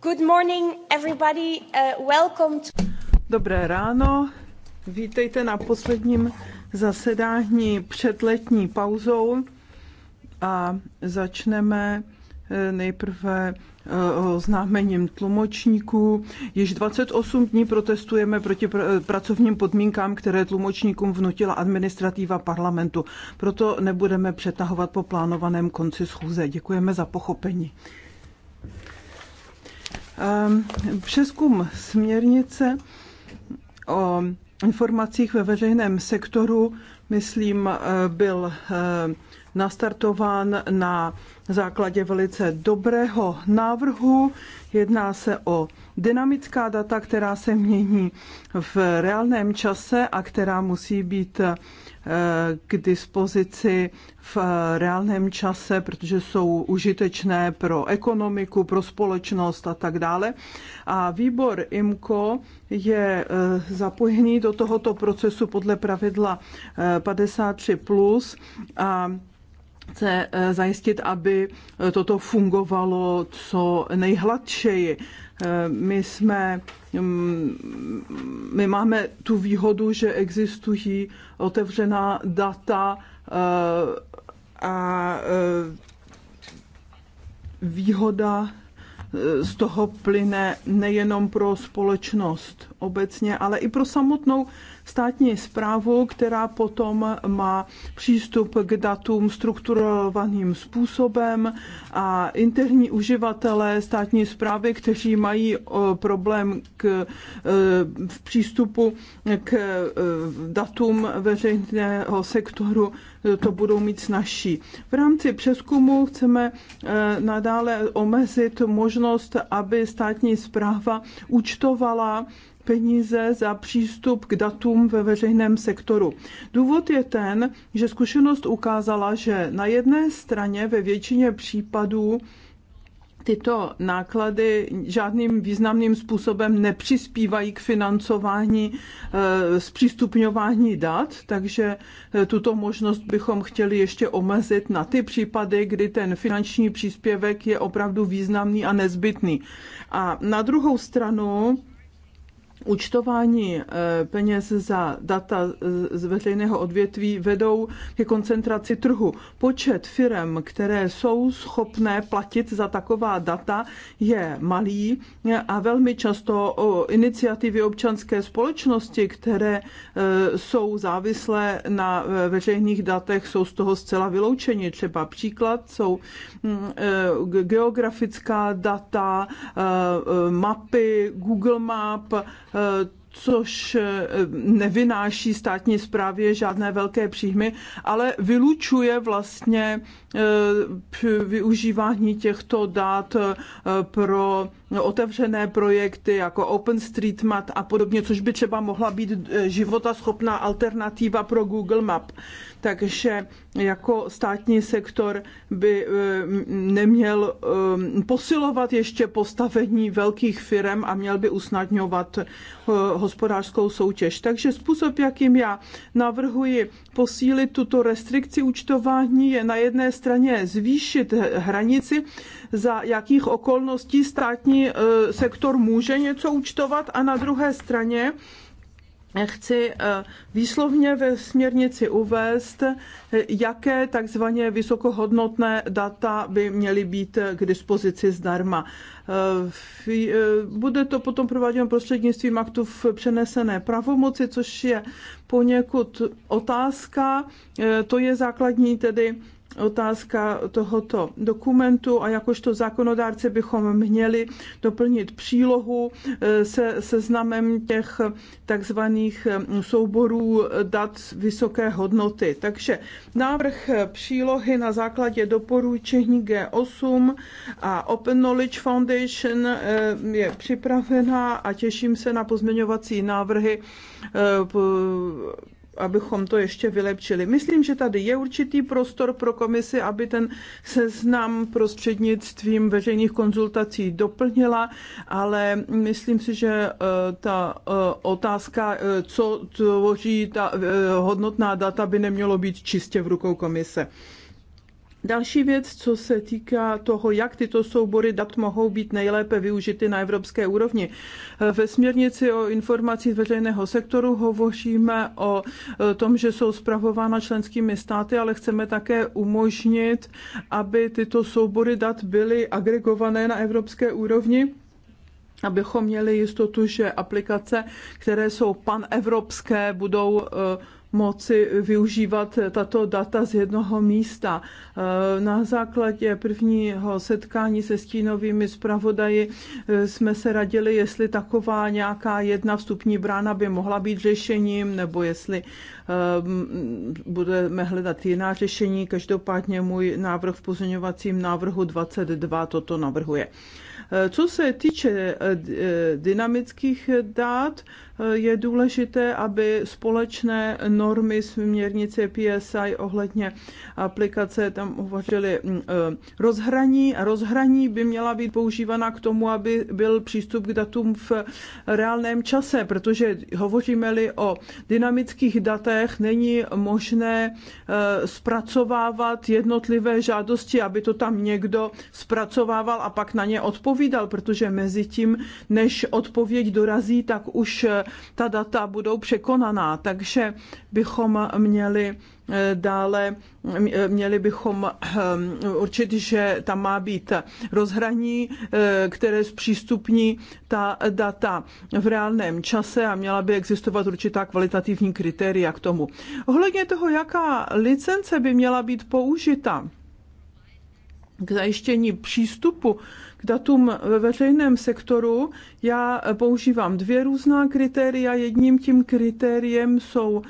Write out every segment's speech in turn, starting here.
Good morning, everybody. Uh, welcome to... Dobré ráno. Vítejte na posledním zasedání před letní pauzou a začneme eh, nejprve eh, oznámením tlumočníků. Již 28 dní protestujeme proti pr- eh, pracovním podmínkám, které tlumočníkům vnutila administrativa parlamentu. Proto nebudeme přetahovat po plánovaném konci schůze. Děkujeme za pochopení. Um, přeskum směrnice o informacích ve veřejném sektoru, myslím, uh, byl uh, nastartován na základě velice dobrého návrhu. Jedná se o dynamická data, která se mění v reálném čase a která musí být k dispozici v reálném čase, protože jsou užitečné pro ekonomiku, pro společnost a tak dále. A výbor IMCO je eh, zapojený do tohoto procesu podle pravidla 53+, eh, plus a chce eh, zajistit, aby eh, toto fungovalo co nejhladšeji. Eh, my jsme, mm, my máme tu výhodu, že existují otevřená data a výhoda z toho plyne nejenom pro společnost obecně, ale i pro samotnou státní zprávu, která potom má přístup k datům strukturovaným způsobem a interní uživatelé státní zprávy, kteří mají e, problém k, e, v přístupu k e, datům veřejného sektoru, to budou mít snažší. V rámci přeskumu chceme nadále omezit možnost, aby státní zpráva účtovala peníze za přístup k datům ve veřejném sektoru. Důvod je ten, že zkušenost ukázala, že na jedné straně ve většině případů tyto náklady žádným významným způsobem nepřispívají k financování eh, zpřístupňování dat, takže eh, tuto možnost bychom chtěli ještě omezit na ty případy, kdy ten finanční příspěvek je opravdu významný a nezbytný. A na druhou stranu účtování eh, peněz za data eh, z veřejného odvětví vedou ke koncentraci trhu. Počet firm, které jsou schopné platit za taková data, je malý eh, a velmi často iniciativy občanské společnosti, které jsou závislé na veřejných datech, jsou z toho zcela vyloučeni. Třeba příklad jsou mm, geografická data, mapy, Google Map, Eh, což eh, nevynáší státní správě žádné velké příjmy, ale vylučuje vlastně Eh, využívání těchto dát eh, pro otevřené projekty jako OpenStreetMap a podobně, což by třeba mohla být eh, životaschopná alternativa pro Google Map. Takže jako státní sektor by neměl posilovat ještě postavení velkých firm a měl by usnadňovat hospodářskou soutěž. Takže způsob, jakým já navrhuji posílit tuto restrikci účtování, je na jedné straně zvýšit hranici, za jakých okolností státní eh, sektor může něco účtovat a na druhé straně chci eh, výslovně ve směrnici uvést, eh, jaké takzvaně vysokohodnotné data by měly být k dispozici zdarma. Bude to potom prováděno prostřednictvím aktu v přenesené pravomoci, což je poněkud otázka. To je základní tedy otázka tohoto dokumentu a jakožto zákonodárci bychom měli doplnit přílohu eh, se seznamem těch takzvaných eh, souborů dat vysoké hodnoty. Takže návrh eh, přílohy na základě doporučení G8 a Open Knowledge Foundation je připravená a těším se na pozměňovací návrhy abychom to ještě vylepšili. Myslím, že tady je určitý prostor pro komisi, aby ten seznam prostřednictvím veřejných konzultací doplnila, ale myslím si, že eh, ta eh, otázka, eh, co tvoří ta hodnotná data, by nemělo být čistě v rukou komise. Další věc, co se týká toho, jak tyto soubory dat mohou být nejlépe využity na evropské úrovni. Ve směrnici o informacích veřejného sektoru hovoříme o e, tom, že jsou zpravována členskými státy, ale chceme také umožnit, aby tyto soubory dat byly agregované na evropské úrovni abychom měli jistotu, že aplikace, které jsou panevropské, budou e, moci využívat tato data z jednoho místa. Eh, na základě prvního setkání se stínovými zpravodaji eh, jsme se radili, jestli taková nějaká jedna vstupní brána by mohla být řešením, nebo jestli eh, budeme hledat jiná řešení. Každopádně můj návrh v pozměňovacím návrhu 22 toto navrhuje. Co se týče dynamických dát, je důležité, aby společné normy směrnice PSI ohledně aplikace tam hovořili mm, e, rozhraní a rozhraní by měla být používána k tomu, aby byl přístup k datům v reálném čase, protože hovoříme-li o dynamických datech, není možné e, zpracovávat jednotlivé žádosti, aby to tam někdo zpracovával a pak na ně odpovídal, protože mezi tím, než odpověď dorazí, tak už e, ta data budou překonaná, takže bychom měli eh, dále eh, měli bychom ehm, určit, že tam má být rozhraní, eh, které zpřístupní ta data v reálném čase a měla by existovat určitá kvalitativní kritéria k tomu. Ohledně toho, jaká licence by měla být použita k zajištění přístupu k datům ve veřejném sektoru já používám dvě různá kritéria. Jedním tím kritériem jsou,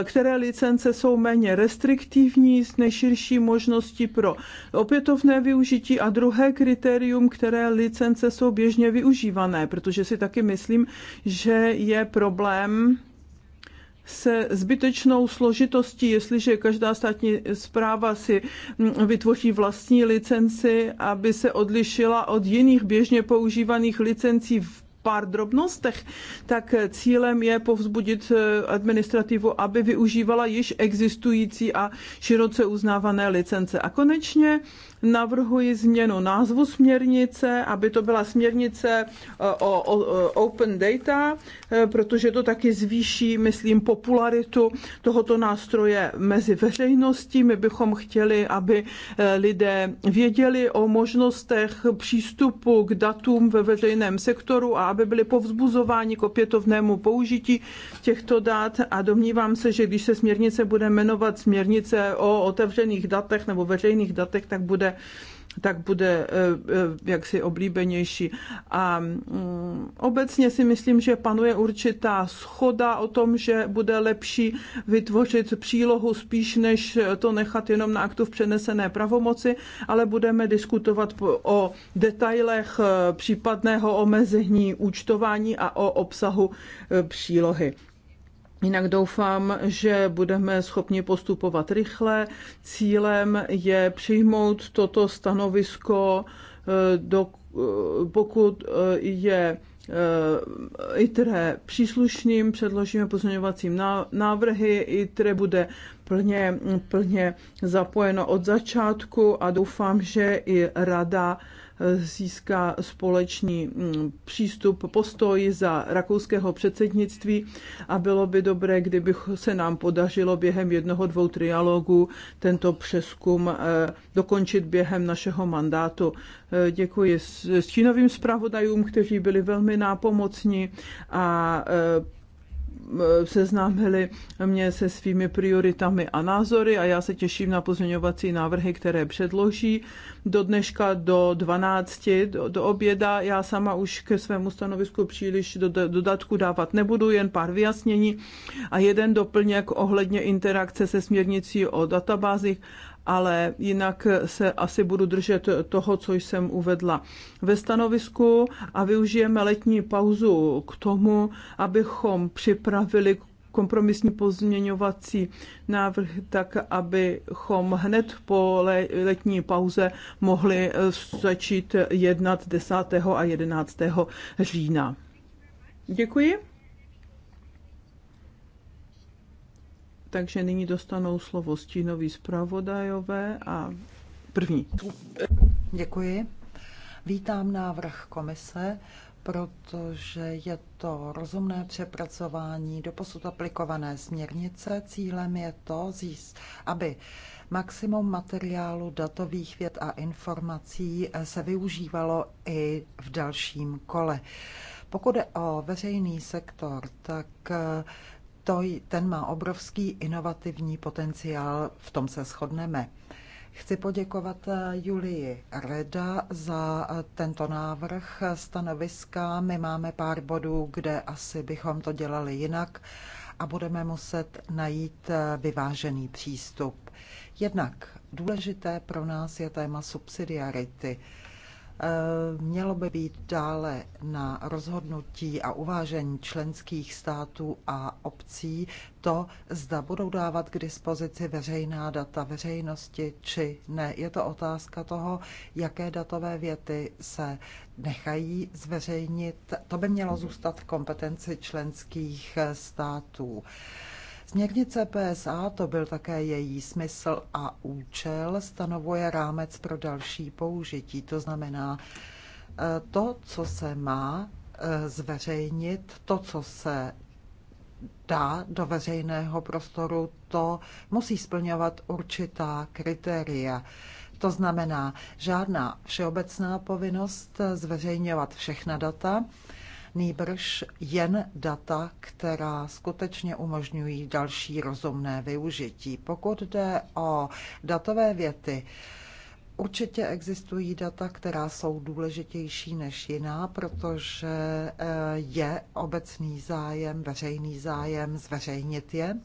eh, které licence jsou méně restriktivní s nejširší možností pro opětovné využití a druhé kritérium, které licence jsou běžně využívané, protože si taky myslím, že je problém se zbytečnou složitostí, jestliže každá státní zpráva si mm, vytvoří vlastní licenci, aby se odlišila od jiných běžně používaných licencí v pár drobnostech, tak cílem je povzbudit eh, administrativu, aby využívala již existující a široce uznávané licence. A konečně navrhuji změnu názvu směrnice, aby to byla směrnice eh, o, eh, Open Data, eh, protože to taky zvýší, myslím, popularitu tohoto nástroje mezi veřejností. My bychom chtěli, aby lidé věděli o možnostech přístupu k datům ve veřejném sektoru a aby byli povzbuzováni k opětovnému použití těchto dat. A domnívám se, že když se směrnice bude jmenovat směrnice o otevřených datech nebo veřejných datech, tak bude tak bude eh, eh, jaksi oblíbenější. A mm, obecně si myslím, že panuje určitá schoda o tom, že bude lepší vytvořit přílohu spíš, než to nechat jenom na aktu v přenesené pravomoci, ale budeme diskutovat o detailech eh, případného omezení účtování a o obsahu přílohy. Jinak doufám, že budeme schopni postupovat rychle. Cílem je přijmout toto stanovisko, eh, do, eh, pokud eh, je ITRE příslušným, předložíme pozměňovacím návrhy, ITRE bude plně, plně zapojeno od začátku a doufám, že i rada získá společný mm, přístup, postoj za rakouského předsednictví a bylo by dobré, kdyby se nám podařilo během jednoho, dvou trialogů tento přeskum eh, dokončit během našeho mandátu. Eh, děkuji s čínovým zpravodajům, kteří byli velmi nápomocní a eh, seznámili mě se svými prioritami a názory a já se těším na pozměňovací návrhy, které předloží do dneška do 12, do, do oběda. Já sama už ke svému stanovisku příliš do, do, dodatku dávat nebudu, jen pár vyjasnění a jeden doplněk ohledně interakce se směrnicí o databázích ale jinak se asi budu držet toho, co jsem uvedla ve stanovisku a využijeme letní pauzu k tomu, abychom připravili kompromisní pozměňovací návrh tak, abychom hned po letní pauze mohli eh, začít jednat 10. a 11. října. Děkuji. takže nyní dostanou slovo stínoví zpravodajové a první. Děkuji. Vítám návrh komise, protože je to rozumné přepracování doposud aplikované směrnice. Cílem je to, aby maximum materiálu datových věd a informací se využívalo i v dalším kole. Pokud je o veřejný sektor, tak to, ten má obrovský inovativní potenciál, v tom se shodneme. Chci poděkovat eh, Julii Reda za eh, tento návrh stanoviska. My máme pár bodů, kde asi bychom to dělali jinak a budeme muset najít eh, vyvážený přístup. Jednak důležité pro nás je téma subsidiarity. Eh, mělo by být dále na rozhodnutí a uvážení členských států a obcí to, zda budou dávat k dispozici veřejná data veřejnosti či ne. Je to otázka toho, jaké datové věty se nechají zveřejnit. To by mělo zůstat v kompetenci členských států. Směrnice PSA, to byl také její smysl a účel, stanovuje rámec pro další použití. To znamená, eh, to, co se má eh, zveřejnit, to, co se dá do veřejného prostoru, to musí splňovat určitá kritéria. To znamená žádná všeobecná povinnost eh, zveřejňovat všechna data, nýbrž jen data, která skutečně umožňují další rozumné využití. Pokud jde o datové věty, Určitě existují data, která jsou důležitější než jiná, protože eh, je obecný zájem, veřejný zájem zveřejnit je.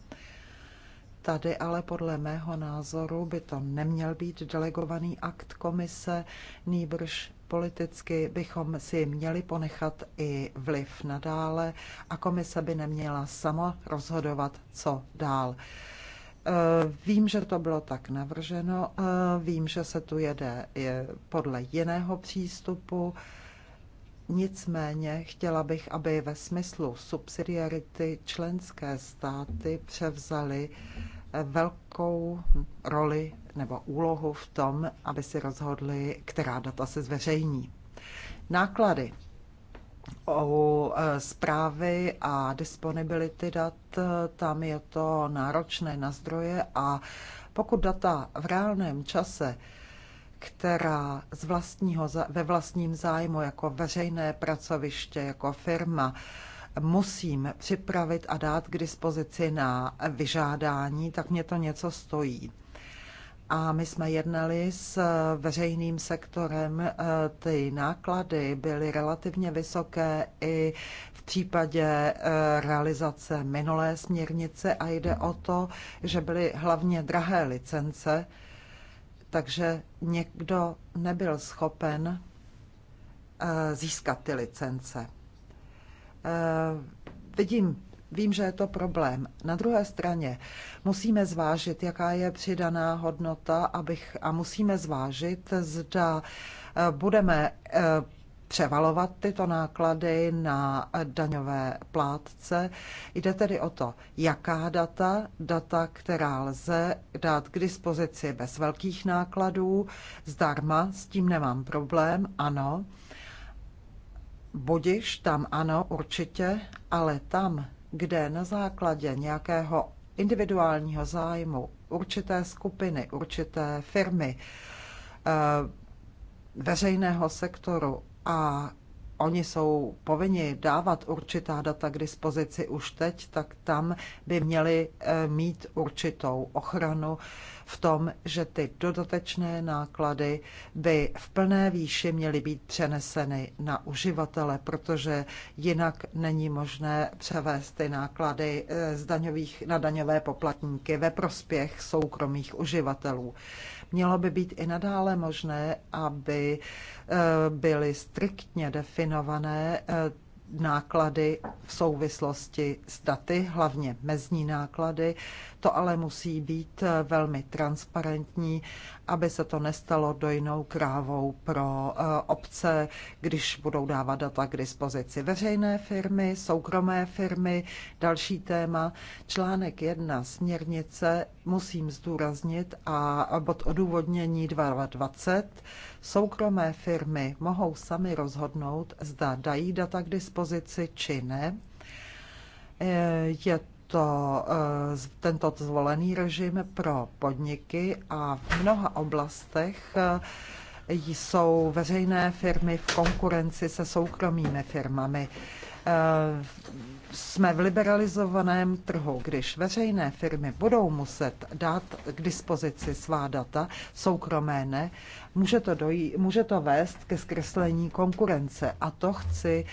Tady ale podle mého názoru by to neměl být delegovaný akt komise, nýbrž politicky bychom si měli ponechat i vliv nadále a komise by neměla sama rozhodovat, co dál. Eh, vím, že to bylo tak navrženo, eh, vím, že se tu jede podle jiného přístupu, nicméně chtěla bych, aby ve smyslu subsidiarity členské státy převzaly velkou roli nebo úlohu v tom, aby si rozhodli, která data se zveřejní. Náklady o e, zprávy a disponibility dat, e, tam je to náročné na zdroje a pokud data v reálném čase která z vlastního, ve vlastním zájmu jako veřejné pracoviště, jako firma, musím připravit a dát k dispozici na vyžádání, tak mě to něco stojí. A my jsme jednali s veřejným sektorem. Eh, ty náklady byly relativně vysoké i v případě eh, realizace minulé směrnice a jde o to, že byly hlavně drahé licence, takže někdo nebyl schopen eh, získat ty licence. Eh, vidím, vím, že je to problém. Na druhé straně musíme zvážit, jaká je přidaná hodnota abych, a musíme zvážit, zda eh, budeme eh, převalovat tyto náklady na daňové plátce. Jde tedy o to, jaká data, data, která lze dát k dispozici bez velkých nákladů, zdarma, s tím nemám problém, ano. Budiš tam ano, určitě, ale tam, kde na základě nějakého individuálního zájmu určité skupiny, určité firmy, eh, veřejného sektoru a oni jsou povinni dávat určitá data k dispozici už teď, tak tam by měli eh, mít určitou ochranu v tom, že ty dodatečné náklady by v plné výši měly být přeneseny na uživatele, protože jinak není možné převést ty náklady eh, z daňových na daňové poplatníky ve prospěch soukromých uživatelů. Mělo by být i nadále možné, aby Eh, byly striktně definované eh, náklady v souvislosti s daty, hlavně mezní náklady to ale musí být eh, velmi transparentní, aby se to nestalo dojnou krávou pro eh, obce, když budou dávat data k dispozici veřejné firmy, soukromé firmy. Další téma, článek 1 směrnice, musím zdůraznit, a bod odůvodnění 2020. Soukromé firmy mohou sami rozhodnout, zda dají data k dispozici či ne. Eh, je to, eh, tento zvolený režim pro podniky a v mnoha oblastech eh, jsou veřejné firmy v konkurenci se soukromými firmami. Eh, jsme v liberalizovaném trhu. Když veřejné firmy budou muset dát k dispozici svá data, soukromé ne, může to, dojít, může to vést ke zkreslení konkurence. A to chci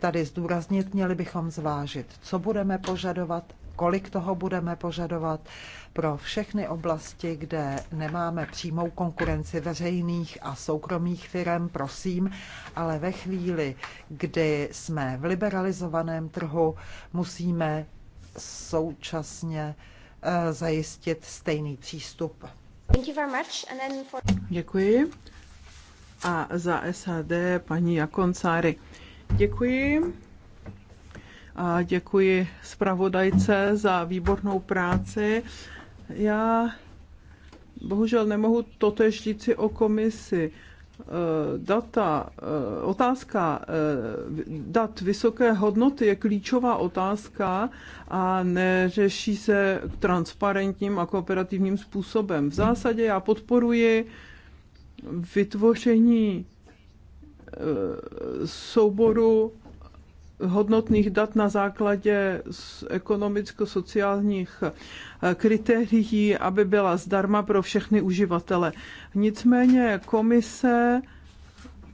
tady zdůraznit, měli bychom zvážit, co budeme požadovat kolik toho budeme požadovat pro všechny oblasti, kde nemáme přímou konkurenci veřejných a soukromých firm, prosím, ale ve chvíli, kdy jsme v liberalizovaném trhu, musíme současně eh, zajistit stejný přístup. Děkuji. A za SAD paní Jakoncáry. Děkuji a děkuji zpravodajce za výbornou práci. Já bohužel nemohu totež říci o komisi. E, data, e, otázka e, dat vysoké hodnoty je klíčová otázka a neřeší se transparentním a kooperativním způsobem. V zásadě já podporuji vytvoření souboru hodnotných dat na základě ekonomicko-sociálních eh, kritérií, aby byla zdarma pro všechny uživatele. Nicméně komise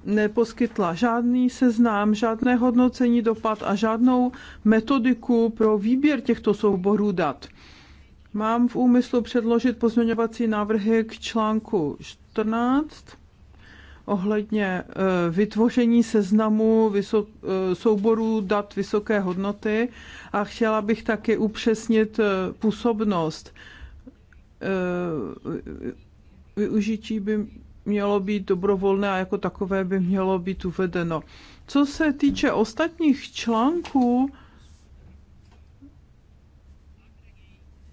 neposkytla žádný seznám, žádné hodnocení dopad a žádnou metodiku pro výběr těchto souborů dat. Mám v úmyslu předložit pozměňovací návrhy k článku 14 ohledně eh, vytvoření seznamu eh, souborů dat vysoké hodnoty a chtěla bych taky upřesnit eh, působnost. Využití by mělo být dobrovolné a jako takové by mělo být uvedeno. Co se týče ostatních článků,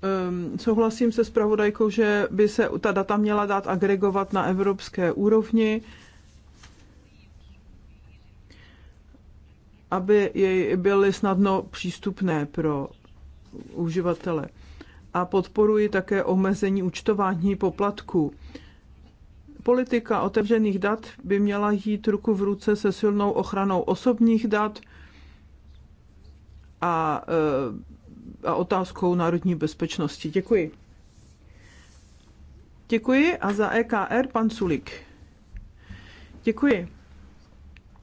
ehm, souhlasím se spravodajkou, že by se ta data měla dát agregovat na evropské úrovni aby jej byly snadno přístupné pro uživatele. A podporuji také omezení účtování poplatků. Politika otevřených dat by měla jít ruku v ruce se silnou ochranou osobních dat a, eh, a otázkou národní bezpečnosti. Děkuji. Děkuji a za EKR pan Sulik. Děkuji.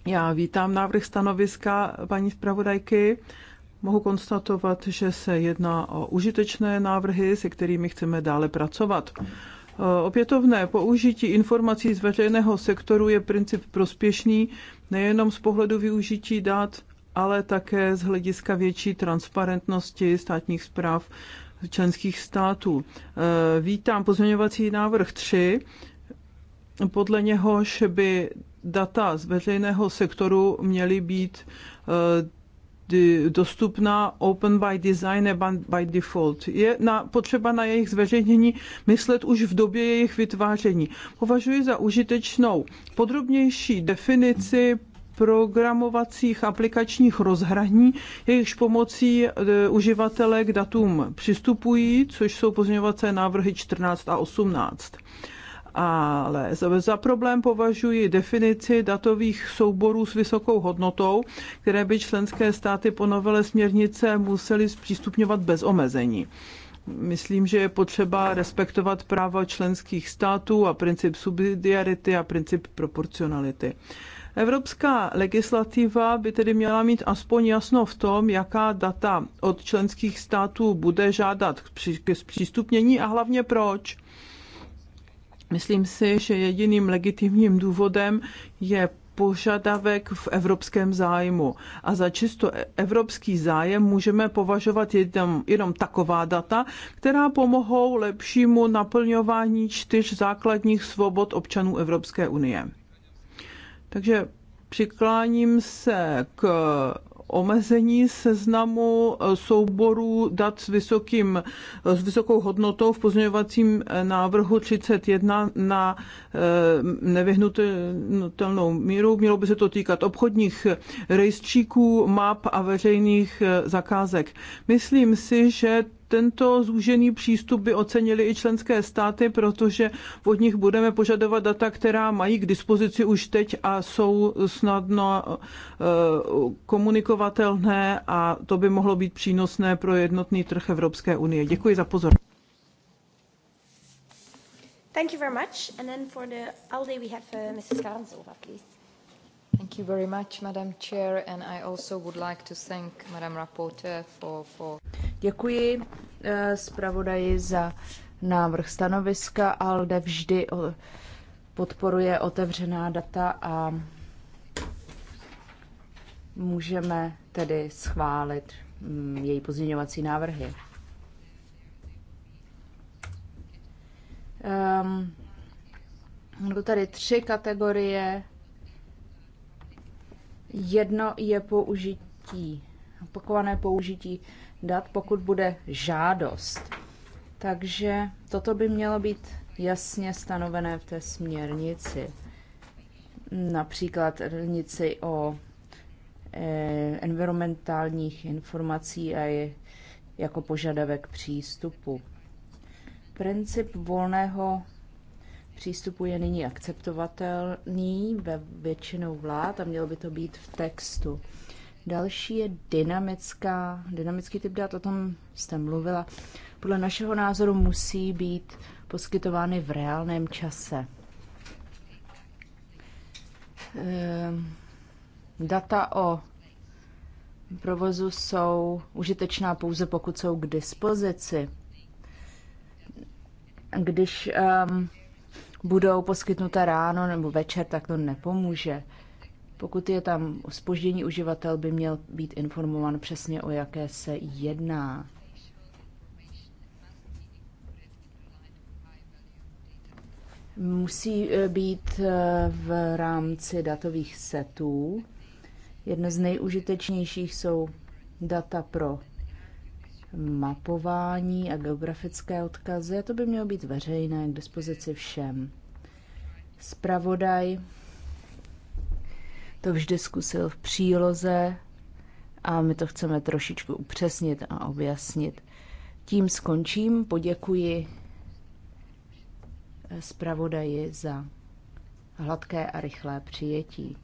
Já vítám návrh stanoviska paní zpravodajky. Mohu konstatovat, že se jedná o užitečné návrhy, se kterými chceme dále pracovat. Opětovné použití informací z veřejného sektoru je princip prospěšný nejenom z pohledu využití dat, ale také z hlediska větší transparentnosti státních zpráv členských států. Vítám pozměňovací návrh 3, podle něhož by data z veřejného sektoru měly být eh, dostupná open by design a by default. Je na, potřeba na jejich zveřejnění myslet už v době jejich vytváření. Považuji za užitečnou podrobnější definici programovacích aplikačních rozhraní, jejichž pomocí eh, uživatelé k datům přistupují, což jsou pozměňovací návrhy 14 a 18 ale za problém považuji definici datových souborů s vysokou hodnotou, které by členské státy po novele směrnice musely zpřístupňovat bez omezení. Myslím, že je potřeba respektovat práva členských států a princip subsidiarity a princip proporcionality. Evropská legislativa by tedy měla mít aspoň jasno v tom, jaká data od členských států bude žádat k zpřístupnění a hlavně proč. Myslím si, že jediným legitimním důvodem je požadavek v evropském zájmu. A za čisto evropský zájem můžeme považovat jenom, jenom taková data, která pomohou lepšímu naplňování čtyř základních svobod občanů Evropské unie. Takže přikláním se k omezení seznamu eh, souborů dat s, vysokým, eh, s vysokou hodnotou v pozměňovacím eh, návrhu 31 na nevyhnutelnou míru. Mělo by se to týkat obchodních rejstříků, map a veřejných zakázek. Myslím si, že tento zúžený přístup by ocenili i členské státy, protože od nich budeme požadovat data, která mají k dispozici už teď a jsou snadno eh, komunikovatelné a to by mohlo být přínosné pro jednotný trh Evropské unie. Děkuji za pozornost. Thank you very much. And then for the ALDE, we have uh, Mrs. Karanzova, please. Thank you very much, Madam Chair, and I also would like to thank Madam Rapporteur for, for... Děkuji eh, zpravodaji za návrh stanoviska. ALDE vždy podporuje otevřená data a můžeme tedy schválit mm, její pozměňovací návrhy. Um, tady tři kategorie Jedno je použití, opakované použití dat, pokud bude žádost. Takže toto by mělo být jasně stanovené v té směrnici. Například směrnici o eh, environmentálních informací a je jako požadavek přístupu. Princip volného přístupu je nyní akceptovatelný ve většinou vlád a mělo by to být v textu. Další je dynamická, dynamický typ dat, o tom jste mluvila. Podle našeho názoru musí být poskytovány v reálném čase. Ehm, data o provozu jsou užitečná pouze pokud jsou k dispozici. Když um, budou poskytnuta ráno nebo večer, tak to nepomůže. Pokud je tam spoždění, uživatel by měl být informován přesně, o jaké se jedná. Musí e, být e, v rámci datových setů. Jedno z nejužitečnějších jsou data pro mapování a geografické odkazy a to by mělo být veřejné k dispozici všem. Spravodaj to vždy zkusil v příloze a my to chceme trošičku upřesnit a objasnit. Tím skončím. Poděkuji zpravodaji za hladké a rychlé přijetí.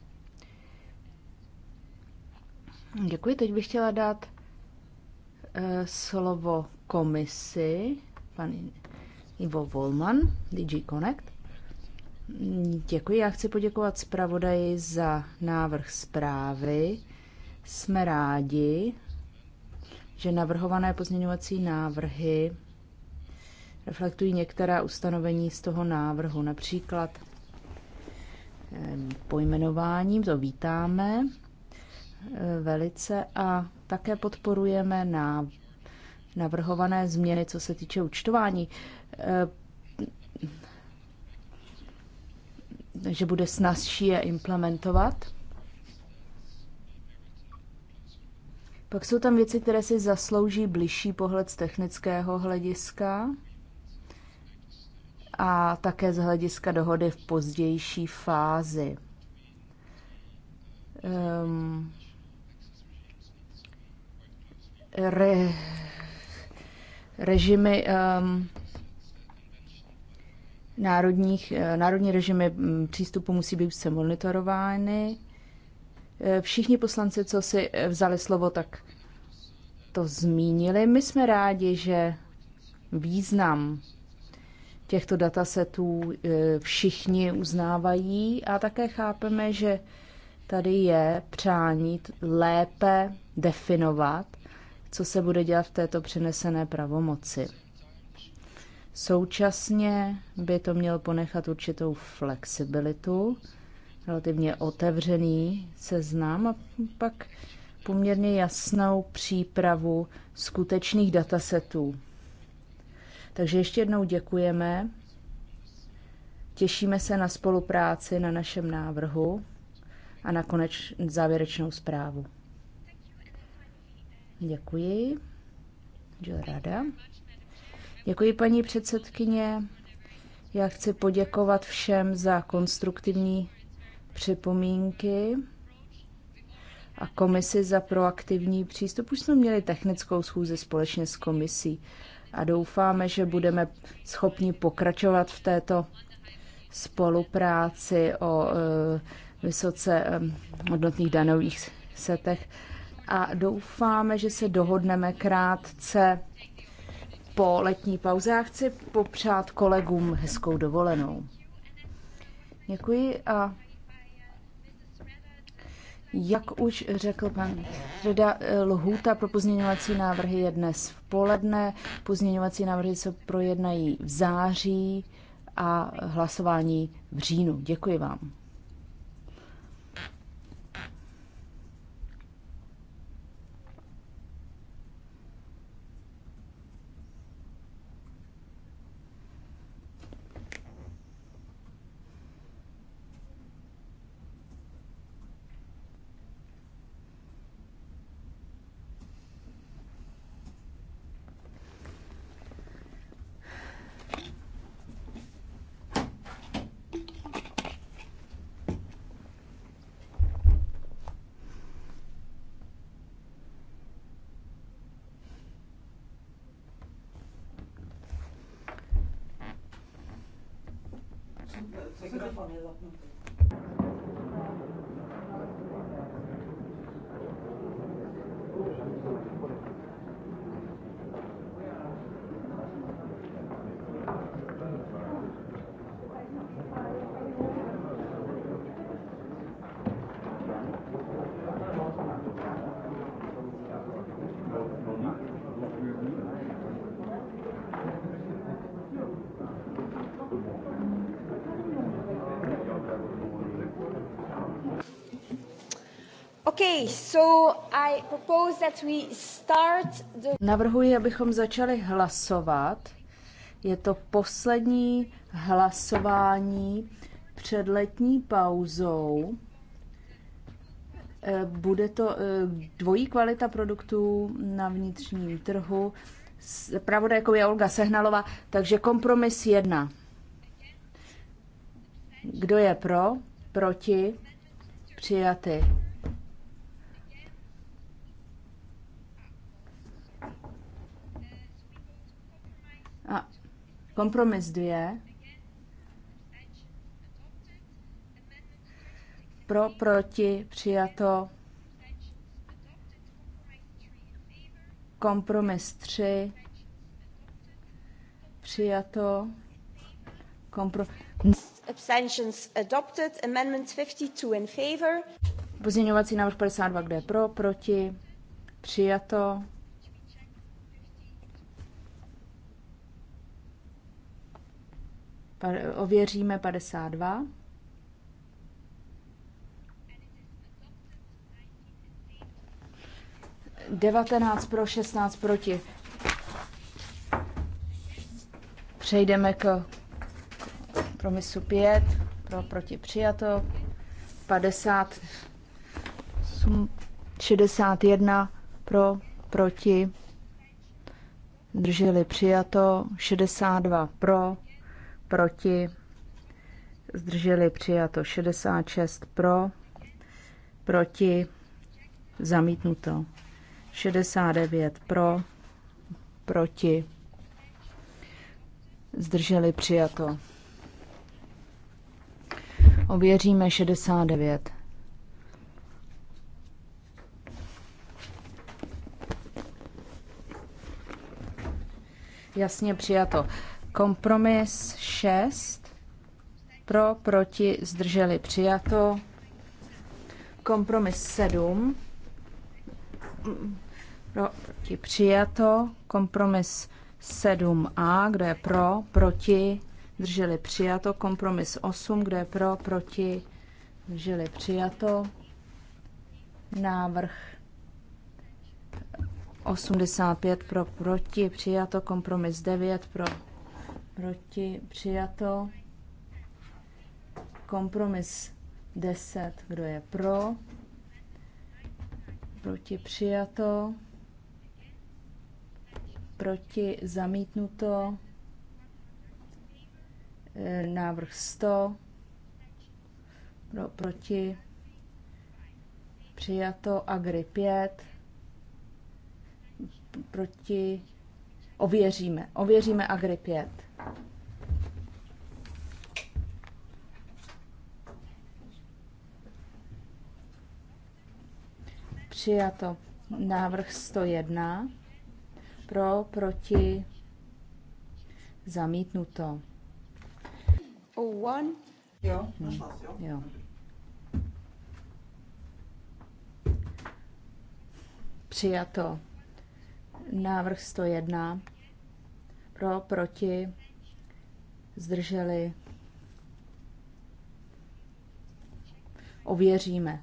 Děkuji. Teď bych chtěla dát Eh, slovo komisi, pan Ivo Volman, DG Connect. Děkuji, já chci poděkovat zpravodaji za návrh zprávy. Jsme rádi, že navrhované pozměňovací návrhy reflektují některá ustanovení z toho návrhu, například eh, pojmenováním, to vítáme eh, velice a také podporujeme na navrhované změny, co se týče účtování, eh, že bude snazší je implementovat. Pak jsou tam věci, které si zaslouží bližší pohled z technického hlediska a také z hlediska dohody v pozdější fázi. Um, re, režimy um, národních, eh, národní režimy mm, přístupu musí být se monitorovány. Eh, všichni poslanci, co si eh, vzali slovo, tak to zmínili. My jsme rádi, že význam těchto datasetů všichni uznávají a také chápeme, že tady je přání lépe definovat co se bude dělat v této přenesené pravomoci. Současně by to mělo ponechat určitou flexibilitu, relativně otevřený seznam a pak poměrně jasnou přípravu skutečných datasetů. Takže ještě jednou děkujeme. Těšíme se na spolupráci na našem návrhu a na koneč závěrečnou zprávu. Děkuji. ráda. Děkuji, paní předsedkyně. Já chci poděkovat všem za konstruktivní připomínky a komisi za proaktivní přístup. Už jsme měli technickou schůzi společně s komisí a doufáme, že budeme schopni pokračovat v této spolupráci o e, vysoce e, hodnotných danových setech a doufáme, že se dohodneme krátce po letní pauze. Já chci popřát kolegům hezkou dovolenou. Děkuji a jak už řekl pan Reda, lhůta pro pozměňovací návrhy je dnes v poledne. Pozměňovací návrhy se projednají v září a hlasování v říjnu. Děkuji vám. Navrhuji, abychom začali hlasovat. Je to poslední hlasování před letní pauzou. Eh, bude to eh, dvojí kvalita produktů na vnitřním trhu. Pravodajkou je Olga Sehnalová, takže kompromis jedna. Kdo je pro? Proti? Přijaty Kompromis 2. Pro, proti, přijato. Kompromis 3. Přijato. Kompromis. Abstentions adopted. Amendment 52 in favor. Pozměňovací návrh 52, kde je pro, proti, přijato. Ověříme 52. Devatenáct pro, 16 proti. Přejdeme k promisu 5, pro, proti přijato. 50, 61 pro, proti, drželi přijato, 62 pro, proti, zdrželi přijato 66 pro, proti, zamítnuto 69 pro, proti, zdrželi přijato. Ověříme 69. Jasně přijato. Kompromis 6. Pro, proti, zdrželi přijato. Kompromis 7. Pro, proti, přijato. Kompromis 7a. Kdo je pro, proti, zdrželi přijato. Kompromis 8. Kdo je pro, proti, zdrželi přijato. Návrh 85 pro, proti, přijato. Kompromis 9 pro, proti, přijato. Kompromis 10, kdo je pro, proti, přijato. Proti, zamítnuto. E, návrh 100, pro, proti, přijato. Agri 5, proti, ověříme, ověříme Agri 5. Přijato. Návrh 101. Pro, proti, zamítnuto. O oh, one. Jo, hmm. jo. Přijato. Návrh 101. Pro, proti, zdrželi. Ověříme.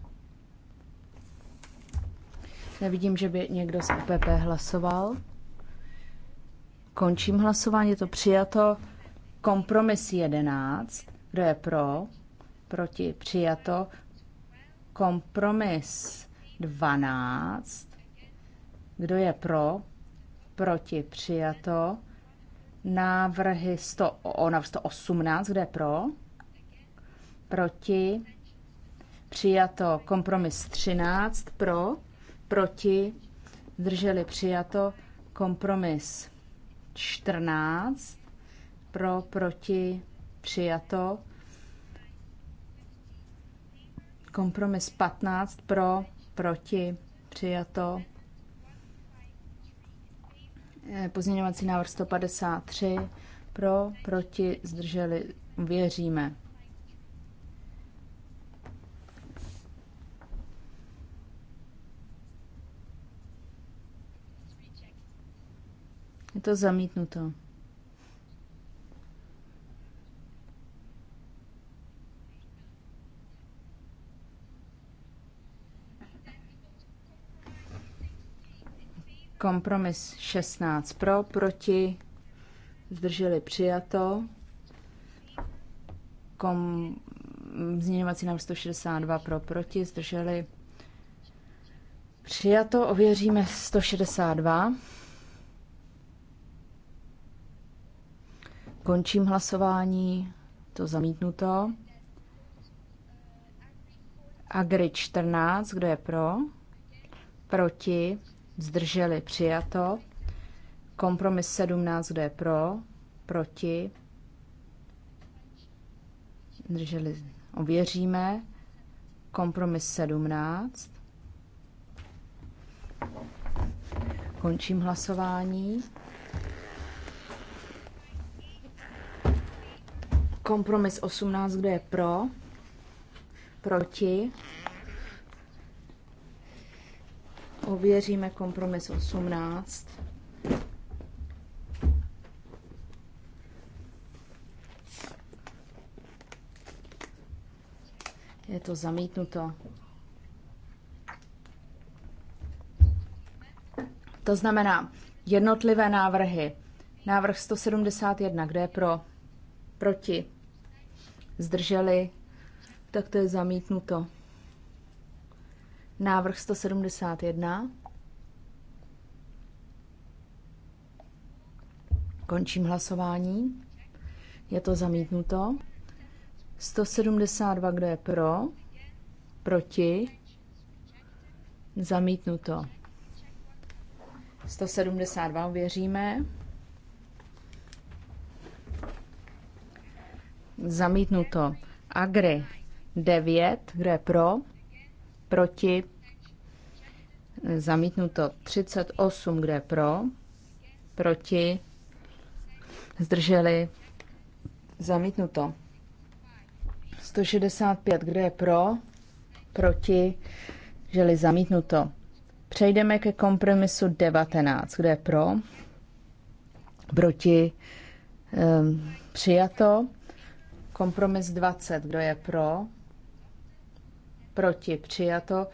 Nevidím, že by někdo z EPP hlasoval. Končím hlasování, je to přijato. Kompromis 11. Kdo je pro? Proti přijato. Kompromis 12. Kdo je pro? Proti přijato. Návrhy 100, ona 118. Kdo je pro? Proti přijato. Kompromis 13. Pro? proti, drželi přijato, kompromis 14, pro, proti, přijato, kompromis 15, pro, proti, přijato, eh, pozměňovací návrh 153, pro, proti, zdrželi, věříme. Je to zamítnuto. Kompromis 16 pro, proti, zdrželi přijato. Kom, změňovací návrh 162 pro, proti, zdrželi přijato. Ověříme 162. Končím hlasování, to zamítnuto. Agri 14, kdo je pro? Proti, zdrželi, přijato. Kompromis 17, kdo je pro? Proti, zdrželi, ověříme. Kompromis 17. Končím hlasování. Kompromis 18, kdo je pro? Proti? Ověříme kompromis 18. Je to zamítnuto. To znamená jednotlivé návrhy. Návrh 171, kde je pro? Proti? zdrželi, tak to je zamítnuto. Návrh 171. Končím hlasování. Je to zamítnuto. 172, kdo je pro, proti, zamítnuto. 172 věříme. Zamítnuto. Agri 9, kde je pro, proti, zamítnuto 38, kde je pro, proti, zdrželi, zamítnuto 165, kde je pro, proti, želi zamítnuto. Přejdeme ke kompromisu 19, kde je pro, proti, um, přijato. Kompromis 20. Kdo je pro? Proti. Přijato.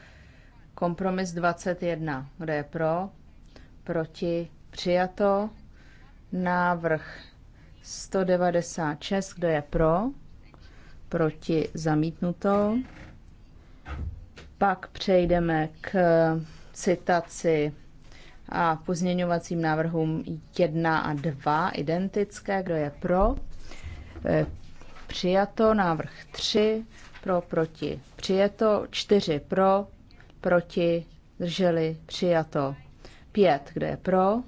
Kompromis 21. Kdo je pro? Proti. Přijato. Návrh 196. Kdo je pro? Proti. Zamítnuto. Pak přejdeme k citaci a pozměňovacím návrhům 1 a 2 identické. Kdo je pro? přijato, návrh 3 pro, proti, přijato, 4 pro, proti, zdrželi, přijato, 5, kde je pro,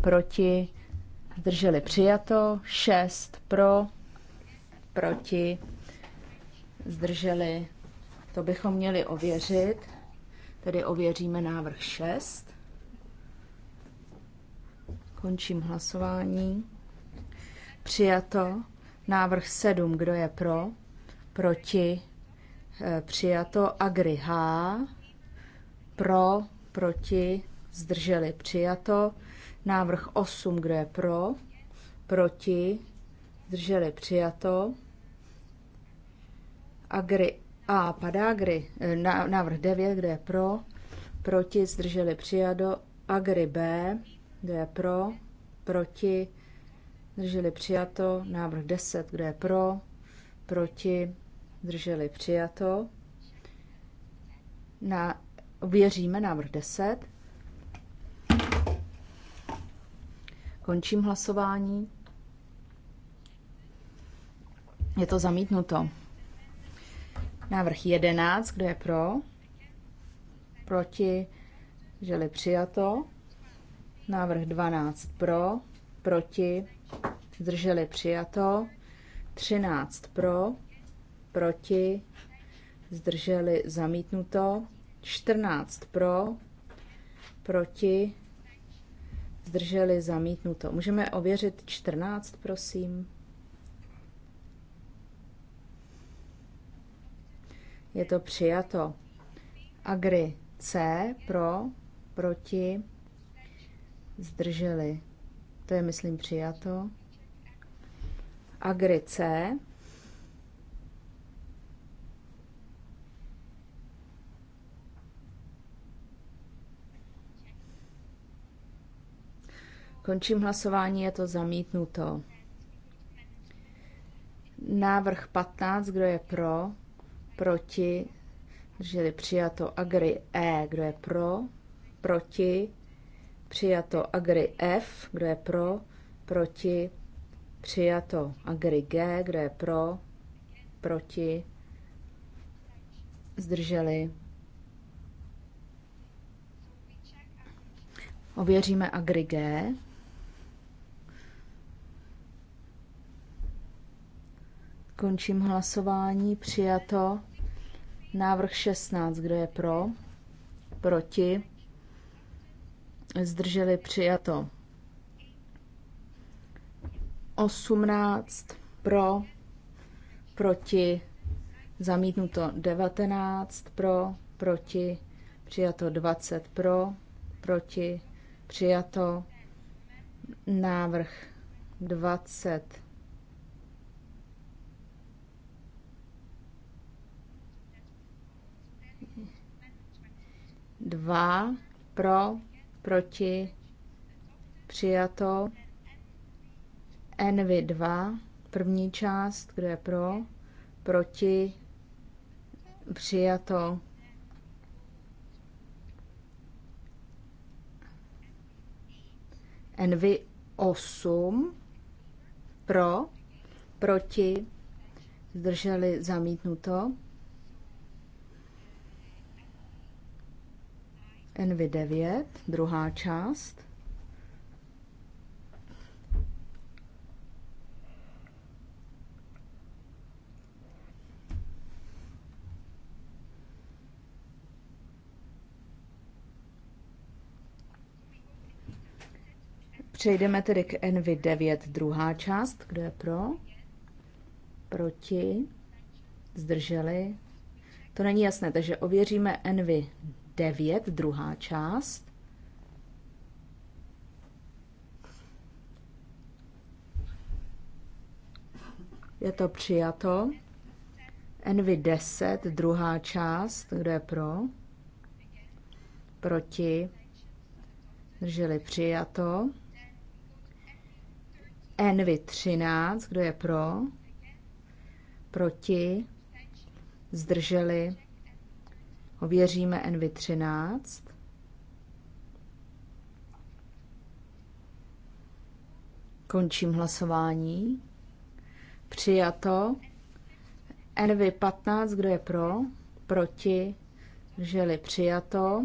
proti, zdrželi, přijato, 6 pro, proti, zdrželi, to bychom měli ověřit, tedy ověříme návrh 6. Končím hlasování. Přijato. Návrh 7, kdo je pro? Proti? Eh, přijato. Agri H. Pro? Proti? Zdrželi. Přijato. Návrh 8, kdo je pro? Proti? Zdrželi. Přijato. Agri A. Padá Agri. Eh, návrh 9, kdo je pro? Proti? Zdrželi. Přijato. Agri B. Kdo je pro? Proti? Drželi přijato. Návrh 10, kdo je pro? Proti? Drželi přijato. Na, věříme návrh 10. Končím hlasování. Je to zamítnuto. Návrh 11, kdo je pro? Proti, Drželi přijato. Návrh 12 pro, proti, zdrželi přijato, 13 pro, proti, zdrželi zamítnuto, 14 pro, proti, zdrželi zamítnuto. Můžeme ověřit 14, prosím. Je to přijato. Agri C pro, proti, zdrželi. To je, myslím, přijato. Agrice. Končím hlasování, je to zamítnuto. Návrh 15, kdo je pro, proti, drželi přijato agri E, kdo je pro, proti, přijato agri F, kdo je pro, proti, Přijato. Agri G, kdo je pro? Proti? Zdrželi? Ověříme Agri G. Končím hlasování. Přijato. Návrh 16. Kdo je pro? Proti? Zdrželi přijato. 18 pro, proti, zamítnuto 19 pro, proti, přijato 20 pro, proti, přijato návrh 20 2 pro, proti, přijato nv 2, první část, kdo je pro, proti, přijato. nv 8, pro, proti, zdrželi zamítnuto. nv 9, druhá část. Přejdeme tedy k Envy 9, druhá část. Kdo je pro? Proti? Zdrželi? To není jasné, takže ověříme Envy 9, druhá část. Je to přijato. Envy 10, druhá část. Kdo je pro? Proti? Drželi přijato. Envy 13, kdo je pro? Proti? Zdrželi? Ověříme Envy 13. Končím hlasování. Přijato. Envy 15, kdo je pro? Proti? Zdrželi? Přijato.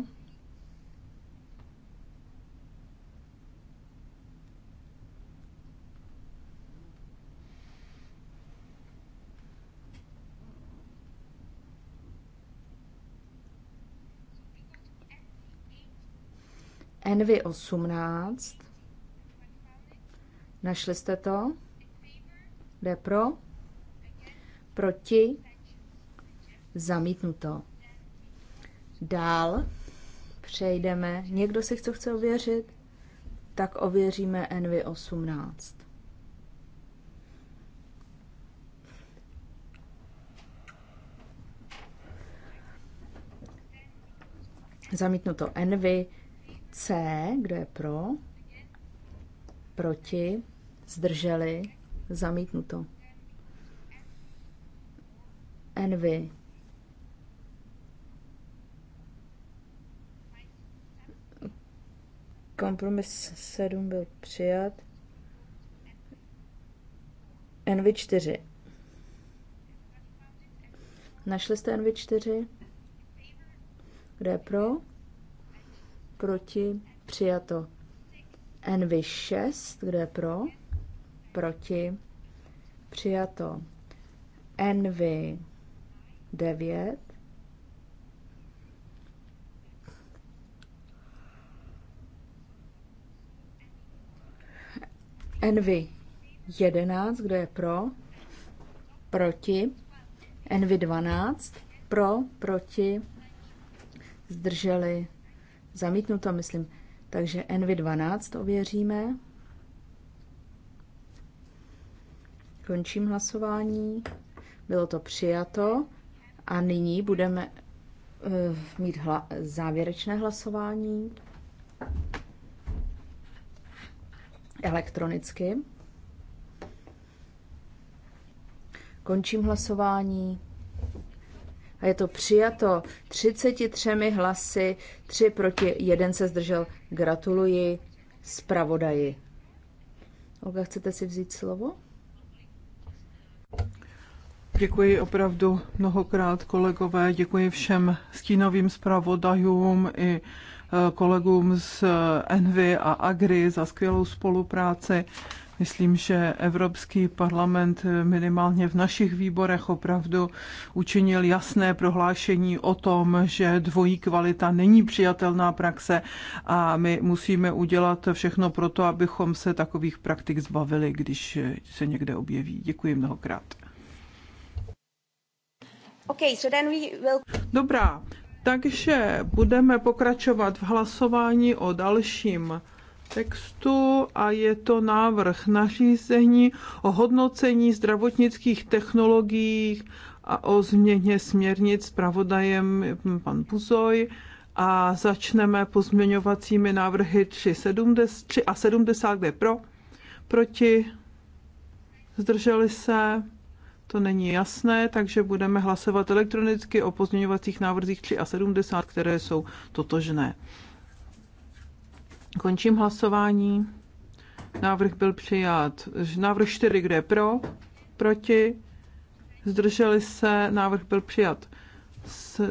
Envy 18. Našli jste to? Jde pro? Proti? Zamítnuto. Dál přejdeme. Někdo si co chce ověřit? Tak ověříme Envy 18. Zamítnuto Envy C, kdo je pro, proti, zdrželi, zamítnuto. Envy. Kompromis 7 byl přijat. Envy 4. Našli jste Envy 4? Kdo je pro? proti, přijato. Envy 6, kdo je pro, proti, přijato. Envy 9, Envy 11, kdo je pro, proti, Envy 12, pro, proti, zdrželi Zamítnuto, myslím. Takže NV12 ověříme. Končím hlasování. Bylo to přijato. A nyní budeme uh, mít hla- závěrečné hlasování elektronicky. Končím hlasování a je to přijato 33 hlasy, 3 proti, 1 se zdržel. Gratuluji zpravodaji. Olga, chcete si vzít slovo? Děkuji opravdu mnohokrát kolegové, děkuji všem stínovým zpravodajům i eh, kolegům z eh, Envy a Agri za skvělou spolupráci Myslím, že Evropský parlament minimálně v našich výborech opravdu učinil jasné prohlášení o tom, že dvojí kvalita není přijatelná praxe a my musíme udělat všechno pro to, abychom se takových praktik zbavili, když se někde objeví. Děkuji mnohokrát. Okay, so then we will... Dobrá, takže budeme pokračovat v hlasování o dalším textu a je to návrh nařízení o hodnocení zdravotnických technologií a o změně směrnic s pravodajem pan Buzoj a začneme pozměňovacími návrhy 3, 70, 3 a 70, kde pro, proti, zdrželi se, to není jasné, takže budeme hlasovat elektronicky o pozměňovacích návrzích 3 a 70, které jsou totožné. Končím hlasování. Návrh byl přijat. Návrh 4, kde je pro, proti, zdrželi se, návrh byl přijat. S,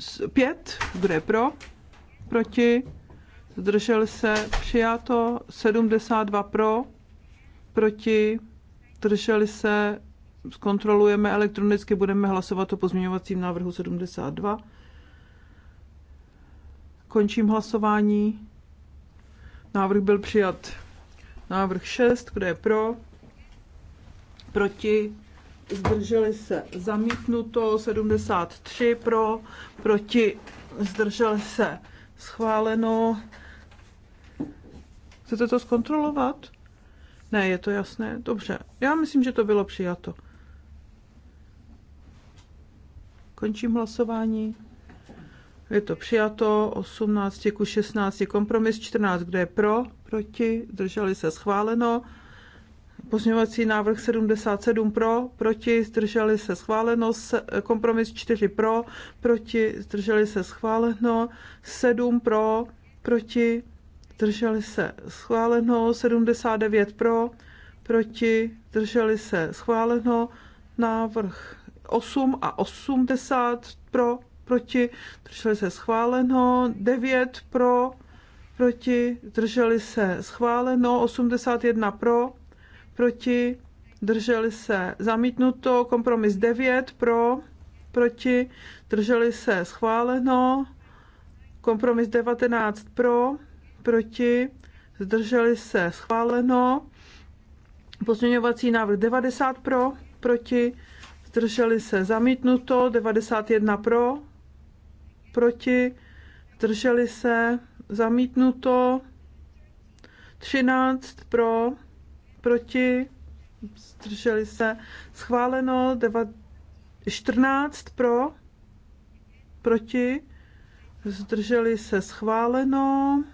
s, Pět, kde je pro, proti, zdrželi se, přijato, 72 pro, proti, zdrželi se, zkontrolujeme elektronicky, budeme hlasovat o pozměňovacím návrhu 72. Končím hlasování. Návrh byl přijat. Návrh 6, kde je pro? Proti? Zdrželi se zamítnuto. 73 pro, proti? Zdrželi se schváleno. Chcete to zkontrolovat? Ne, je to jasné. Dobře. Já myslím, že to bylo přijato. Končím hlasování. Je to přijato 18 ku 16, kompromis 14, kdo je pro, proti, zdrželi se schváleno. Pozměňovací návrh 77 pro, proti, zdrželi se schváleno, kompromis 4 pro, proti, zdrželi se schváleno, 7 pro, proti, zdrželi se schváleno, 79 pro, proti, zdrželi se schváleno, návrh 8 a 80 pro, proti, drželi se schváleno, 9 pro, proti, drželi se schváleno, 81 pro, proti, drželi se zamítnuto, kompromis 9 pro, proti, drželi se schváleno, kompromis 19 pro, proti, zdrželi se schváleno, pozměňovací návrh 90 pro, proti, zdrželi se zamítnuto, 91 pro, proti, drželi se, zamítnuto, 13 pro, proti, zdrželi se, schváleno, 14 pro, proti, zdrželi se, schváleno,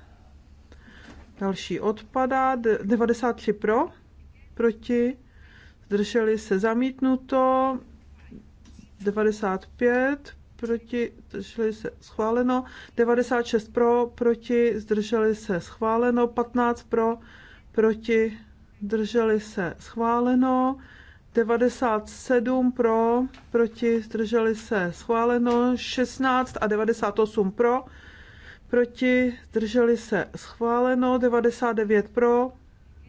další odpadá, 93 pro, proti, zdrželi se, zamítnuto, 95 proti, zdrželi se schváleno, 96 pro, proti, zdrželi se schváleno, 15 pro, proti, zdrželi se schváleno, 97 pro, proti, zdrželi se schváleno, 16 a 98 pro, proti, zdrželi se schváleno, 99 pro,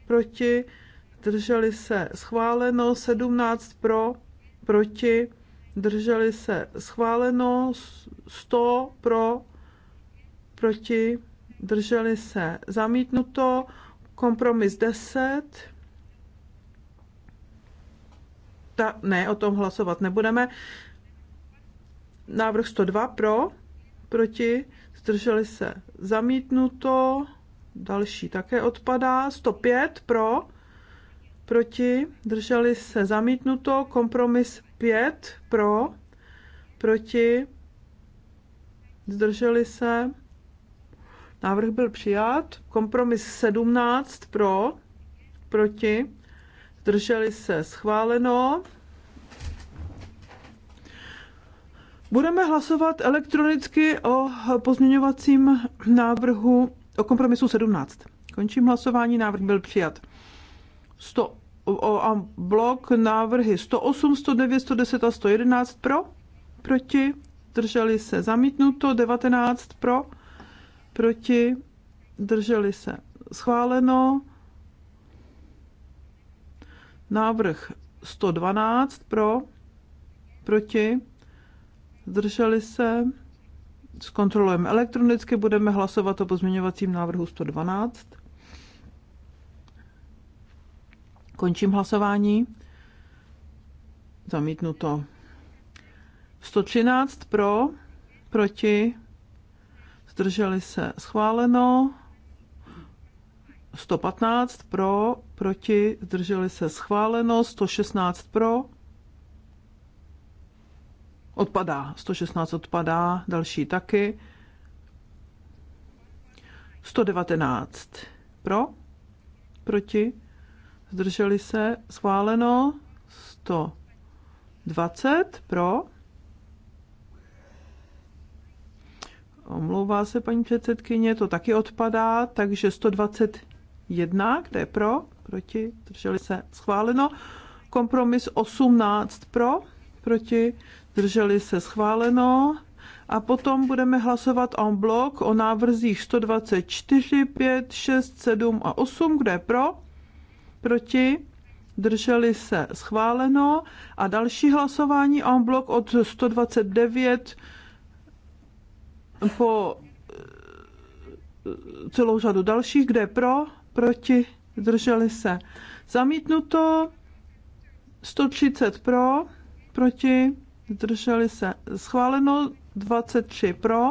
proti, zdrželi se schváleno, 17 pro, proti, drželi se schváleno, 100 pro, proti, drželi se zamítnuto, kompromis 10, ta, ne, o tom hlasovat nebudeme. Návrh 102 pro, proti, zdrželi se zamítnuto, další také odpadá, 105 pro, proti, drželi se zamítnuto, kompromis 5 pro, proti, zdrželi se, návrh byl přijat, kompromis 17 pro, proti, zdrželi se, schváleno. Budeme hlasovat elektronicky o pozměňovacím návrhu o kompromisu 17. Končím hlasování, návrh byl přijat. 100, o, blok návrhy 108, 109, 110 a 111 pro, proti, drželi se zamítnuto, 19 pro, proti, drželi se schváleno, návrh 112 pro, proti, zdrželi se, zkontrolujeme elektronicky, budeme hlasovat o pozměňovacím návrhu 112. Končím hlasování. Zamítnuto. 113 pro, proti, zdrželi se schváleno. 115 pro, proti, zdrželi se schváleno. 116 pro, odpadá. 116 odpadá, další taky. 119 pro, proti, zdrželi se, schváleno 120 pro. Omlouvá se paní předsedkyně, to taky odpadá, takže 121, kde je pro, proti, zdrželi se, schváleno. Kompromis 18 pro, proti, zdrželi se, schváleno. A potom budeme hlasovat en blok o návrzích 124, 5, 6, 7 a 8, kde je pro, proti, drželi se schváleno a další hlasování en blok od 129 po eh, celou řadu dalších, kde pro, proti, drželi se zamítnuto, 130 pro, proti, drželi se schváleno, 23 pro,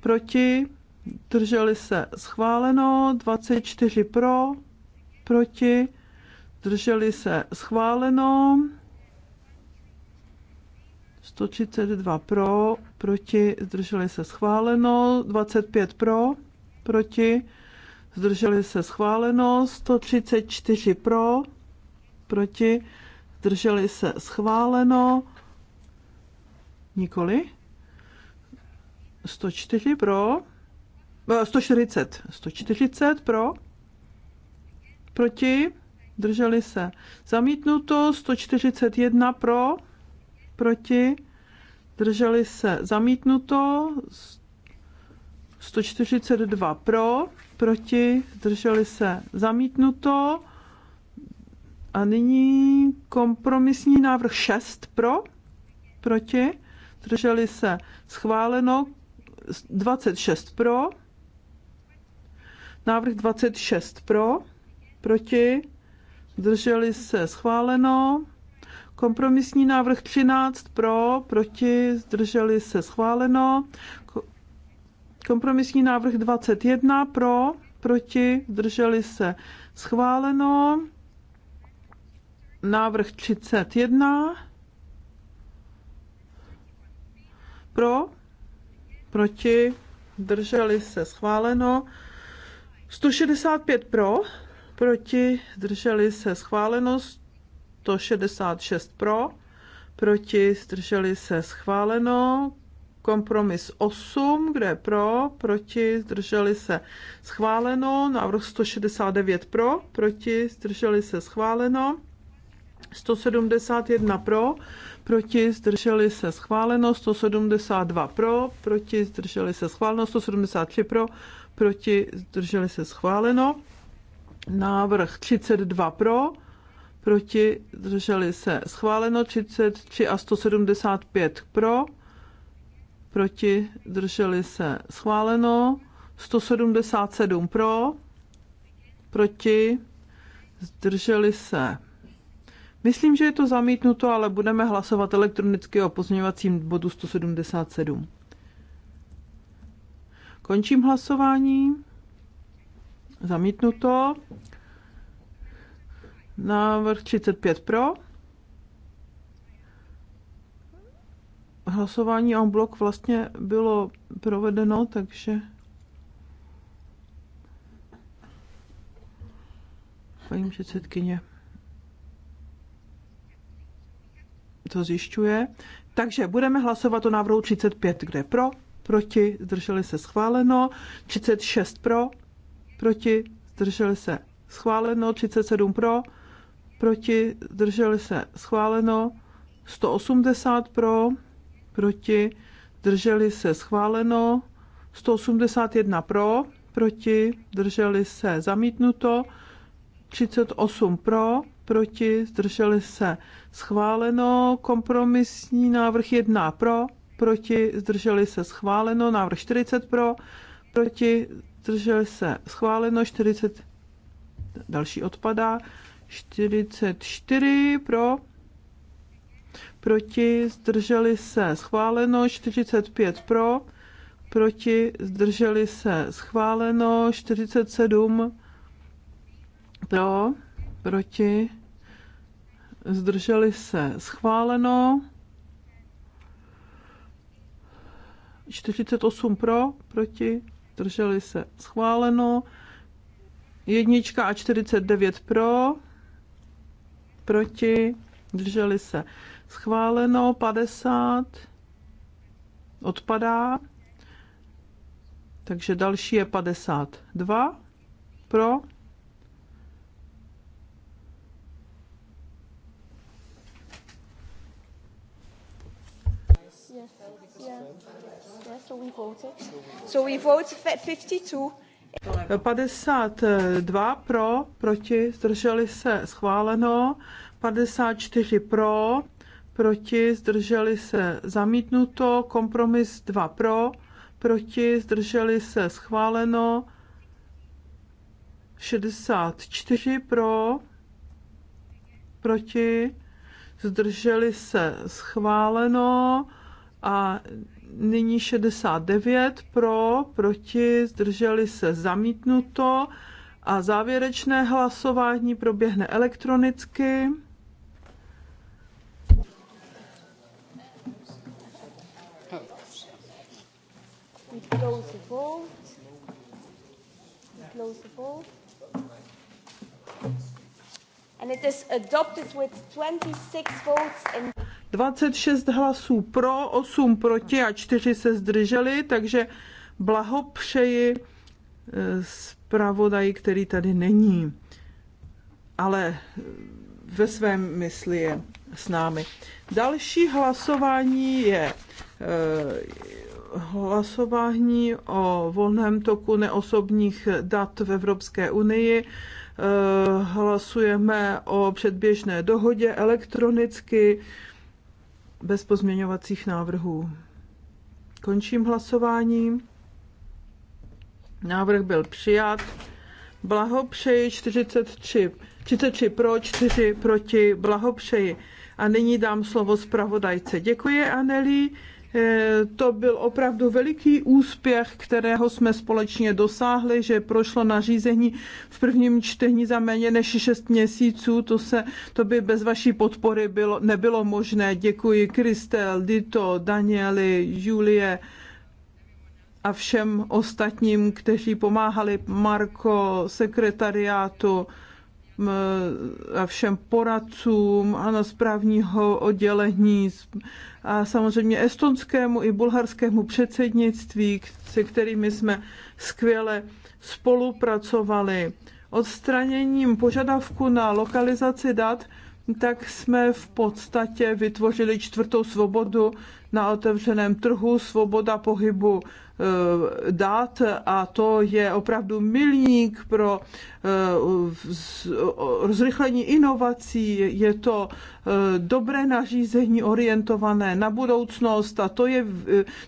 proti, drželi se schváleno, 24 pro, proti, drželi se schváleno, 132 pro, proti, zdrželi se schváleno, 25 pro, proti, zdrželi se schváleno, 134 pro, proti, zdrželi se schváleno, nikoli, 104 pro, 140, eh, 140 pro, proti, drželi se. Zamítnuto 141 pro, proti, drželi se. Zamítnuto 142 pro, proti, drželi se. Zamítnuto a nyní kompromisní návrh 6 pro, proti, drželi se. Schváleno 26 pro, návrh 26 pro, proti, zdrželi se schváleno. Kompromisní návrh 13 pro, proti, zdrželi se schváleno. Kompromisní návrh 21 pro, proti, zdrželi se schváleno. Návrh 31 pro, proti, zdrželi se schváleno. 165 pro, proti, zdrželi se schváleno 166 pro, proti, zdrželi se schváleno, kompromis 8, kde je pro, proti, zdrželi se schváleno, návrh 169 pro, proti, zdrželi se schváleno, 171 pro, proti, zdrželi se schváleno, 172 pro, proti, zdrželi se schváleno, 173 pro, proti, zdrželi se schváleno. Návrh 32 pro, proti, zdrželi se schváleno 33 a 175 pro, proti, zdrželi se schváleno 177 pro, proti, zdrželi se. Myslím, že je to zamítnuto, ale budeme hlasovat elektronicky o pozměňovacím bodu 177. Končím hlasování zamítnuto. Návrh 35 pro. Hlasování en blok vlastně bylo provedeno, takže paní předsedkyně to zjišťuje. Takže budeme hlasovat o návrhu 35, kde pro, proti, zdrželi se schváleno, 36 pro, proti, zdrželi se, schváleno, 37 pro, proti, zdrželi se, schváleno, 180 pro, proti, zdrželi se, schváleno, 181 pro, proti, zdrželi se, zamítnuto, 38 pro, proti, zdrželi se, schváleno, kompromisní návrh 1 pro, proti, zdrželi se, schváleno, návrh 40 pro, proti, zdržel se schváleno, 40, další odpadá, 44 pro, proti, zdrželi se schváleno, 45 pro, proti, zdrželi se schváleno, 47 pro, proti, zdrželi se schváleno, 48 pro, proti, zdrželi se schváleno. Jednička a 49 pro, proti, drželi se schváleno. 50 odpadá, takže další je 52 pro, 52 pro, proti, zdrželi se, schváleno. 54 pro, proti, zdrželi se, zamítnuto. Kompromis 2 pro, proti, zdrželi se, schváleno. 64 pro, proti, zdrželi se, schváleno. A nyní 69 pro, proti, zdrželi se zamítnuto a závěrečné hlasování proběhne elektronicky. And it is adopted with 26 votes in 26 hlasů pro, 8 proti a 4 se zdrželi, takže blahopřeji eh, zpravodaji, který tady není, ale eh, ve svém mysli je s námi. Další hlasování je eh, hlasování o volném toku neosobních dat v Evropské unii. Hlasujeme o předběžné dohodě elektronicky bez pozměňovacích návrhů. Končím hlasování. Návrh byl přijat. Blahopřeji 43. 33 pro, 4 proti. Blahopřeji. A nyní dám slovo zpravodajce. Děkuji, Anelí. Eh, to byl opravdu veliký úspěch, kterého jsme společně dosáhli, že prošlo nařízení v prvním čtení za méně než 6 měsíců. To, se, to by bez vaší podpory bylo, nebylo možné. Děkuji Kristel, Dito, Danieli, Julie a všem ostatním, kteří pomáhali Marko, sekretariátu, a všem poradcům, ano, správního oddělení a samozřejmě estonskému i bulharskému předsednictví, se kterými jsme skvěle spolupracovali. Odstraněním požadavku na lokalizaci dat tak jsme v podstatě vytvořili čtvrtou svobodu na otevřeném trhu, svoboda pohybu eh, dát a to je opravdu milník pro rozrychlení eh, inovací. Je to eh, dobré nařízení orientované na budoucnost a to je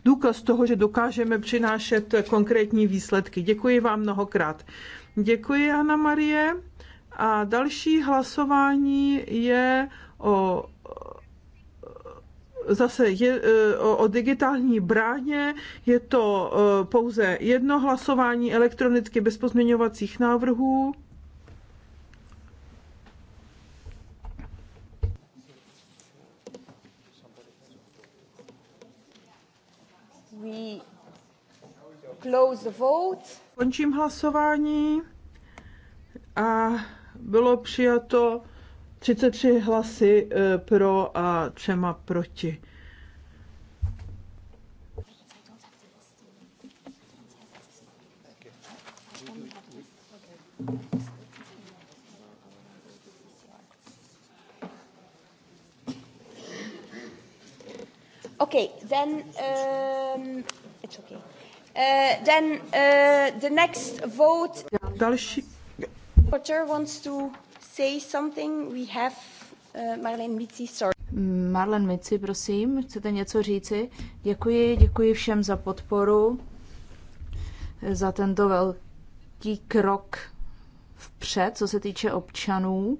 důkaz toho, že dokážeme přinášet konkrétní výsledky. Děkuji vám mnohokrát. Děkuji, Anna Marie. A další hlasování je o zase je, e, o, o digitální bráně. Je to e, pouze jedno hlasování elektronicky bez pozměňovacích návrhů. We close the vote. Končím hlasování a bylo přijato 33 hlasy e, pro a třema proti. Okay, then um, it's okay. Uh, then uh, the next vote. Další Marlen Mici, prosím, chcete něco říci? Děkuji, děkuji všem za podporu, za tento velký krok vpřed, co se týče občanů.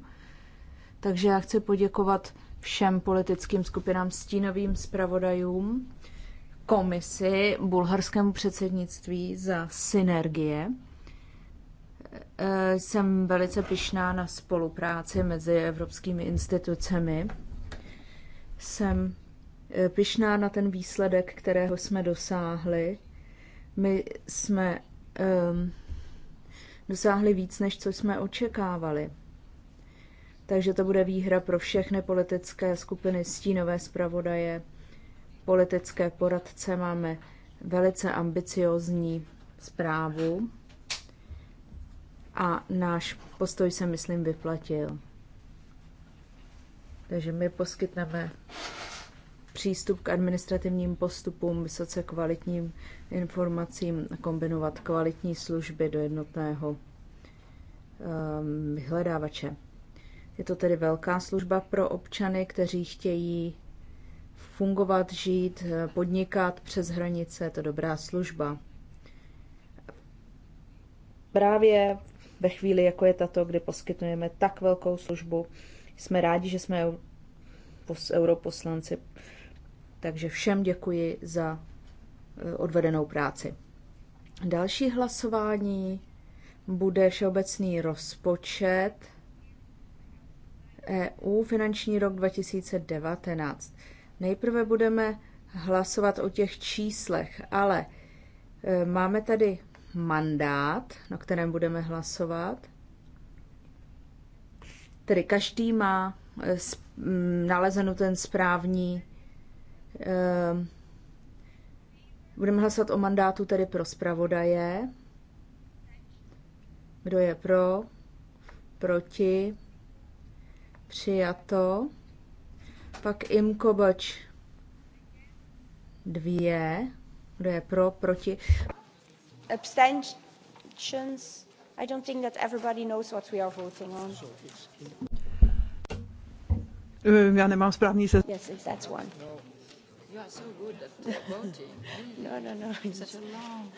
Takže já chci poděkovat všem politickým skupinám, stínovým zpravodajům, komisi, bulharskému předsednictví za synergie Eh, jsem velice pyšná na spolupráci mezi evropskými institucemi. Jsem eh, pyšná na ten výsledek, kterého jsme dosáhli. My jsme um, dosáhli víc, než co jsme očekávali. Takže to bude výhra pro všechny politické skupiny, stínové zpravodaje, politické poradce. Máme velice ambiciozní zprávu a náš postoj se, myslím, vyplatil. Takže my poskytneme přístup k administrativním postupům, vysoce kvalitním informacím, kombinovat kvalitní služby do jednotného um, vyhledávače. Je to tedy velká služba pro občany, kteří chtějí fungovat, žít, eh, podnikat přes hranice. Je to dobrá služba. Právě ve chvíli, jako je tato, kdy poskytujeme tak velkou službu. Jsme rádi, že jsme europoslanci. Takže všem děkuji za eh, odvedenou práci. Další hlasování bude všeobecný rozpočet EU finanční rok 2019. Nejprve budeme hlasovat o těch číslech, ale eh, máme tady mandát, na kterém budeme hlasovat. Tedy každý má eh, mm, nalezenou ten správní. Eh, budeme hlasovat o mandátu tedy pro zpravodaje. Kdo je pro? Proti? Přijato. Pak Imko Bač dvě. Kdo je pro? Proti? Abstentions? I don't think that everybody knows what we are voting on. Eh, yes, it's that one. No. You are so good at voting. no, no, no. It's such a long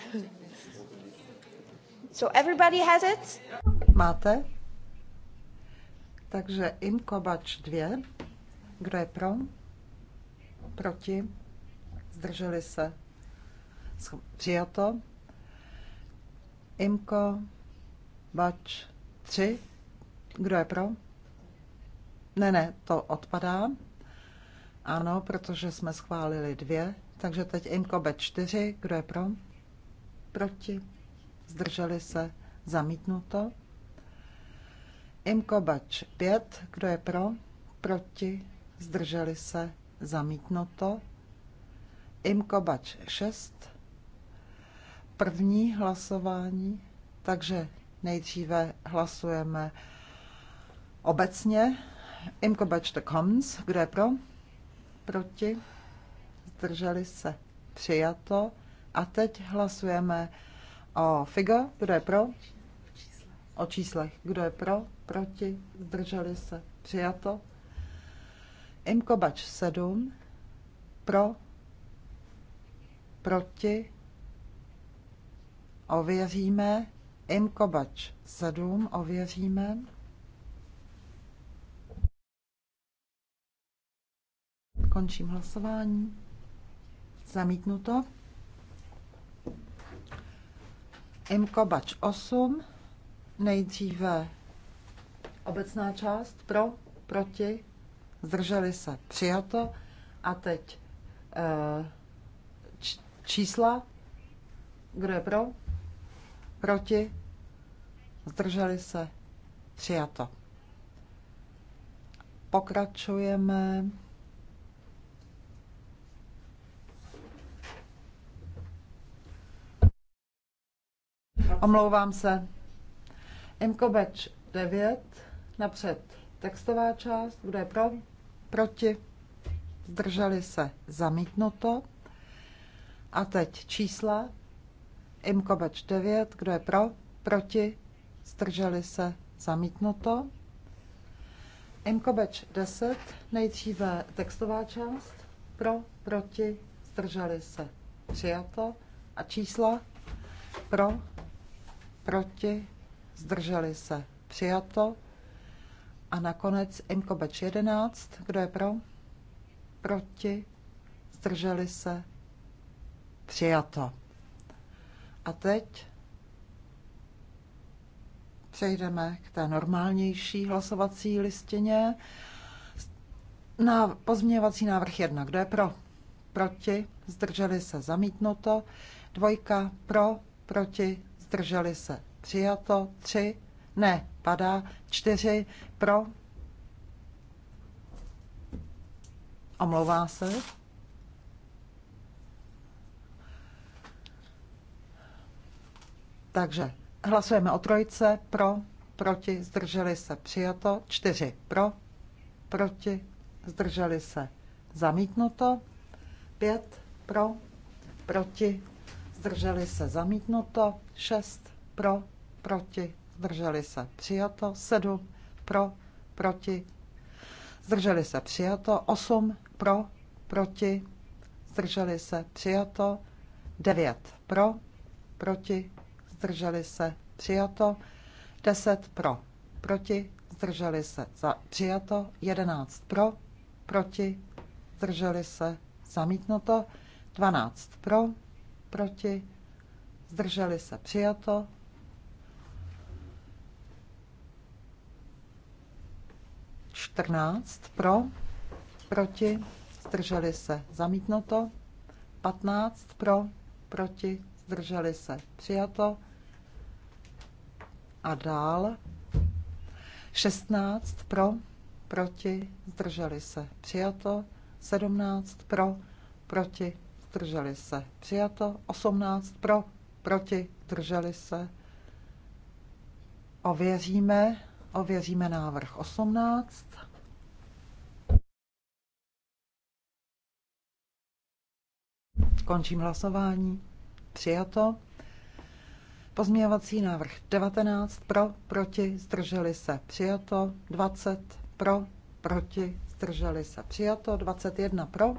So everybody has it? Máte? Takže Imko Bač 2. Kdo je pro? Proti? Zdrželi se? Přijato. Imko, Bač, 3. Kdo je pro? Ne, ne, to odpadá. Ano, protože jsme schválili dvě. Takže teď Imko B4. Kdo je pro? Proti. Zdrželi se. Zamítnuto. Imko Bač 5. Kdo je pro? Proti. Zdrželi se. Zamítnuto. Imko Bač 6 první hlasování, takže nejdříve hlasujeme obecně. Imko Bečte Commons, kdo je pro? Proti? Zdrželi se? Přijato. A teď hlasujeme o Figo, kdo je pro? O číslech. Kdo je pro? Proti? Zdrželi se? Přijato. Imko Bač 7. Pro? Proti? ověříme. Imko 7 ověříme. Končím hlasování. Zamítnuto. Imkobač 8. Nejdříve obecná část pro, proti, zdrželi se, přijato. A teď eh, čísla. Kdo je pro? Proti? Zdrželi se? Přijato. Pokračujeme. Omlouvám se. Imko Beč 9, napřed textová část, bude pro, proti, zdrželi se, zamítnuto. A teď čísla Imko Beč 9, kdo je pro, proti, strželi se, zamítnuto. Imko Beč 10, nejdříve textová část, pro, proti, strželi se, přijato. A čísla, pro, proti, zdrželi se, přijato. A nakonec Imko Beč 11, kdo je pro, proti, zdrželi se, přijato. A teď přejdeme k té normálnější hlasovací listině. Na pozměňovací návrh jedna, Kdo je pro? Proti? Zdrželi se zamítnuto. Dvojka pro, proti, zdrželi se přijato. Tři, ne, padá. Čtyři, pro, omlouvá se. Takže hlasujeme o trojce, pro, proti, zdrželi se, přijato, čtyři pro, proti, zdrželi se, zamítnuto, pět pro, proti, zdrželi se, zamítnuto, šest pro, proti, zdrželi se, přijato, sedm pro, proti, zdrželi se, přijato, osm pro, proti, zdrželi se, přijato, devět pro, proti, zdrželi se, přijato. 10 pro, proti, zdrželi se, za, přijato. 11 pro, proti, zdrželi se, zamítnuto. 12 pro, proti, zdrželi se, přijato. Čtrnáct pro, proti, zdrželi se, zamítnuto. Patnáct pro, proti, zdrželi se, přijato a dál. 16 pro, proti, zdrželi se, přijato. 17 pro, proti, zdrželi se, přijato. 18 pro, proti, zdrželi se. Ověříme, ověříme návrh 18. Končím hlasování. Přijato. Pozměňovací návrh 19 pro, proti, zdrželi se, přijato. 20 pro, proti, zdrželi se, přijato. 21 pro,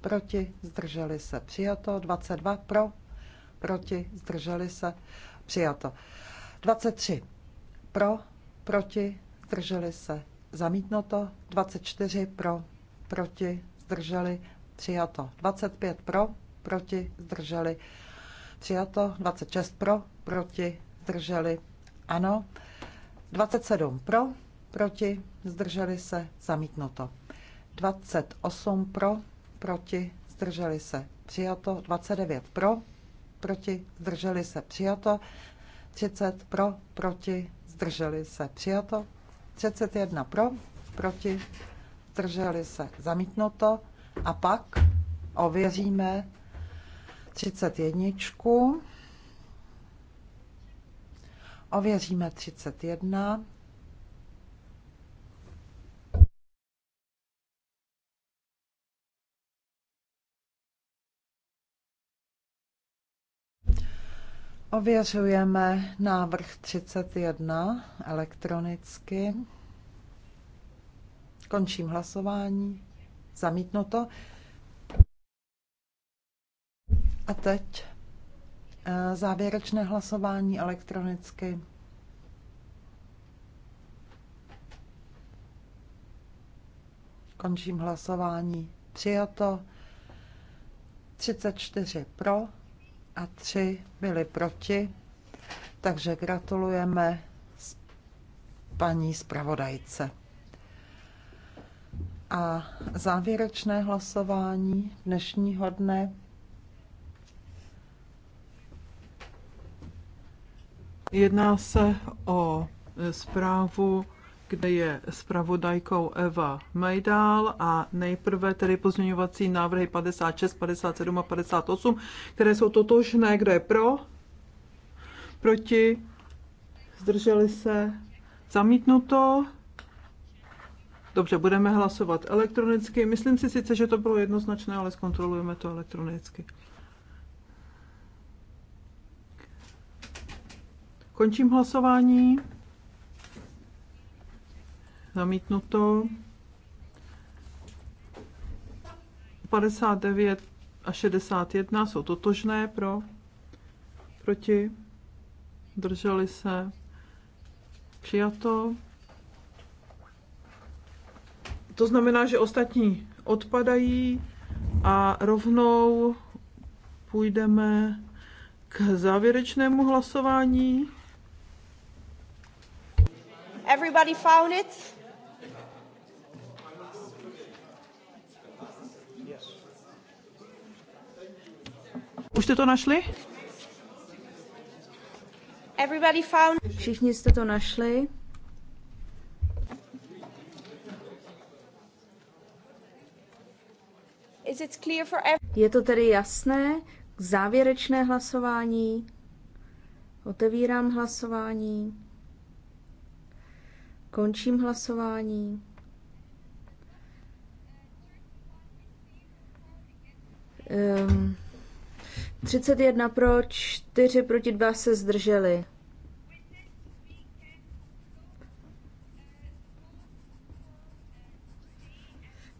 proti, zdrželi se, přijato. 22 pro, proti, zdrželi se, přijato. 23 pro, proti, zdrželi se, zamítnuto. 24 pro, proti, zdrželi, přijato. 25 pro, proti, zdrželi, přijato, 26 pro, proti, zdrželi, ano, 27 pro, proti, zdrželi se, zamítnuto. 28 pro, proti, zdrželi se, přijato, 29 pro, proti, zdrželi se, přijato, 30 pro, proti, zdrželi se, přijato, 31 pro, proti, zdrželi se, zamítnuto a pak ověříme 31. Ověříme 31. Ověřujeme návrh 31 elektronicky. Končím hlasování. Zamítnuto. to. A teď eh, závěrečné hlasování elektronicky. Končím hlasování. Přijato 34 pro a 3 byli proti. Takže gratulujeme paní zpravodajce. A závěrečné hlasování dnešního dne Jedná se o e, zprávu, kde je zpravodajkou Eva Mejdál a nejprve tedy pozměňovací návrhy 56, 57 a 58, které jsou totožné, kdo je pro, proti, zdrželi se, zamítnuto. Dobře, budeme hlasovat elektronicky. Myslím si sice, že to bylo jednoznačné, ale zkontrolujeme to elektronicky. Končím hlasování. Zamítnuto. 59 a 61 jsou totožné pro, proti, drželi se, přijato. To znamená, že ostatní odpadají a rovnou půjdeme k závěrečnému hlasování. Everybody found it? Už jste to našli? Everybody found... Všichni jste to našli? Is it clear for Je to tedy jasné? Závěrečné hlasování. Otevírám hlasování. Končím hlasování. Um, ehm, 31 pro, 4 proti 2 se zdrželi.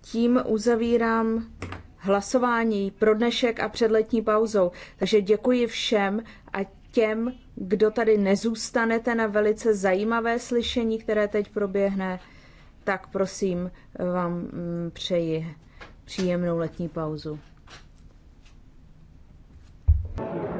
Tím uzavírám hlasování pro dnešek a před letní pauzou. Takže děkuji všem a těm, kdo tady nezůstanete na velice zajímavé slyšení, které teď proběhne, tak prosím vám mm, přeji příjemnou letní pauzu. thank you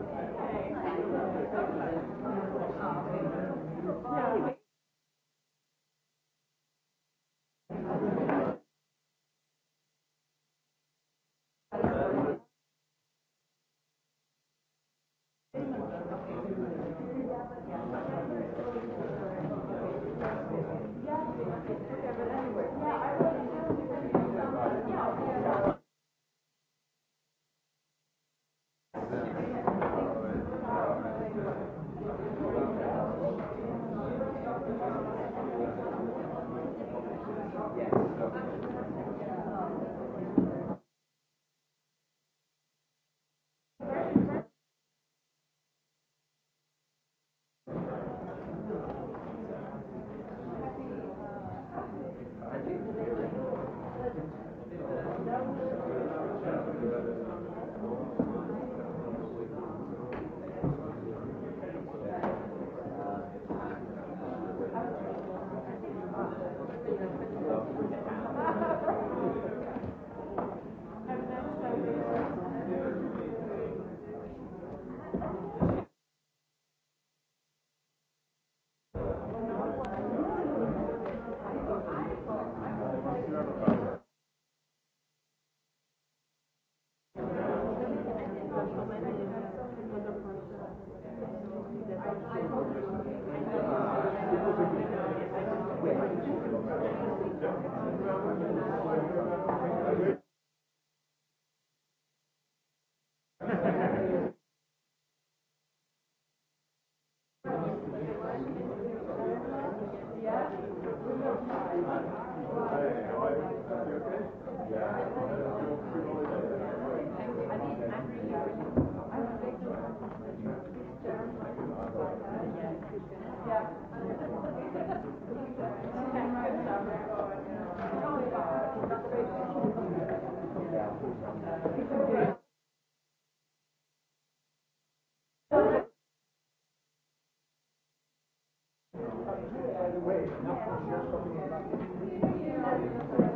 Thank you. Wait, no, just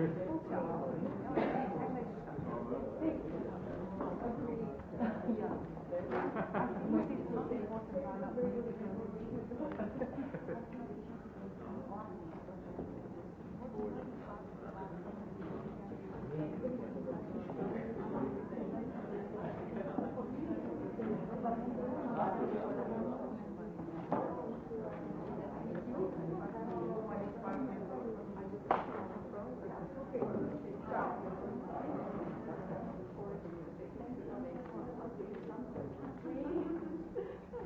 Thank you.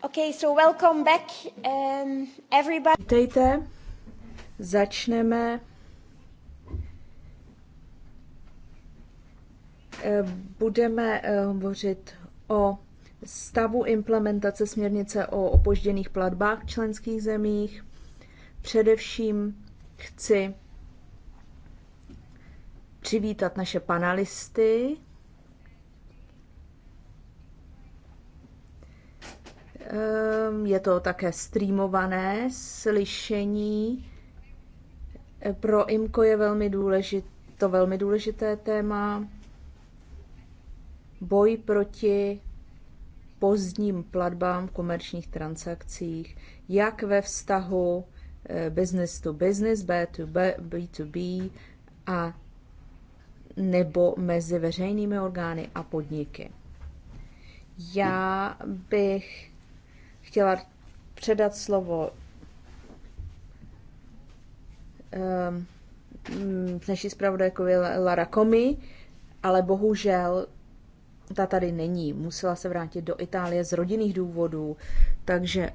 Okay, so welcome back, um, everybody. Vítejte, začneme. Eh, budeme eh, hovořit o stavu implementace směrnice o opožděných platbách v členských zemích. Především chci přivítat naše panelisty, Ehm, je to také streamované slyšení. Pro IMKO je velmi důležit, to velmi důležité téma. Boj proti pozdním platbám v komerčních transakcích, jak ve vztahu eh, business to business, b to b B2B a nebo mezi veřejnými orgány a podniky. Já bych chtěla předat slovo um, naší zpravodajkovi Lara Komi, ale bohužel ta tady není. Musela se vrátit do Itálie z rodinných důvodů, takže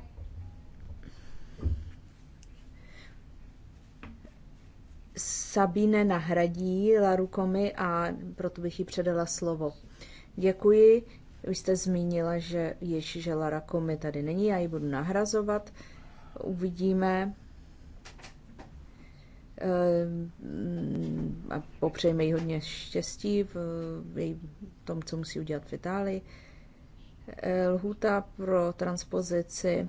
Sabine nahradí Laru Komi a proto bych jí předala slovo. Děkuji. Vy jste zmínila, že Ježíš, že Lara Komi tady není, já ji budu nahrazovat. Uvidíme. Ehm, a popřejme jí hodně štěstí v tom, co musí udělat v Itálii. Eh, Lhuta pro transpozici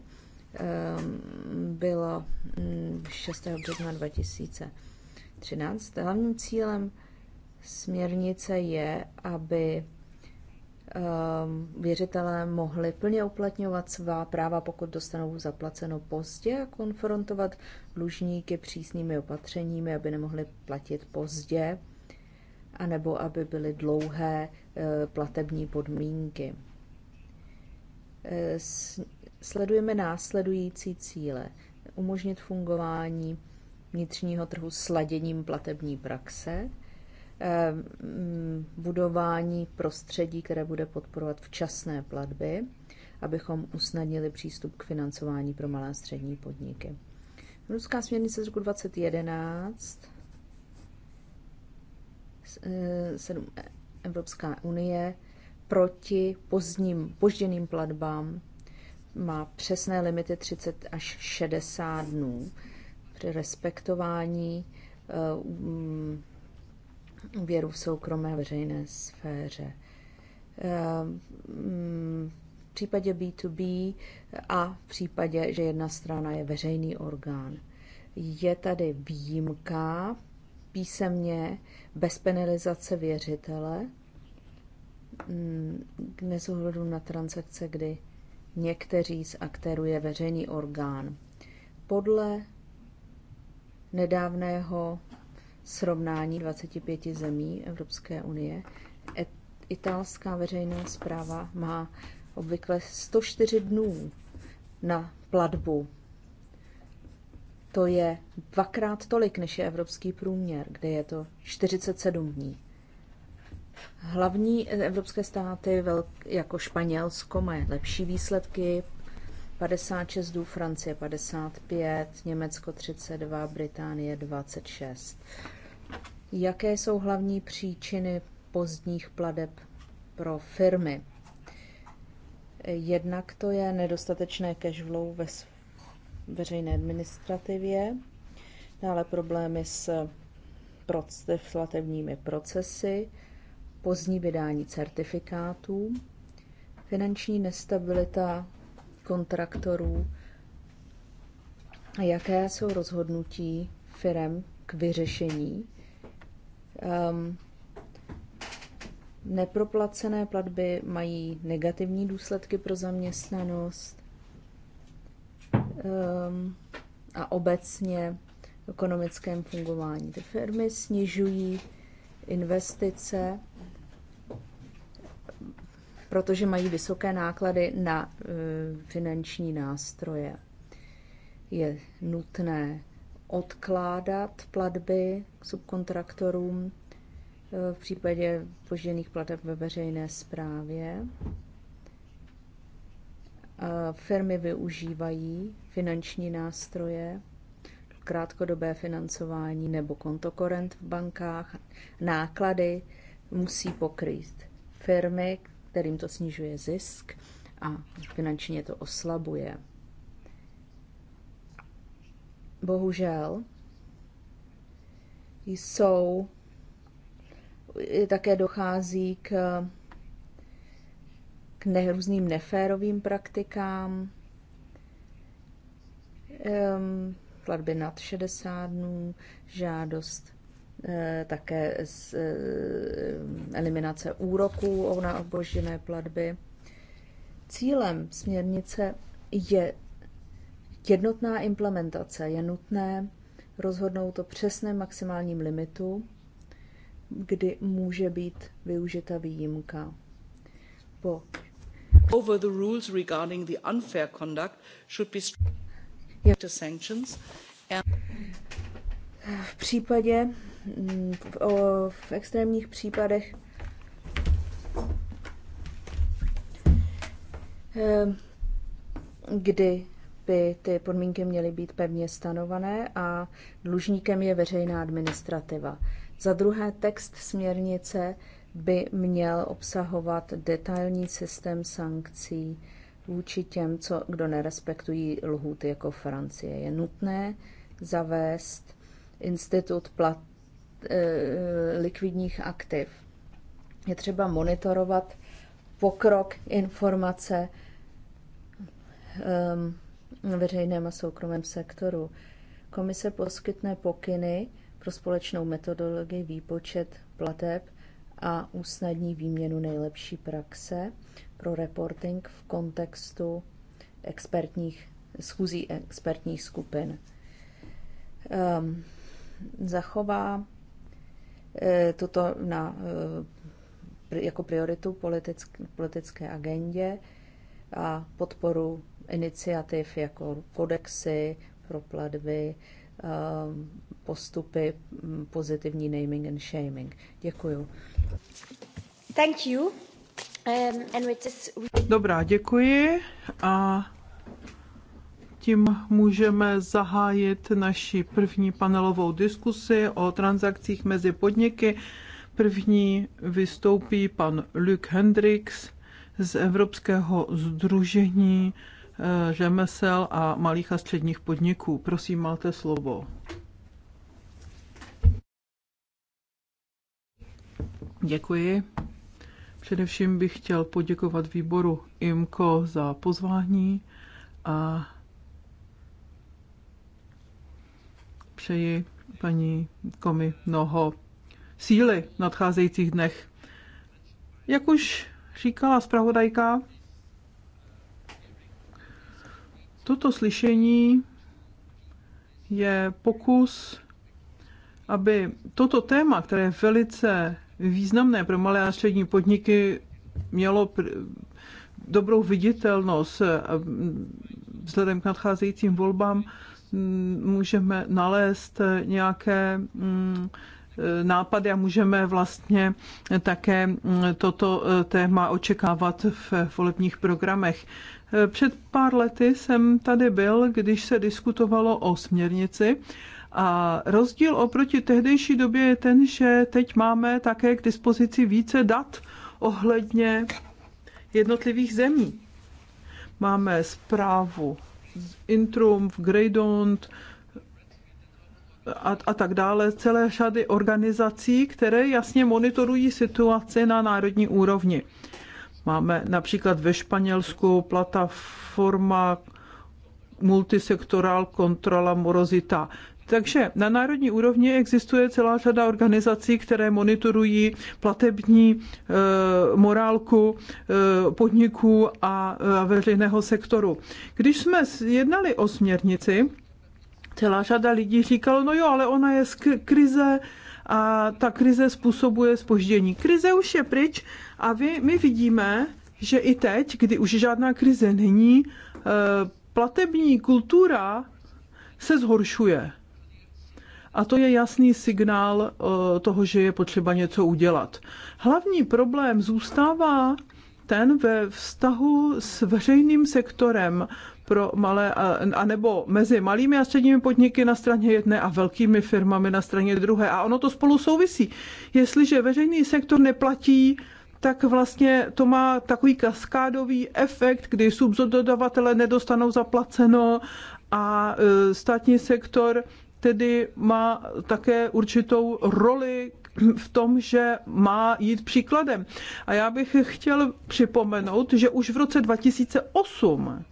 ehm, byla 6. Hm, března 2013. Hlavním cílem směrnice je, aby Ehm, věřitelé mohli plně uplatňovat svá práva, pokud dostanou zaplaceno pozdě a konfrontovat dlužníky přísnými opatřeními, aby nemohli platit pozdě, anebo aby byly dlouhé eh, platební podmínky. Eh, sledujeme následující cíle. Umožnit fungování vnitřního trhu sladěním platební praxe, Eh, budování prostředí, které bude podporovat včasné platby, abychom usnadnili přístup k financování pro malé a střední podniky. Ruská směrnice z roku 2011 eh, Evropská unie proti pozdním, požděným platbám má přesné limity 30 až 60 dnů. Při respektování um, Věru v soukromé veřejné sféře. Ehm, mm, v případě B2B a v případě, že jedna strana je veřejný orgán. Je tady výjimka písemně bez penalizace věřitele, k mm, nezohledu na transakce, kdy někteří z aktérů je veřejný orgán. Podle nedávného srovnání 25 zemí Evropské unie, italská veřejná zpráva má obvykle 104 dnů na platbu. To je dvakrát tolik, než je evropský průměr, kde je to 47 dní. Hlavní evropské státy jako Španělsko mají lepší výsledky, 56 dů, Francie 55, Německo 32, Británie 26. Jaké jsou hlavní příčiny pozdních pladeb pro firmy? Jednak to je nedostatečné cash flow ve veřejné administrativě, dále problémy s legislativními procesy, pozdní vydání certifikátů, finanční nestabilita kontraktorů a jaké jsou rozhodnutí firem k vyřešení Um, neproplacené platby mají negativní důsledky pro zaměstnanost um, a obecně v ekonomickém fungování. Ty firmy snižují investice, protože mají vysoké náklady na eh, finanční nástroje. Je nutné odkládat platby k subkontraktorům eh, v případě požděných plateb ve veřejné správě. Firmy využívají finanční nástroje, krátkodobé financování nebo kontokorent v bankách. Náklady musí pokrýt firmy, kterým to snižuje zisk a finančně to oslabuje bohužel jsou, také dochází k, k ne, různým neférovým praktikám, um, platby nad 60 dnů, žádost eh, také z eh, eliminace úroků o opožděné platby. Cílem směrnice je jednotná implementace. Je nutné rozhodnout o přesném maximálním limitu, kdy může být využita výjimka. Po Over the rules regarding the unfair conduct should be stricter sanctions. And... V případě, mm, v, o, v extrémních případech eh, kdy by ty podmínky měly být pevně stanovené a dlužníkem je veřejná administrativa. Za druhé, text směrnice by měl obsahovat detailní systém sankcí vůči těm, co, kdo nerespektují lhůty jako Francie. Je nutné zavést institut plat, eh, likvidních aktiv. Je třeba monitorovat pokrok informace ehm, veřejném a soukromém sektoru. Komise poskytne pokyny pro společnou metodologii výpočet plateb a usnadní výměnu nejlepší praxe pro reporting v kontextu expertních, schůzí expertních skupin. Um, zachová e, toto na, e, jako prioritu politick, politické agendě a podporu iniciativ jako kodexy pro platby, ehm, postupy mm, pozitivní naming and shaming. Děkuju. Thank you. Um, and with this... Dobrá, děkuji a tím můžeme zahájit naši první panelovou diskusi o transakcích mezi podniky. První vystoupí pan Luke Hendricks z Evropského združení Eh, řemesel a malých a středních podniků. Prosím, máte slovo. Děkuji. Především bych chtěl poděkovat výboru IMKO za pozvání a přeji paní Komi mnoho síly v nadcházejících dnech. Jak už říkala zpravodajka, Toto slyšení je pokus, aby toto téma, které je velice významné pro malé a střední podniky, mělo dobrou viditelnost vzhledem k nadcházejícím volbám, mm, můžeme nalézt nějaké mm, nápady a můžeme vlastně také mm, toto eh, téma očekávat v volebních programech. Eh, před pár lety jsem tady byl, když se diskutovalo o směrnici a rozdíl oproti tehdejší době je ten, že teď máme také k dispozici více dat ohledně jednotlivých zemí. Máme zprávu z Intrum, v Greydont a, a tak dále, celé řady organizací, které jasně monitorují situaci na národní úrovni. Máme například ve Španělsku plataforma multisektorál kontrola morozita. Takže na národní úrovni existuje celá řada organizací, které monitorují platební e, morálku e, podniků a, e, a veřejného sektoru. Když jsme jednali o směrnici, celá řada lidí říkalo, no jo, ale ona je z krize a ta krize způsobuje spoždění. Krize už je pryč, a vy, my vidíme, že i teď, kdy už žádná krize není, eh, platební kultura se zhoršuje. A to je jasný signál eh, toho, že je potřeba něco udělat. Hlavní problém zůstává ten ve vztahu s veřejným sektorem pro malé, anebo mezi malými a středními podniky na straně jedné a velkými firmami na straně druhé. A ono to spolu souvisí. Jestliže veřejný sektor neplatí, tak vlastně to má takový kaskádový efekt, kdy subzododavatele nedostanou zaplaceno a e, státní sektor tedy má také určitou roli v tom, že má jít příkladem. A já bych chtěl připomenout, že už v roce 2008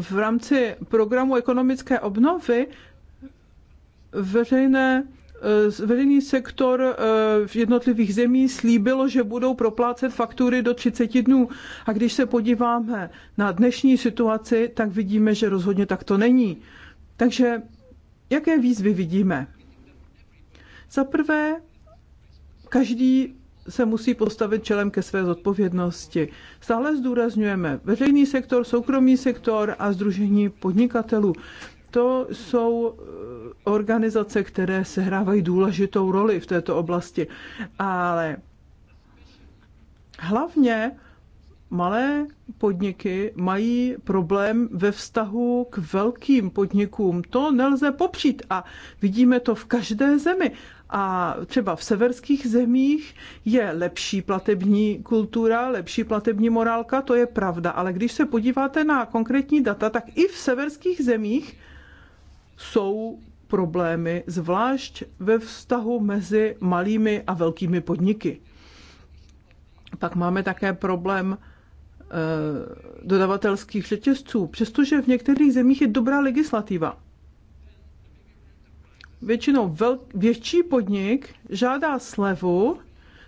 v rámci programu ekonomické obnovy veřejné Eh, veřejný sektor eh, v jednotlivých zemí slíbilo, že budou proplácet faktury do 30 dnů. A když se podíváme na dnešní situaci, tak vidíme, že rozhodně tak to není. Takže jaké výzvy vidíme? Za prvé, každý se musí postavit čelem ke své zodpovědnosti. Stále zdůrazňujeme veřejný sektor, soukromý sektor a združení podnikatelů. To jsou organizace, které sehrávají důležitou roli v této oblasti. Ale hlavně malé podniky mají problém ve vztahu k velkým podnikům. To nelze popřít a vidíme to v každé zemi. A třeba v severských zemích je lepší platební kultura, lepší platební morálka, to je pravda. Ale když se podíváte na konkrétní data, tak i v severských zemích jsou problémy, zvlášť ve vztahu mezi malými a velkými podniky. Pak máme také problém eh, dodavatelských řetězců, přestože v některých zemích je dobrá legislativa. Většinou vel, větší podnik žádá slevu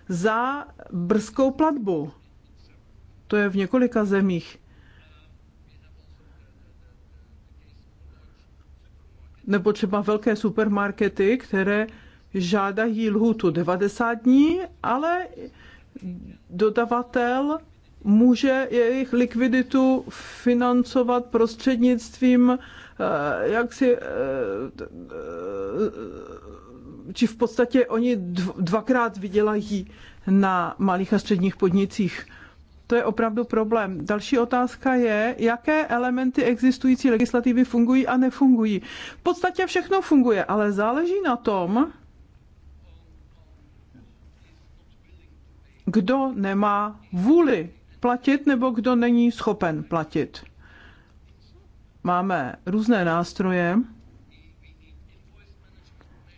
za brzkou platbu. To je v několika zemích. nebo třeba velké supermarkety, které žádají lhutu 90 dní, ale dodavatel může jejich likviditu financovat prostřednictvím eh, jak si eh, či v podstatě oni dvakrát vydělají na malých a středních podnicích. To je opravdu problém. Další otázka je, jaké elementy existující legislativy fungují a nefungují. V podstatě všechno funguje, ale záleží na tom, kdo nemá vůli platit nebo kdo není schopen platit. Máme různé nástroje,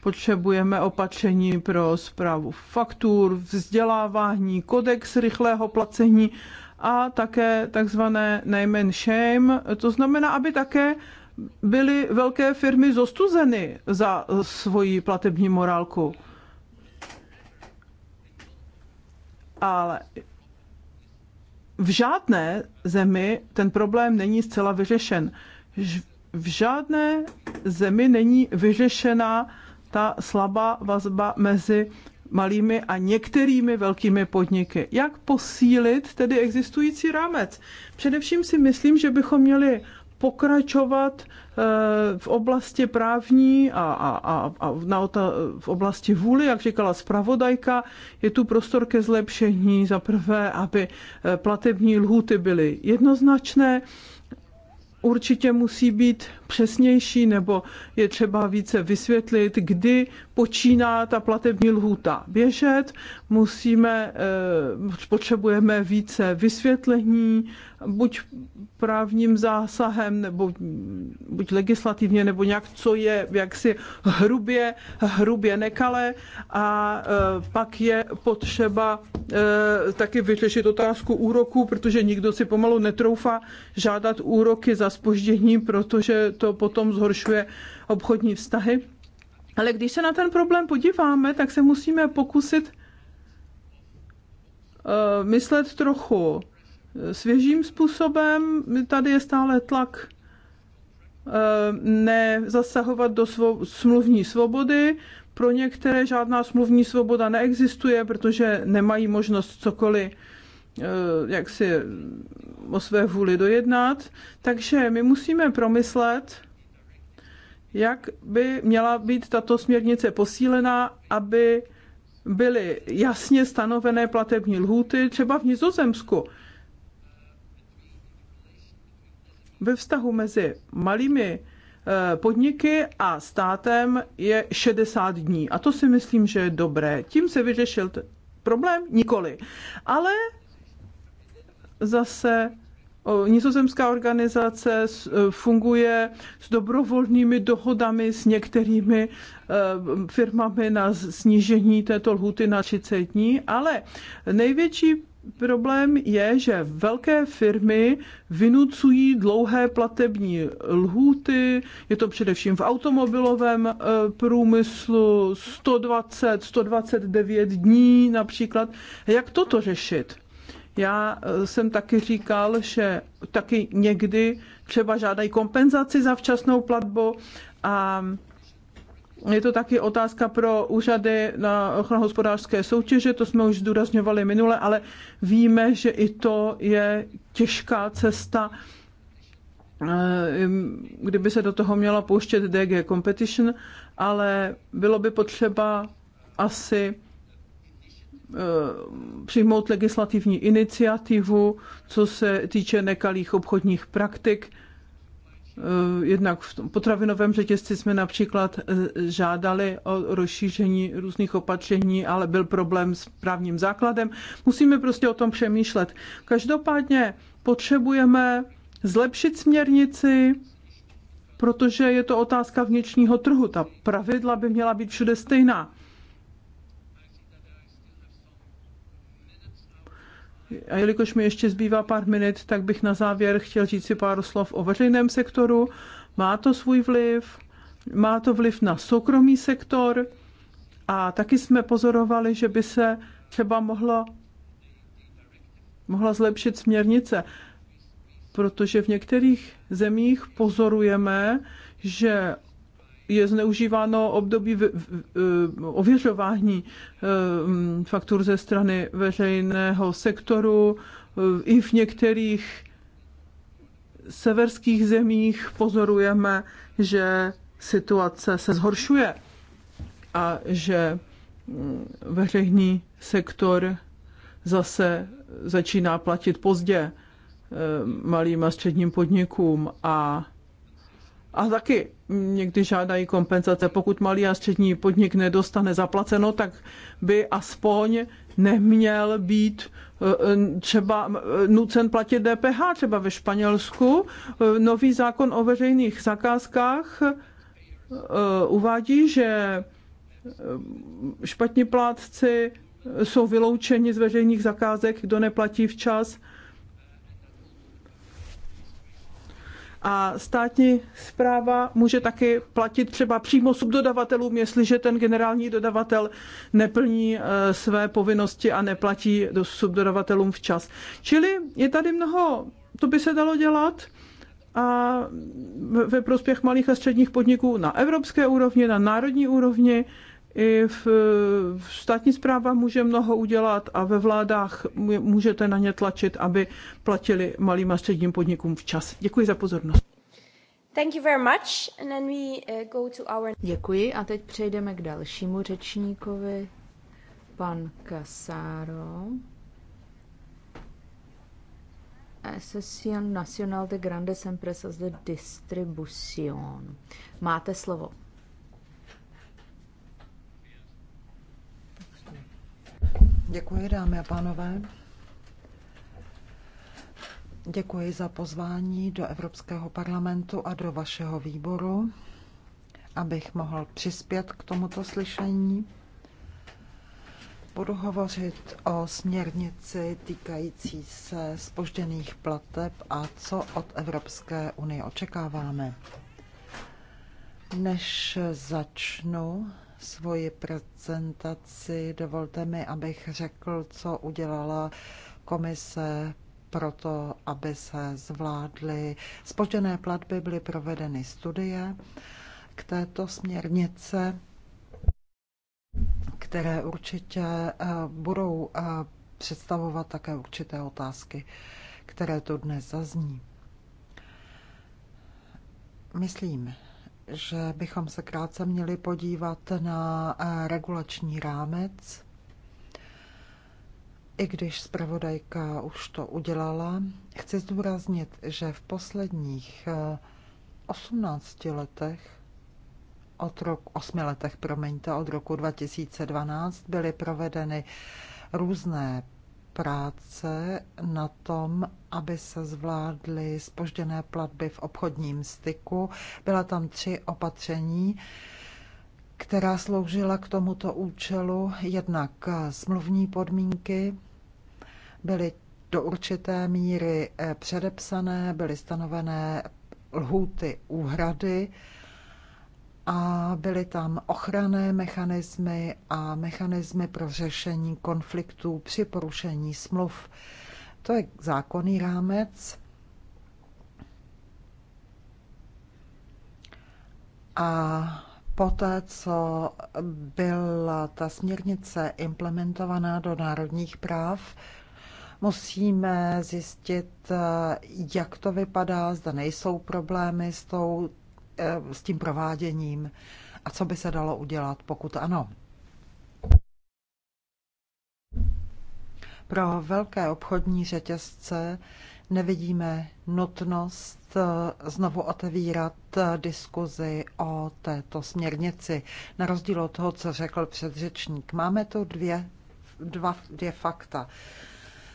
potřebujeme opatření pro zprávu faktur, vzdělávání, kodex rychlého placení a také takzvané name and shame. To znamená, aby také byly velké firmy zostuzeny za svoji platební morálku. Ale v žádné zemi ten problém není zcela vyřešen. V žádné zemi není vyřešena ta slabá vazba mezi malými a některými velkými podniky. Jak posílit tedy existující rámec? Především si myslím, že bychom měli pokračovat eh, v oblasti právní a, a, a, a na, v oblasti vůli, jak říkala zpravodajka, je tu prostor ke zlepšení. Za prvé, aby eh, platební lhuty byly jednoznačné, určitě musí být přesnější nebo je třeba více vysvětlit, kdy počíná ta platební lhůta běžet. Musíme, eh, potřebujeme více vysvětlení, buď právním zásahem, nebo buď legislativně, nebo nějak, co je jaksi hrubě, hrubě nekale. A eh, pak je potřeba eh, taky vyřešit otázku úroku, protože nikdo si pomalu netroufá žádat úroky za spoždění, protože to potom zhoršuje obchodní vztahy. Ale když se na ten problém podíváme, tak se musíme pokusit eh, myslet trochu eh, svěžím způsobem. Tady je stále tlak eh, nezasahovat do svo- smluvní svobody. Pro některé žádná smluvní svoboda neexistuje, protože nemají možnost cokoliv Eh, jak si o své vůli dojednat. Takže my musíme promyslet, jak by měla být tato směrnice posílená, aby byly jasně stanovené platební lhůty, třeba v Nizozemsku. Ve vztahu mezi malými eh, podniky a státem je 60 dní. A to si myslím, že je dobré. Tím se vyřešil problém? Nikoli. Ale zase nizozemská organizace e, funguje s dobrovolnými dohodami s některými e, firmami na snížení této lhuty na 30 dní, ale největší problém je, že velké firmy vynucují dlouhé platební lhůty, je to především v automobilovém e, průmyslu 120, 129 dní například. Jak toto řešit? Já eh, jsem taky říkal, že taky někdy třeba žádají kompenzaci za včasnou platbu a je to taky otázka pro úřady na ochranu hospodářské soutěže, to jsme už zdůrazňovali minule, ale víme, že i to je těžká cesta, eh, kdyby se do toho měla pouštět DG Competition, ale bylo by potřeba asi Eh, přijmout legislativní iniciativu, co se týče nekalých obchodních praktik. Eh, jednak v potravinovém řetězci jsme například eh, žádali o rozšíření různých opatření, ale byl problém s právním základem. Musíme prostě o tom přemýšlet. Každopádně potřebujeme zlepšit směrnici, protože je to otázka vnitřního trhu. Ta pravidla by měla být všude stejná. A jelikož mi ještě zbývá pár minut, tak bych na závěr chtěl říct si pár slov o veřejném sektoru. Má to svůj vliv, má to vliv na soukromý sektor a taky jsme pozorovali, že by se třeba mohlo, mohla zlepšit směrnice, protože v některých zemích pozorujeme, že je zneužíváno období v, v, eh, ověřování eh, mm, faktur ze strany veřejného sektoru. Eh, I v některých severských zemích pozorujeme, že situace se zhoršuje a že mm, veřejný sektor zase začíná platit pozdě malým a středním podnikům a a taky někdy žádají kompenzace. Pokud malý a střední podnik nedostane zaplaceno, tak by aspoň neměl být eh, třeba eh, nucen platit DPH. Třeba ve Španělsku eh, nový zákon o veřejných zakázkách uvádí, že špatní plátci jsou vyloučeni z veřejných zakázek, kdo neplatí včas A státní zpráva může taky platit třeba přímo subdodavatelům, jestliže ten generální dodavatel neplní e, své povinnosti a neplatí do subdodavatelům včas. Čili je tady mnoho, to by se dalo dělat a ve prospěch malých a středních podniků na evropské úrovni, na národní úrovni i v, v státní zpráva může mnoho udělat a ve vládách můžete na ně tlačit, aby platili malým a středním podnikům včas. Děkuji za pozornost. Thank you very much. And then we uh, go to our... Děkuji a teď přejdeme k dalšímu řečníkovi, pan Casaro. Asociación Nacional de Grandes Empresas de Distribución. Máte slovo. Děkuji, dámy a pánové. Děkuji za pozvání do Evropského parlamentu a do vašeho výboru, abych mohl přispět k tomuto slyšení. Budu hovořit o směrnici týkající se spožděných plateb a co od Evropské unie očekáváme. Než začnu, svoji prezentaci. Dovolte mi, abych řekl, co udělala komise pro to, aby se zvládly. Spožděné platby byly provedeny studie k této směrnice, které určitě eh, budou eh, představovat také určité otázky, které tu dnes zazní. Myslím, že bychom se krátce měli podívat na eh, regulační rámec. I když zpravodajka už to udělala, chci zdůraznit, že v posledních 18 eh, letech od roku, 8 letech, promiňte, od roku 2012 byly provedeny různé práce na tom, aby se zvládly spožděné platby v obchodním styku. Byla tam tři opatření, která sloužila k tomuto účelu. Jednak smluvní podmínky byly do určité míry eh, předepsané, byly stanovené lhůty úhrady a byly tam ochranné mechanismy a mechanismy pro řešení konfliktů při porušení smluv. To je zákonný rámec. A poté, co byla ta směrnice implementovaná do národních práv, musíme zjistit, jak to vypadá, zda nejsou problémy s tou Eh, s tím prováděním a co by se dalo udělat, pokud ano. Pro velké obchodní řetězce nevidíme nutnost eh, znovu otevírat eh, diskuzi o této směrnici. Na rozdíl od toho, co řekl předřečník, máme tu dvě, dva, dvě fakta.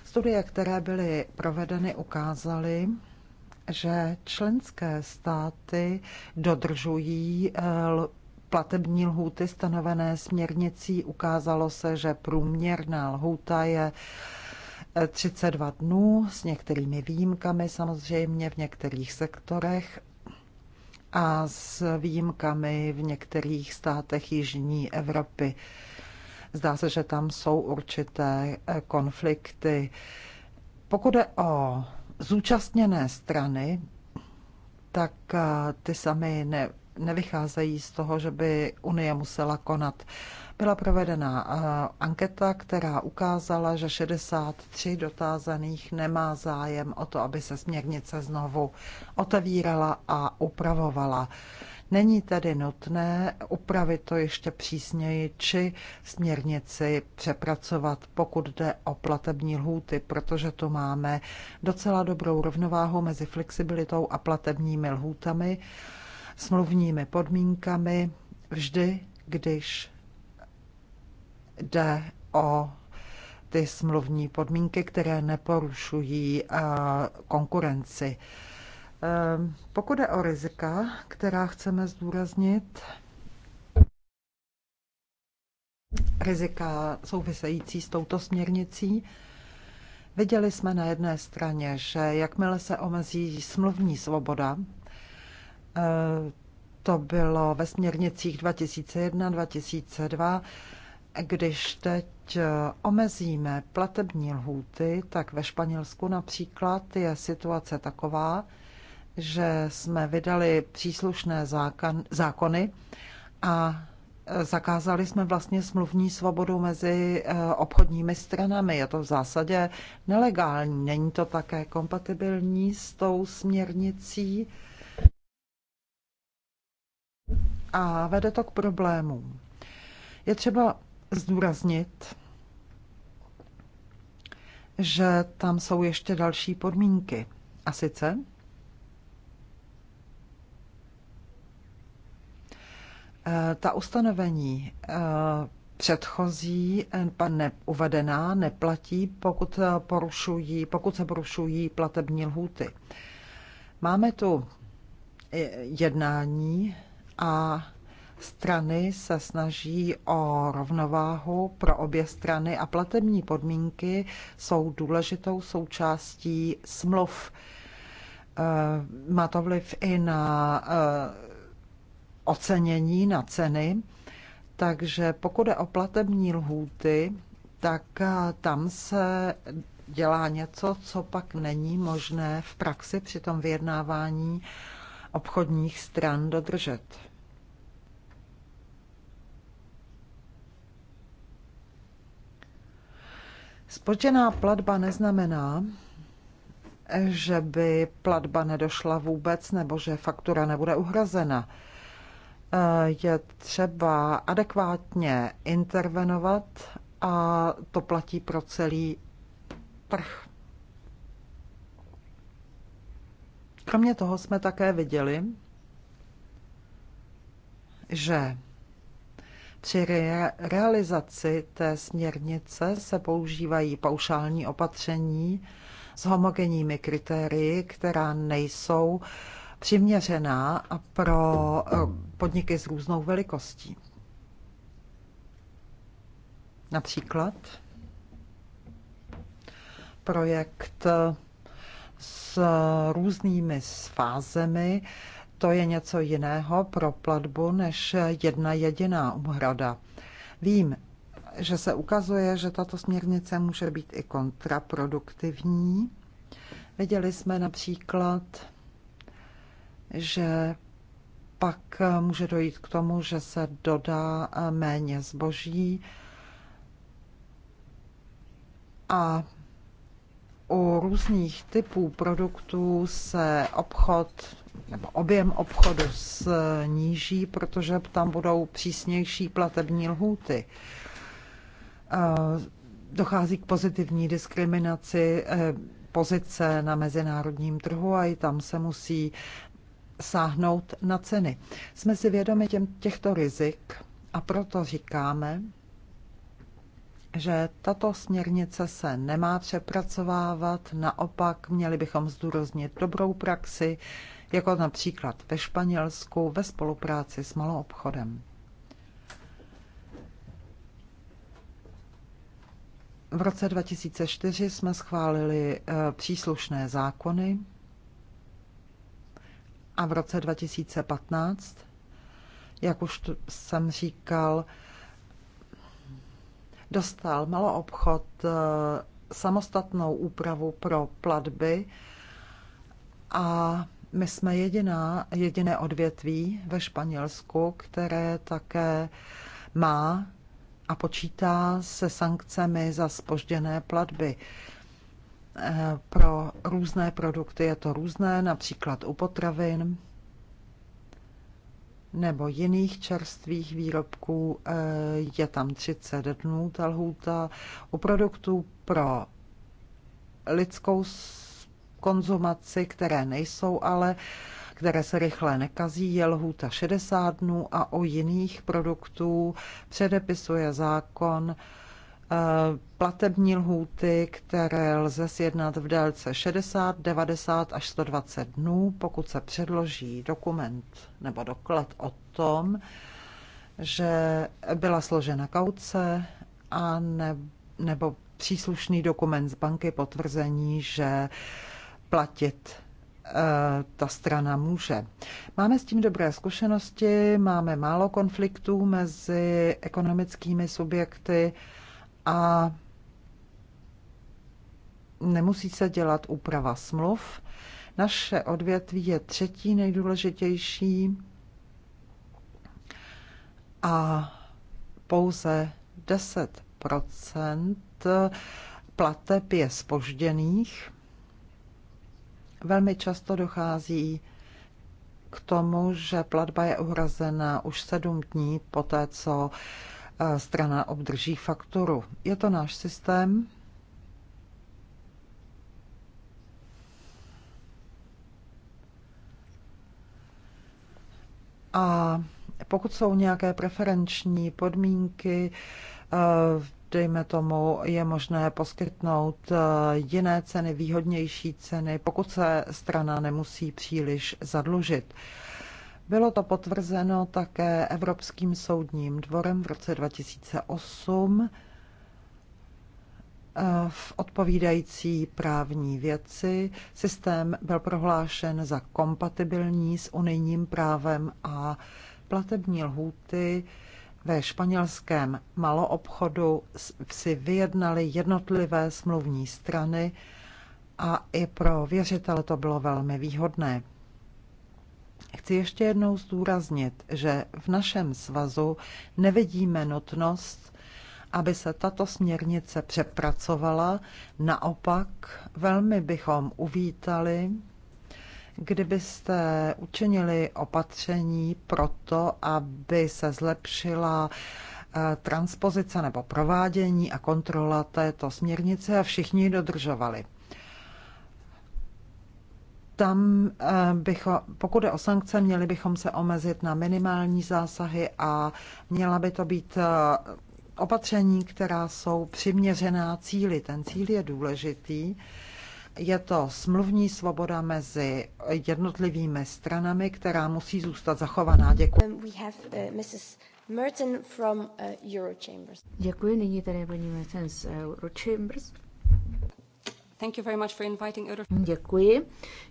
Studie, které byly provedeny, ukázaly, že členské státy dodržují eh, platební lhůty stanovené směrnicí. Ukázalo se, že průměrná lhůta je 32 eh, dnů, s některými výjimkami samozřejmě v některých sektorech a s výjimkami v některých státech Jižní Evropy. Zdá se, že tam jsou určité eh, konflikty. Pokud je o zúčastněné strany, tak eh, ty sami ne, nevycházejí z toho, že by Unie musela konat. Byla provedena eh, anketa, která ukázala, že 63 dotázaných nemá zájem o to, aby se směrnice znovu otevírala a upravovala. Není tedy nutné upravit to ještě přísněji či směrnici přepracovat, pokud jde o platební lhůty, protože tu máme docela dobrou rovnováhu mezi flexibilitou a platebními lhůtami, smluvními podmínkami, vždy, když jde o ty smluvní podmínky, které neporušují eh, konkurenci. Ehm, pokud je o rizika, která chceme zdůraznit, rizika související s touto směrnicí, viděli jsme na jedné straně, že jakmile se omezí smluvní svoboda, ehm, to bylo ve směrnicích 2001-2002, když teď eh, omezíme platební lhůty, tak ve Španělsku například je situace taková, že jsme vydali příslušné zákony a e, zakázali jsme vlastně smluvní svobodu mezi e, obchodními stranami. Je to v zásadě nelegální. Není to také kompatibilní s tou směrnicí a vede to k problémům. Je třeba zdůraznit, že tam jsou ještě další podmínky. A sice Eh, ta ustanovení eh, předchozí eh, ne, uvedená neplatí, pokud, porušují, pokud se porušují platební lhůty. Máme tu jednání a strany se snaží o rovnováhu pro obě strany a platební podmínky jsou důležitou součástí smluv. Má to vliv i na ocenění na ceny. Takže pokud je o platební lhůty, tak eh, tam se dělá něco, co pak není možné v praxi při tom vyjednávání obchodních stran dodržet. Spočená platba neznamená, že by platba nedošla vůbec nebo že faktura nebude uhrazena je třeba adekvátně intervenovat a to platí pro celý trh. Kromě toho jsme také viděli, že při re- realizaci té směrnice se používají paušální opatření s homogenními kritérii, která nejsou uh, přiměřená pro eh, podniky s různou velikostí. Například projekt eh, s různými fázemi, to je něco jiného pro platbu než jedna jediná úhrada. Vím, že se ukazuje, že tato směrnice může být i kontraproduktivní. Viděli jsme například že pak eh, může dojít k tomu, že se dodá eh, méně zboží a u různých typů produktů se obchod nebo objem obchodu sníží, protože tam budou přísnější platební lhůty. Eh, dochází k pozitivní diskriminaci pozice na mezinárodním trhu a i tam se musí sáhnout na ceny. Jsme si vědomi těm, těchto rizik a proto říkáme, že tato směrnice se nemá přepracovávat, naopak měli bychom zdůraznit dobrou praxi, jako například ve Španělsku ve spolupráci s malou obchodem. V roce 2004 jsme schválili eh, příslušné zákony, a v roce 2015, jak už jsem říkal, dostal obchod eh, samostatnou úpravu pro platby a my jsme jediná, jediné odvětví ve Španělsku, které také má a počítá se sankcemi za spožděné platby. Pro různé produkty je to různé, například u potravin nebo jiných čerstvých výrobků eh, je tam 30 dnů ta lhůta. U produktů pro lidskou konzumaci, které nejsou ale, které se rychle nekazí, je lhůta 60 dnů a o jiných produktů předepisuje zákon Eh, platební lhůty, které lze sjednat v délce 60, 90 až 120 dnů, pokud se předloží dokument nebo doklad o tom, že byla složena kauce a ne, nebo příslušný dokument z banky potvrzení, že platit eh, ta strana může. Máme s tím dobré zkušenosti, máme málo konfliktů mezi ekonomickými subjekty, a nemusí se dělat úprava smluv. Naše odvětví je třetí nejdůležitější a pouze 10 plateb je spožděných. Velmi často dochází k tomu, že platba je uhrazena už sedm dní po té, co strana obdrží fakturu. Je to náš systém. A pokud jsou nějaké preferenční podmínky, eh, dejme tomu, je možné poskytnout eh, jiné ceny, výhodnější ceny, pokud se strana nemusí příliš zadlužit. Bylo to potvrzeno také Evropským soudním dvorem v roce 2008 eh, v odpovídající právní věci. Systém byl prohlášen za kompatibilní s unijním právem a platební lhůty ve španělském maloobchodu si vyjednali jednotlivé smluvní strany a i pro věřitele to bylo velmi výhodné. Chci ještě jednou zdůraznit, že v našem svazu nevidíme nutnost, aby se tato směrnice přepracovala. Naopak, velmi bychom uvítali, kdybyste učinili opatření pro to, aby se zlepšila eh, transpozice nebo provádění a kontrola této směrnice a všichni ji dodržovali tam eh, bychom, pokud je o sankce, měli bychom se omezit na minimální zásahy a měla by to být eh, opatření, která jsou přiměřená cíli. Ten cíl je důležitý. Je to smluvní svoboda mezi jednotlivými stranami, která musí zůstat zachovaná. Děkuji. Um, uh, Merton from uh, Eurochambers. Děkuji, nyní tady paní Merton z eh, Eurochambers. Děkuji.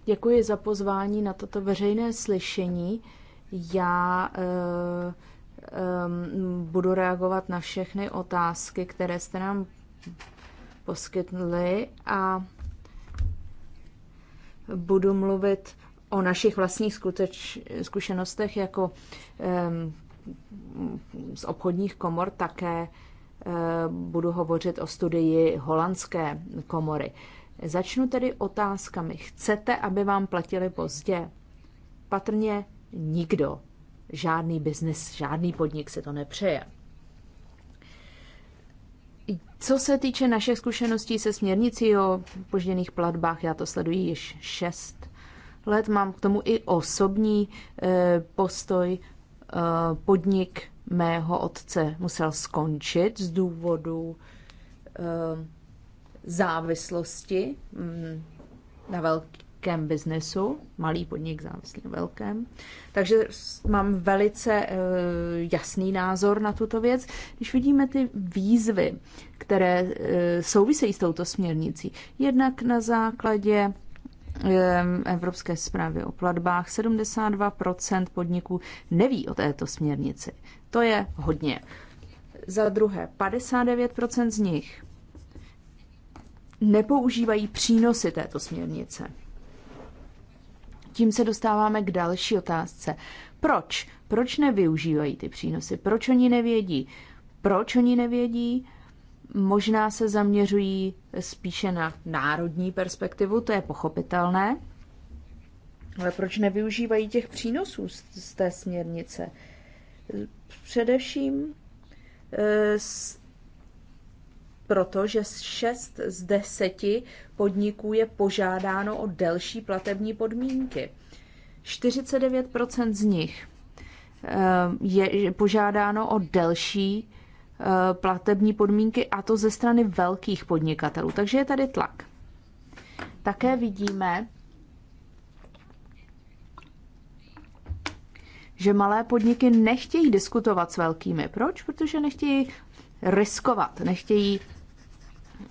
Děkuji za pozvání na toto veřejné slyšení. Já um, budu reagovat na všechny otázky, které jste nám poskytli a budu mluvit o našich vlastních skuteč, zkušenostech jako um, z obchodních komor také Eh, budu hovořit o studii holandské komory. Začnu tedy otázkami. Chcete, aby vám platili pozdě? Patrně nikdo. Žádný biznis, žádný podnik si to nepřeje. Co se týče našich zkušeností se směrnicí o požděných platbách, já to sleduji již šest let, mám k tomu i osobní eh, postoj. Eh, podnik mého otce musel skončit z důvodu eh, závislosti mm, na velkém biznesu, malý podnik závislý na velkém. Takže mám velice eh, jasný názor na tuto věc. Když vidíme ty výzvy, které eh, souvisejí s touto směrnicí, jednak na základě Evropské zprávy o platbách 72 podniků neví o této směrnici. To je hodně. Za druhé, 59% z nich nepoužívají přínosy této směrnice. Tím se dostáváme k další otázce. Proč? Proč nevyužívají ty přínosy? Proč oni nevědí? Proč oni nevědí? Možná se zaměřují spíše na národní perspektivu, to je pochopitelné. Ale proč nevyužívají těch přínosů z té směrnice? Především eh, protože šest z deseti podniků je požádáno o delší platební podmínky. 49 z nich eh, je požádáno o delší eh, platební podmínky a to ze strany velkých podnikatelů. Takže je tady tlak. Také vidíme, že malé podniky nechtějí diskutovat s velkými. Proč? Protože nechtějí riskovat, nechtějí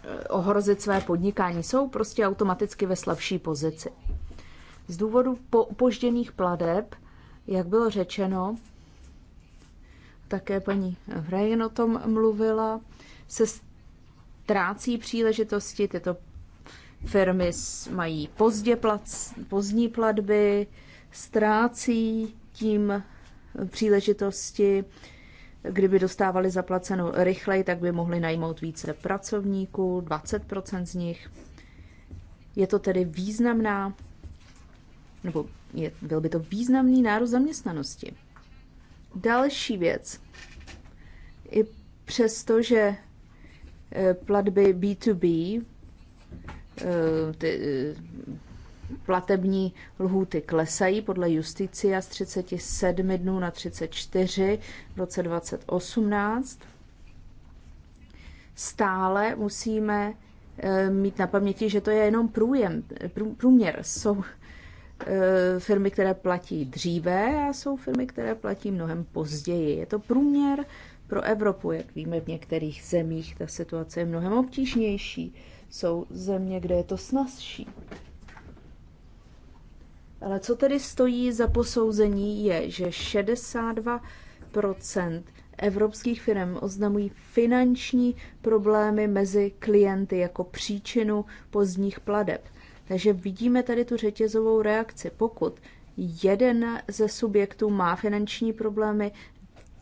eh, ohrozit své podnikání. Jsou prostě automaticky ve slabší pozici. Z důvodu opožděných pladeb, jak bylo řečeno, také paní Vrejen o tom mluvila, se ztrácí příležitosti, tyto firmy mají pozdě plac, pozdní platby, ztrácí tím příležitosti, kdyby dostávali zaplaceno rychleji, tak by mohli najmout více pracovníků, 20% z nich. Je to tedy významná, nebo je, byl by to významný nárůst zaměstnanosti. Další věc. I přesto, že e, platby B2B, e, ty platební lhůty klesají podle Justicia z 37 dnů na 34 v roce 2018. Stále musíme eh, mít na paměti, že to je jenom průjem, průměr. Jsou eh, firmy, které platí dříve a jsou firmy, které platí mnohem později. Je to průměr pro Evropu, jak víme, v některých zemích ta situace je mnohem obtížnější. Jsou země, kde je to snazší. Ale co tedy stojí za posouzení je, že 62% evropských firm oznamují finanční problémy mezi klienty jako příčinu pozdních pladeb. Takže vidíme tady tu řetězovou reakci. Pokud jeden ze subjektů má finanční problémy,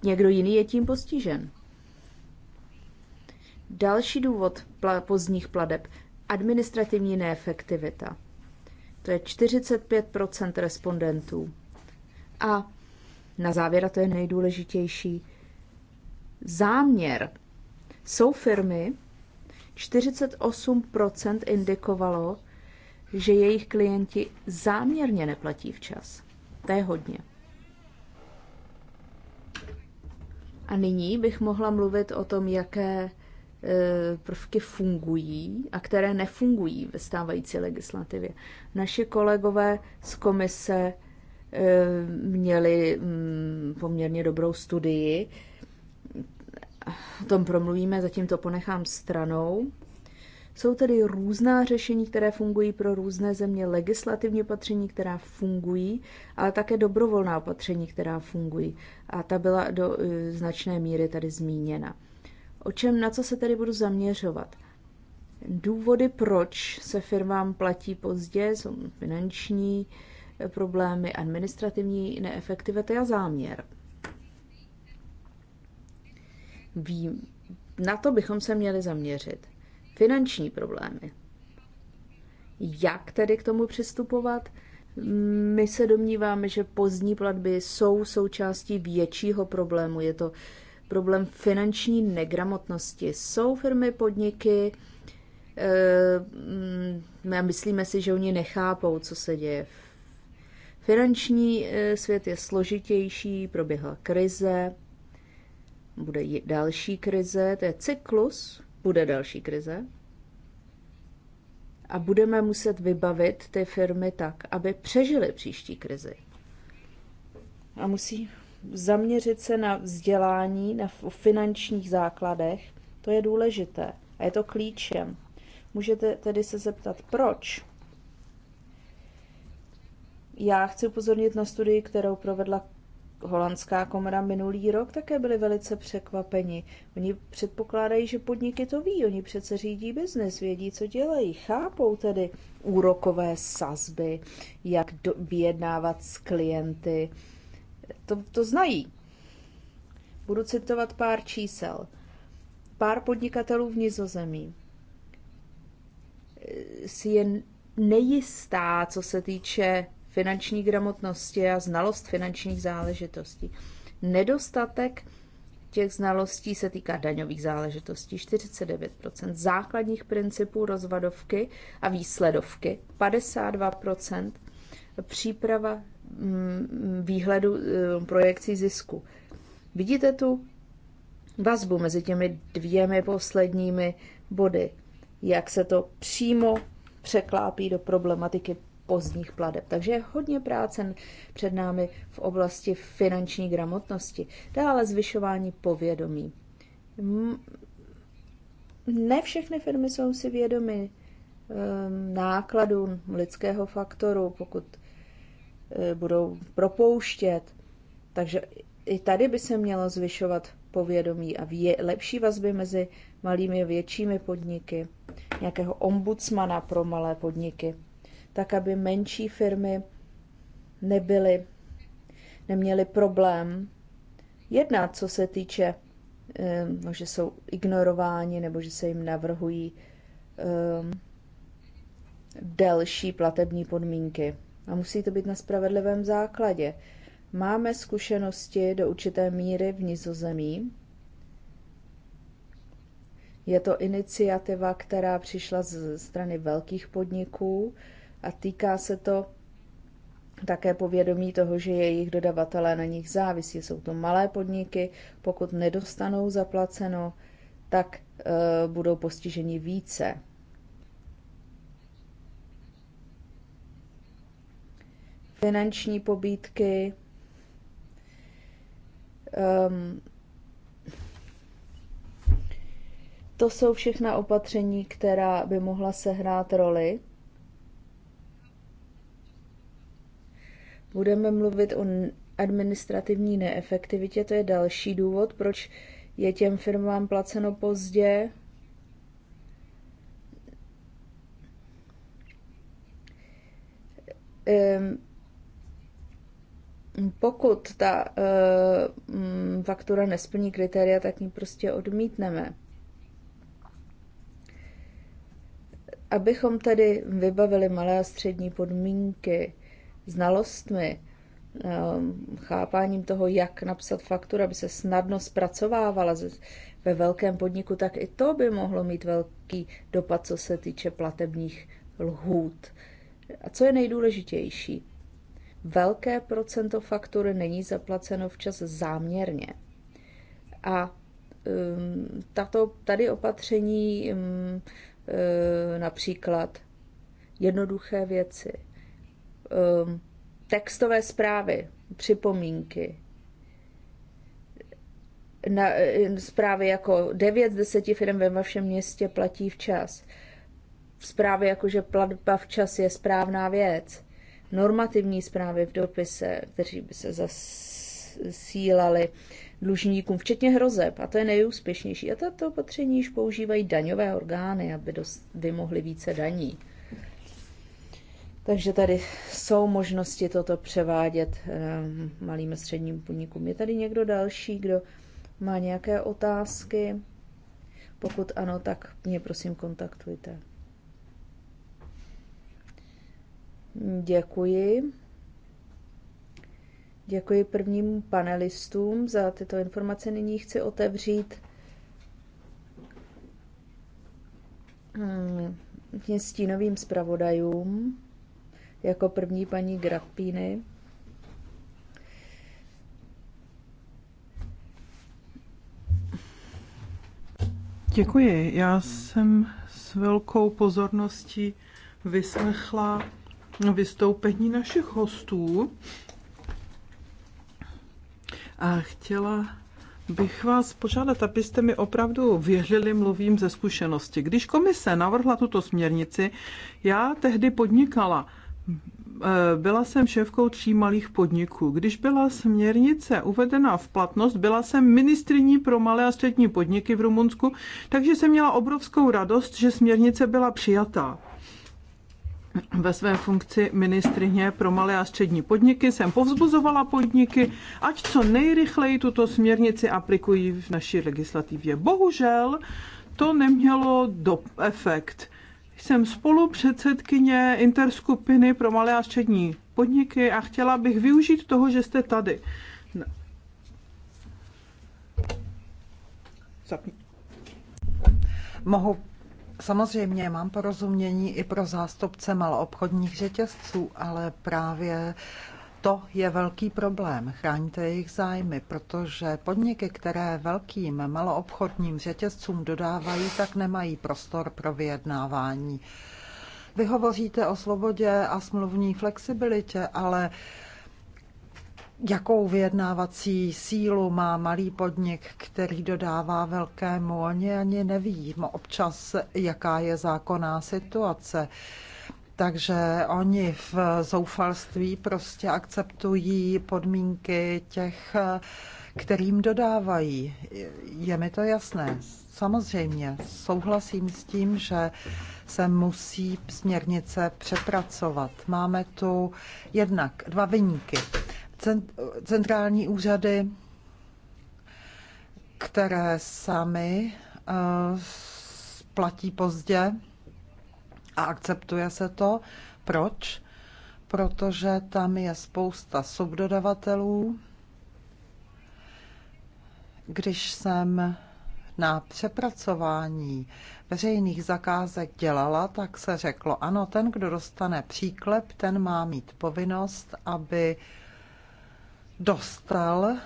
někdo jiný je tím postižen. Další důvod pozdních pladeb administrativní neefektivita. To je 45 respondentů. A na závěr, a to je nejdůležitější, záměr. Jsou firmy, 48 indikovalo, že jejich klienti záměrně neplatí včas. To je hodně. A nyní bych mohla mluvit o tom, jaké E, prvky fungují a které nefungují ve stávající legislativě. Naši kolegové z komise e, měli mm, poměrně dobrou studii, o tom promluvíme, zatím to ponechám stranou. Jsou tedy různá řešení, které fungují pro různé země, legislativní opatření, která fungují, ale také dobrovolná opatření, která fungují. A ta byla do e, značné míry tady zmíněna. O čem, na co se tedy budu zaměřovat? Důvody, proč se firmám platí pozdě, jsou finanční eh, problémy, administrativní neefektivity a záměr. Vím, na to bychom se měli zaměřit. Finanční problémy. Jak tedy k tomu přistupovat? My se domníváme, že pozdní platby jsou součástí většího problému. Je to problém finanční negramotnosti. Jsou firmy, podniky, eh, a myslíme si, že oni nechápou, co se děje. Finanční eh, svět je složitější, proběhla krize, bude další krize, to je cyklus, bude další krize. A budeme muset vybavit ty firmy tak, aby přežily příští krizi. A musí zaměřit se na vzdělání, na finančních základech, to je důležité a je to klíčem. Můžete tedy se zeptat, proč? Já chci upozornit na studii, kterou provedla holandská komora minulý rok, také byli velice překvapeni. Oni předpokládají, že podniky to ví, oni přece řídí biznes, vědí, co dělají, chápou tedy úrokové sazby, jak do, vyjednávat s klienty, to, to znají. Budu citovat pár čísel. Pár podnikatelů v Nizozemí eh, si je nejistá, co se týče finanční gramotnosti a znalost finančních záležitostí. Nedostatek těch znalostí se týká daňových záležitostí 49%, základních principů rozvadovky a výsledovky 52%, příprava Mm, výhledu eh, projekcí zisku. Vidíte tu vazbu mezi těmi dvěmi posledními body, jak se to přímo překlápí do problematiky pozdních pladeb. Takže je hodně práce před námi v oblasti finanční gramotnosti. Dále zvyšování povědomí. Ne všechny firmy jsou si vědomy ehm, nákladů lidského faktoru, pokud Eh, budou propouštět. Takže i tady by se mělo zvyšovat povědomí a vě, lepší vazby mezi malými a většími podniky, nějakého ombudsmana pro malé podniky, tak aby menší firmy nebyly, neměly problém jednat, co se týče, eh, no, že jsou ignorováni nebo že se jim navrhují um, delší platební podmínky. A musí to být na spravedlivém základě. Máme zkušenosti do určité míry v Nizozemí. Je to iniciativa, která přišla ze strany velkých podniků a týká se to také povědomí toho, že jejich dodavatelé na nich závisí. Jsou to malé podniky, pokud nedostanou zaplaceno, tak e, budou postiženi více. finanční pobídky, um, to jsou všechna opatření, která by mohla sehrát roli. Budeme mluvit o administrativní neefektivitě, to je další důvod, proč je těm firmám placeno pozdě. Um, pokud ta uh, faktura nesplní kritéria, tak ji prostě odmítneme. Abychom tedy vybavili malé a střední podmínky znalostmi, um, chápáním toho, jak napsat fakturu, aby se snadno zpracovávala ve velkém podniku, tak i to by mohlo mít velký dopad, co se týče platebních lhůt. A co je nejdůležitější? velké procento faktur není zaplaceno včas záměrně. A um, tato, tady opatření um, uh, například jednoduché věci, um, textové zprávy, připomínky, na, eh, zprávy jako 9 z 10 firm ve vašem městě platí včas, zprávy jako, že platba včas je správná věc, normativní zprávy v dopise, kteří by se zasílali dlužníkům, včetně hrozeb, a to je nejúspěšnější. A tato opatření již používají daňové orgány, aby dost, vymohly více daní. Takže tady jsou možnosti toto převádět ehm, malým a středním podnikům. Je tady někdo další, kdo má nějaké otázky? Pokud ano, tak mě prosím kontaktujte. Děkuji. Děkuji prvním panelistům za tyto informace. Nyní chci otevřít hmm, stínovým zpravodajům, jako první paní Grappíny. Děkuji. Já jsem s velkou pozorností vyslechla vystoupení našich hostů. A chtěla bych vás požádat, abyste mi opravdu věřili, mluvím ze zkušenosti. Když komise navrhla tuto směrnici, já tehdy podnikala. Eh, byla jsem šéfkou tří malých podniků. Když byla směrnice uvedena v platnost, byla jsem ministriní pro malé a střední podniky v Rumunsku, takže jsem měla obrovskou radost, že směrnice byla přijatá ve své funkci ministrině pro malé a střední podniky jsem povzbuzovala podniky, ať co nejrychleji tuto směrnici aplikují v naší legislativě. Bohužel to nemělo do efekt. Jsem spolu předsedkyně interskupiny pro malé a střední podniky a chtěla bych využít toho, že jste tady. Zapni. Mohu Samozřejmě mám porozumění i pro zástupce maloobchodních řetězců, ale právě to je velký problém. Chráníte jejich zájmy, protože podniky, které velkým maloobchodním řetězcům dodávají, tak nemají prostor pro vyjednávání. Vy hovoříte o svobodě a smluvní flexibilitě, ale jakou vyjednávací sílu má malý podnik, který dodává velkému. Oni ani neví občas, jaká je zákonná situace. Takže oni v zoufalství prostě akceptují podmínky těch, kterým dodávají. Je mi to jasné. Samozřejmě souhlasím s tím, že se musí směrnice přepracovat. Máme tu jednak dva vyníky centrální úřady, které sami eh, platí pozdě a akceptuje se to. Proč? Protože tam je spousta subdodavatelů. Když jsem na přepracování veřejných zakázek dělala, tak se řeklo, ano, ten, kdo dostane příklep, ten má mít povinnost, aby dostal eh,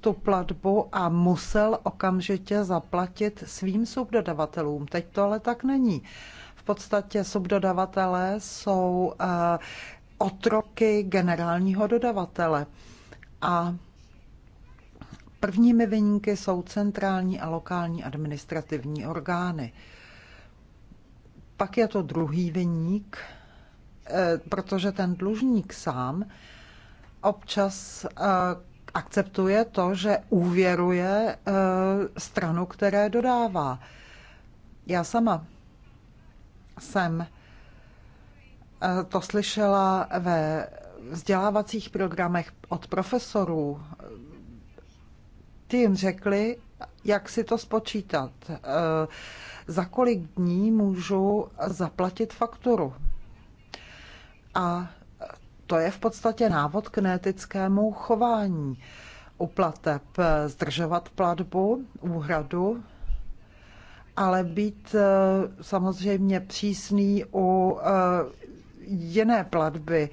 tu platbu a musel okamžitě zaplatit svým subdodavatelům. Teď to ale tak není. V podstatě subdodavatelé jsou eh, otroky generálního dodavatele. A prvními vyníky jsou centrální a lokální administrativní orgány. Pak je to druhý vyník, eh, protože ten dlužník sám občas eh, akceptuje to, že úvěruje eh, stranu, které dodává. Já sama jsem eh, to slyšela ve vzdělávacích programech od profesorů. Ty jim řekli, jak si to spočítat. Za kolik dní můžu zaplatit fakturu? A to je v podstatě návod k neetickému chování. U plateb zdržovat platbu, úhradu, ale být eh, samozřejmě přísný u eh, jiné platby,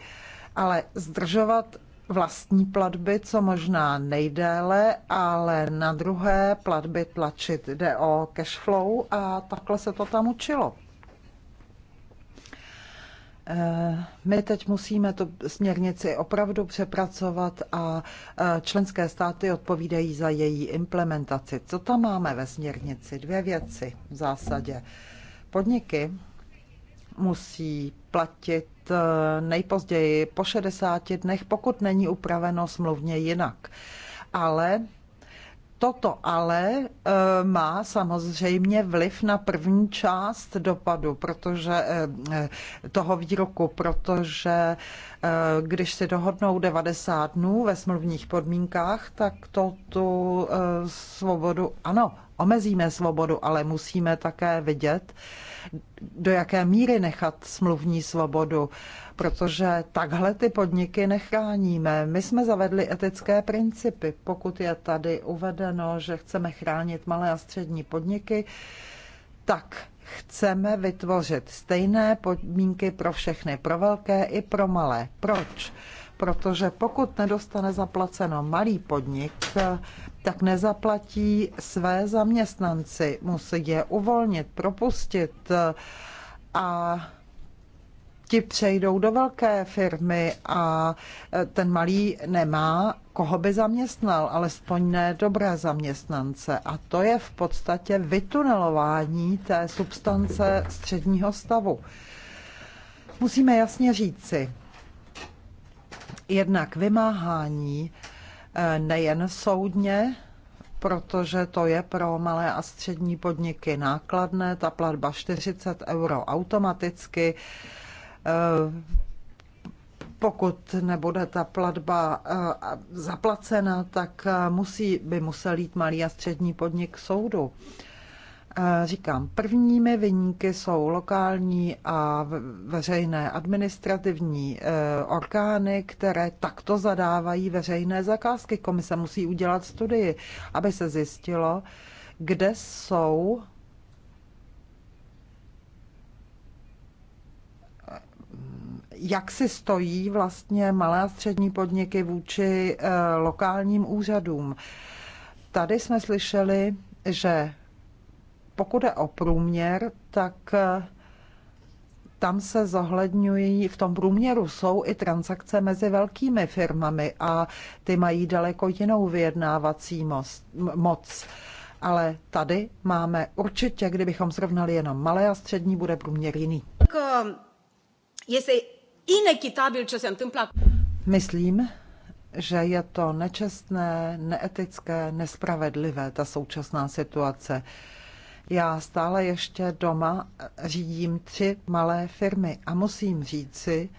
ale zdržovat vlastní platby, co možná nejdéle, ale na druhé platby tlačit. Jde o cash flow a takhle se to tam učilo. Eh, my teď musíme tu směrnici opravdu přepracovat a eh, členské státy odpovídají za její implementaci. Co tam máme ve směrnici? Dvě věci v zásadě. Podniky musí platit eh, nejpozději po 60 dnech, pokud není upraveno smluvně jinak. Ale Toto ale eh, má samozřejmě vliv na první část dopadu, protože eh, toho výroku, protože eh, když si dohodnou 90 dnů ve smluvních podmínkách, tak to tu svobodu, ano, omezíme svobodu, ale musíme také vidět, do jaké míry nechat smluvní svobodu, protože takhle ty podniky nechráníme. My jsme zavedli etické principy. Pokud je tady uvedeno, že chceme chránit malé a střední podniky, tak chceme vytvořit stejné podmínky pro všechny, pro velké i pro malé. Proč? Protože pokud nedostane zaplaceno malý podnik, tak nezaplatí své zaměstnanci. Musí je uvolnit, propustit a ti přejdou do velké firmy a e, ten malý nemá, koho by zaměstnal, alespoň ne dobré zaměstnance. A to je v podstatě vytunelování té substance středního stavu. Musíme jasně říci, jednak vymáhání nejen soudně, protože to je pro malé a střední podniky nákladné, ta platba 40 euro automaticky. Eh, pokud nebude ta platba eh, zaplacena, tak eh, musí, by musel jít malý a střední podnik k soudu. Říkám, prvními vyníky jsou lokální a veřejné administrativní e, orgány, které takto zadávají veřejné zakázky. Komise musí udělat studii, aby se zjistilo, kde jsou e, jak si stojí vlastně malé a střední podniky vůči e, lokálním úřadům. Tady jsme slyšeli, že pokud je o průměr, tak eh, tam se zohledňují, v tom průměru jsou i transakce mezi velkými firmami a ty mají daleko jinou vyjednávací moc. Ale tady máme určitě, kdybychom srovnali jenom malé a střední, bude průměr jiný. Eh, Myslím, že je to nečestné, neetické, nespravedlivé, ta současná situace. Já stále ještě doma řídím tři malé firmy a musím říci,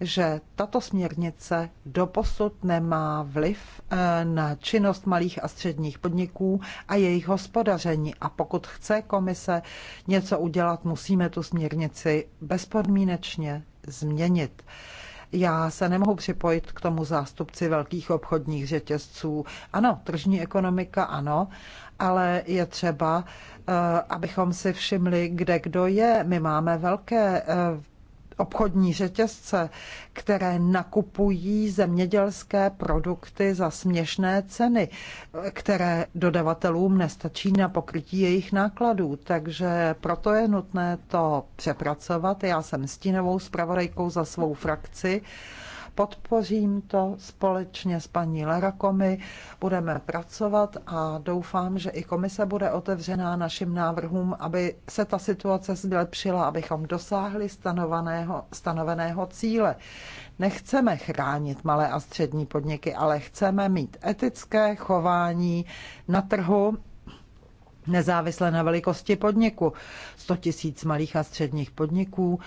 že tato směrnice doposud nemá vliv eh, na činnost malých a středních podniků a jejich hospodaření. A pokud chce komise něco udělat, musíme tu směrnici bezpodmínečně změnit. Já se nemohu připojit k tomu zástupci velkých obchodních řetězců. Ano, tržní ekonomika, ano, ale je třeba Eh, abychom si všimli, kde kdo je. My máme velké eh, obchodní řetězce, které nakupují zemědělské produkty za směšné ceny, které dodavatelům nestačí na pokrytí jejich nákladů. Takže proto je nutné to přepracovat. Já jsem stínovou zpravodajkou za svou frakci Podpořím to společně s paní Larakomy, budeme pracovat a doufám, že i komise bude otevřená našim návrhům, aby se ta situace zlepšila, abychom dosáhli stanoveného, stanoveného cíle. Nechceme chránit malé a střední podniky, ale chceme mít etické chování na trhu nezávisle na velikosti podniku. 100 tisíc malých a středních podniků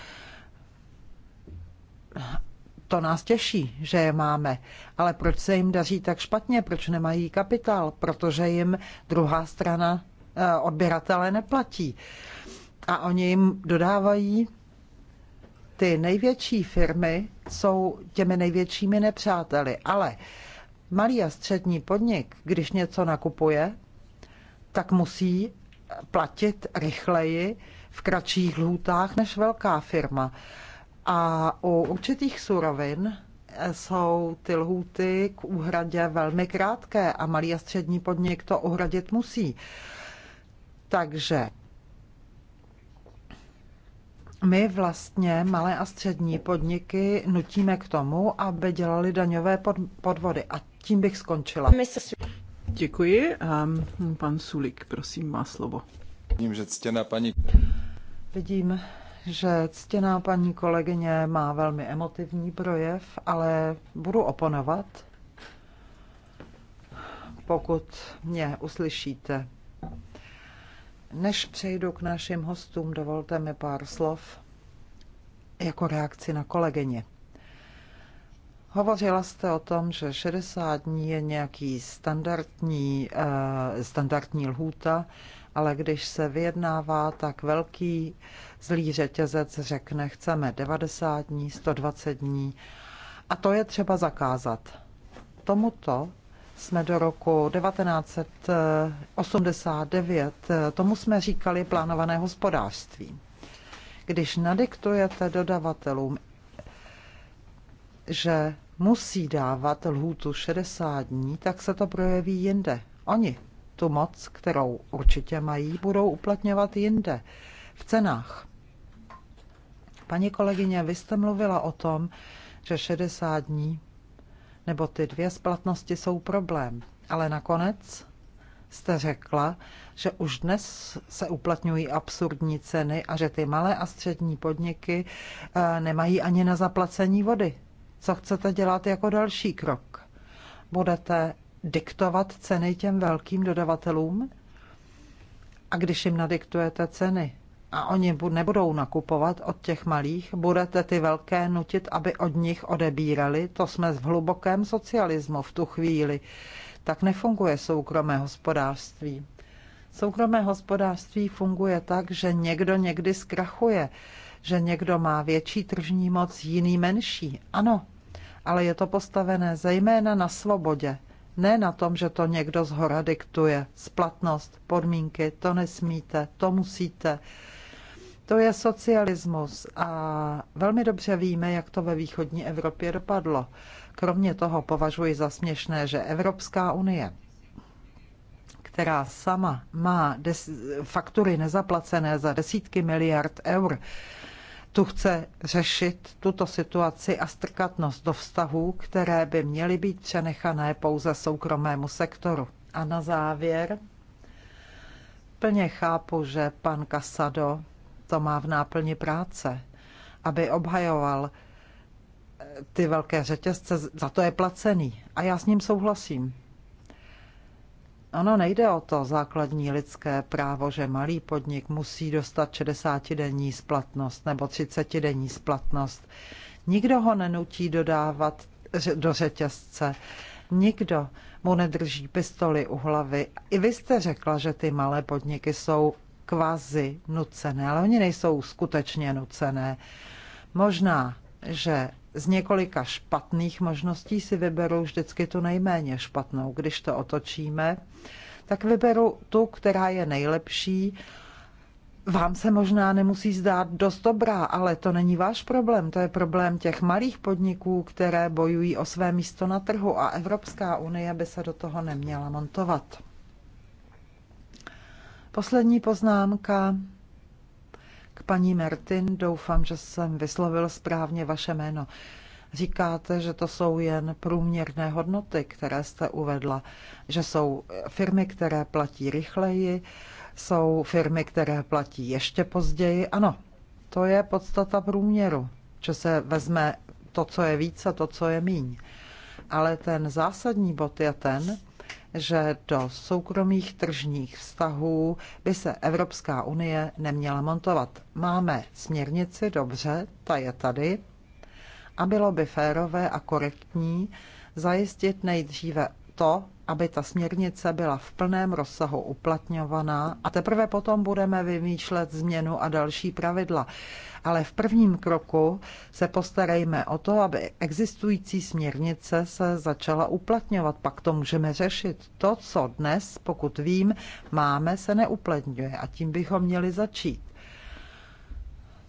to nás těší, že je máme. Ale proč se jim daří tak špatně? Proč nemají kapitál? Protože jim druhá strana eh, odběratele neplatí. A oni jim dodávají ty největší firmy jsou těmi největšími nepřáteli, ale malý a střední podnik, když něco nakupuje, tak musí platit rychleji v kratších lhůtách než velká firma. A u určitých surovin eh, jsou ty lhůty k úhradě velmi krátké a malý a střední podnik to uhradit musí. Takže my vlastně malé a střední podniky nutíme k tomu, aby dělali daňové podvody. A tím bych skončila. Děkuji. Pan Sulik, prosím, má slovo. Vidím, že ctěná paní. Vidím, že ctěná paní kolegyně má velmi emotivní projev, ale budu oponovat, pokud mě uslyšíte. Než přejdu k našim hostům, dovolte mi pár slov jako reakci na kolegyně. Hovořila jste o tom, že 60 dní je nějaký standardní, eh, standardní lhůta ale když se vyjednává, tak velký zlý řetězec řekne, chceme 90 dní, 120 dní a to je třeba zakázat. Tomuto jsme do roku 1989, tomu jsme říkali plánované hospodářství. Když nadiktujete dodavatelům, že musí dávat lhůtu 60 dní, tak se to projeví jinde. Oni tu moc, kterou určitě mají, budou uplatňovat jinde, v cenách. Paní kolegyně, vy jste mluvila o tom, že 60 dní nebo ty dvě splatnosti jsou problém, ale nakonec jste řekla, že už dnes se uplatňují absurdní ceny a že ty malé a střední podniky eh, nemají ani na zaplacení vody. Co chcete dělat jako další krok? Budete diktovat ceny těm velkým dodavatelům? A když jim nadiktujete ceny a oni nebudou nakupovat od těch malých, budete ty velké nutit, aby od nich odebírali? To jsme v hlubokém socialismu v tu chvíli. Tak nefunguje soukromé hospodářství. Soukromé hospodářství funguje tak, že někdo někdy zkrachuje, že někdo má větší tržní moc, jiný menší. Ano, ale je to postavené zejména na svobodě. Ne na tom, že to někdo z hora diktuje. Splatnost, podmínky, to nesmíte, to musíte. To je socialismus a velmi dobře víme, jak to ve východní Evropě dopadlo. Kromě toho považuji za směšné, že Evropská unie, která sama má faktury nezaplacené za desítky miliard eur, tu chce řešit tuto situaci a nos do vztahů, které by měly být přenechané pouze soukromému sektoru. A na závěr plně chápu, že pan Casado to má v náplni práce, aby obhajoval eh, ty velké řetězce, za to je placený. A já s ním souhlasím. Ano, nejde o to základní lidské právo, že malý podnik musí dostat 60-denní splatnost nebo 30-denní splatnost. Nikdo ho nenutí dodávat do řetězce. Nikdo mu nedrží pistoli u hlavy. I vy jste řekla, že ty malé podniky jsou kvazi nucené, ale oni nejsou skutečně nucené. Možná, že z několika špatných možností si vyberu vždycky tu nejméně špatnou. Když to otočíme, tak vyberu tu, která je nejlepší. Vám se možná nemusí zdát dost dobrá, ale to není váš problém. To je problém těch malých podniků, které bojují o své místo na trhu a Evropská unie by se do toho neměla montovat. Poslední poznámka Paní Mertin, doufám, že jsem vyslovil správně vaše jméno. Říkáte, že to jsou jen průměrné hodnoty, které jste uvedla, že jsou firmy, které platí rychleji, jsou firmy, které platí ještě později. Ano, to je podstata průměru, že se vezme to, co je více, to, co je míň. Ale ten zásadní bod je ten, že do soukromých tržních vztahů by se Evropská unie neměla montovat. Máme směrnici, dobře, ta je tady, a bylo by férové a korektní zajistit nejdříve to, aby ta směrnice byla v plném rozsahu uplatňovaná a teprve potom budeme vymýšlet změnu a další pravidla ale v prvním kroku se postarejme o to, aby existující směrnice se začala uplatňovat. Pak to můžeme řešit. To, co dnes, pokud vím, máme, se neuplatňuje a tím bychom měli začít.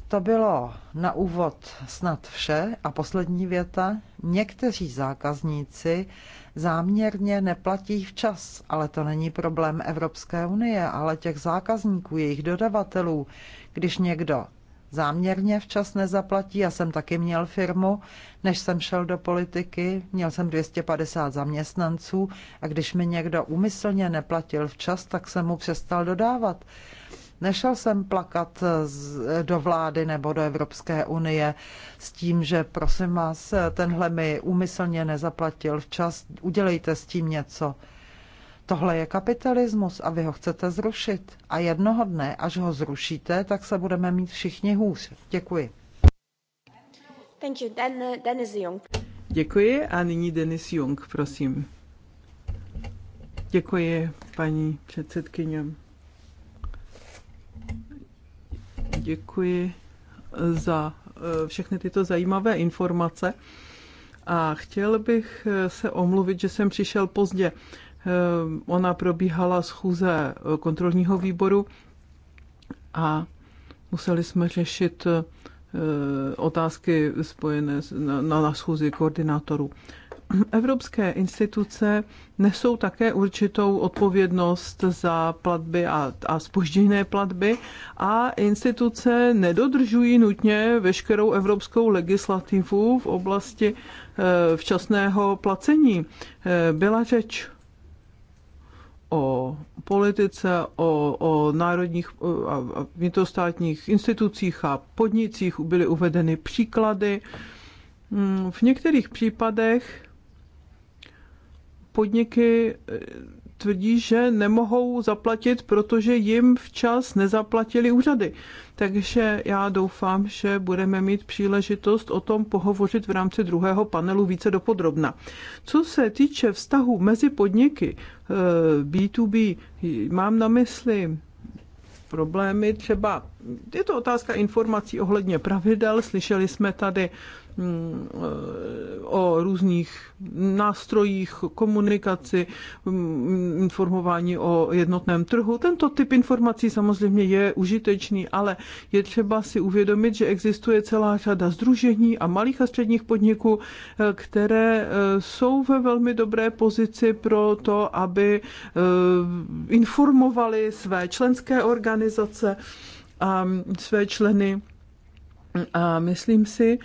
To bylo na úvod snad vše a poslední věta. Někteří zákazníci záměrně neplatí včas, ale to není problém Evropské unie, ale těch zákazníků, jejich dodavatelů. Když někdo záměrně včas nezaplatí. Já jsem taky měl firmu, než jsem šel do politiky, měl jsem 250 zaměstnanců a když mi někdo úmyslně neplatil včas, tak jsem mu přestal dodávat. Nešel jsem plakat do vlády nebo do Evropské unie s tím, že prosím vás, tenhle mi úmyslně nezaplatil včas, udělejte s tím něco. Tohle je kapitalismus a vy ho chcete zrušit. A jednoho dne, až ho zrušíte, tak se budeme mít všichni hůř. Děkuji. Thank you. Den, uh, Dennis Jung. Děkuji a nyní Denis Jung, prosím. Děkuji, paní předsedkyně. Děkuji za eh, všechny tyto zajímavé informace a chtěl bych eh, se omluvit, že jsem přišel pozdě. Eh, ona probíhala schůze eh, kontrolního výboru a museli jsme řešit eh, otázky spojené na, schůzi koordinátorů. Evropské instituce nesou také určitou odpovědnost za platby a, a spožděné platby a instituce nedodržují nutně veškerou evropskou legislativu v oblasti včasného placení. Byla řeč o politice, o, o národních a vnitrostátních institucích a podnicích byly uvedeny příklady. Mm, v některých případech podniky tvrdí, že nemohou zaplatit, protože jim včas nezaplatili úřady. Takže já doufám, že budeme mít příležitost o tom pohovořit v rámci druhého panelu více dopodrobna. Co se týče vztahu mezi podniky B2B, eh, mám na mysli problémy třeba je to otázka informací ohledně pravidel. Slyšeli jsme tady mm, eh, o různých nástrojích komunikaci, mm, informování o jednotném trhu. Tento typ informací samozřejmě je užitečný, ale je třeba si uvědomit, že existuje celá řada združení a malých a středních podniků, eh, které eh, jsou ve velmi dobré pozici pro to, aby informovali své členské organizace, a své členy. A myslím si,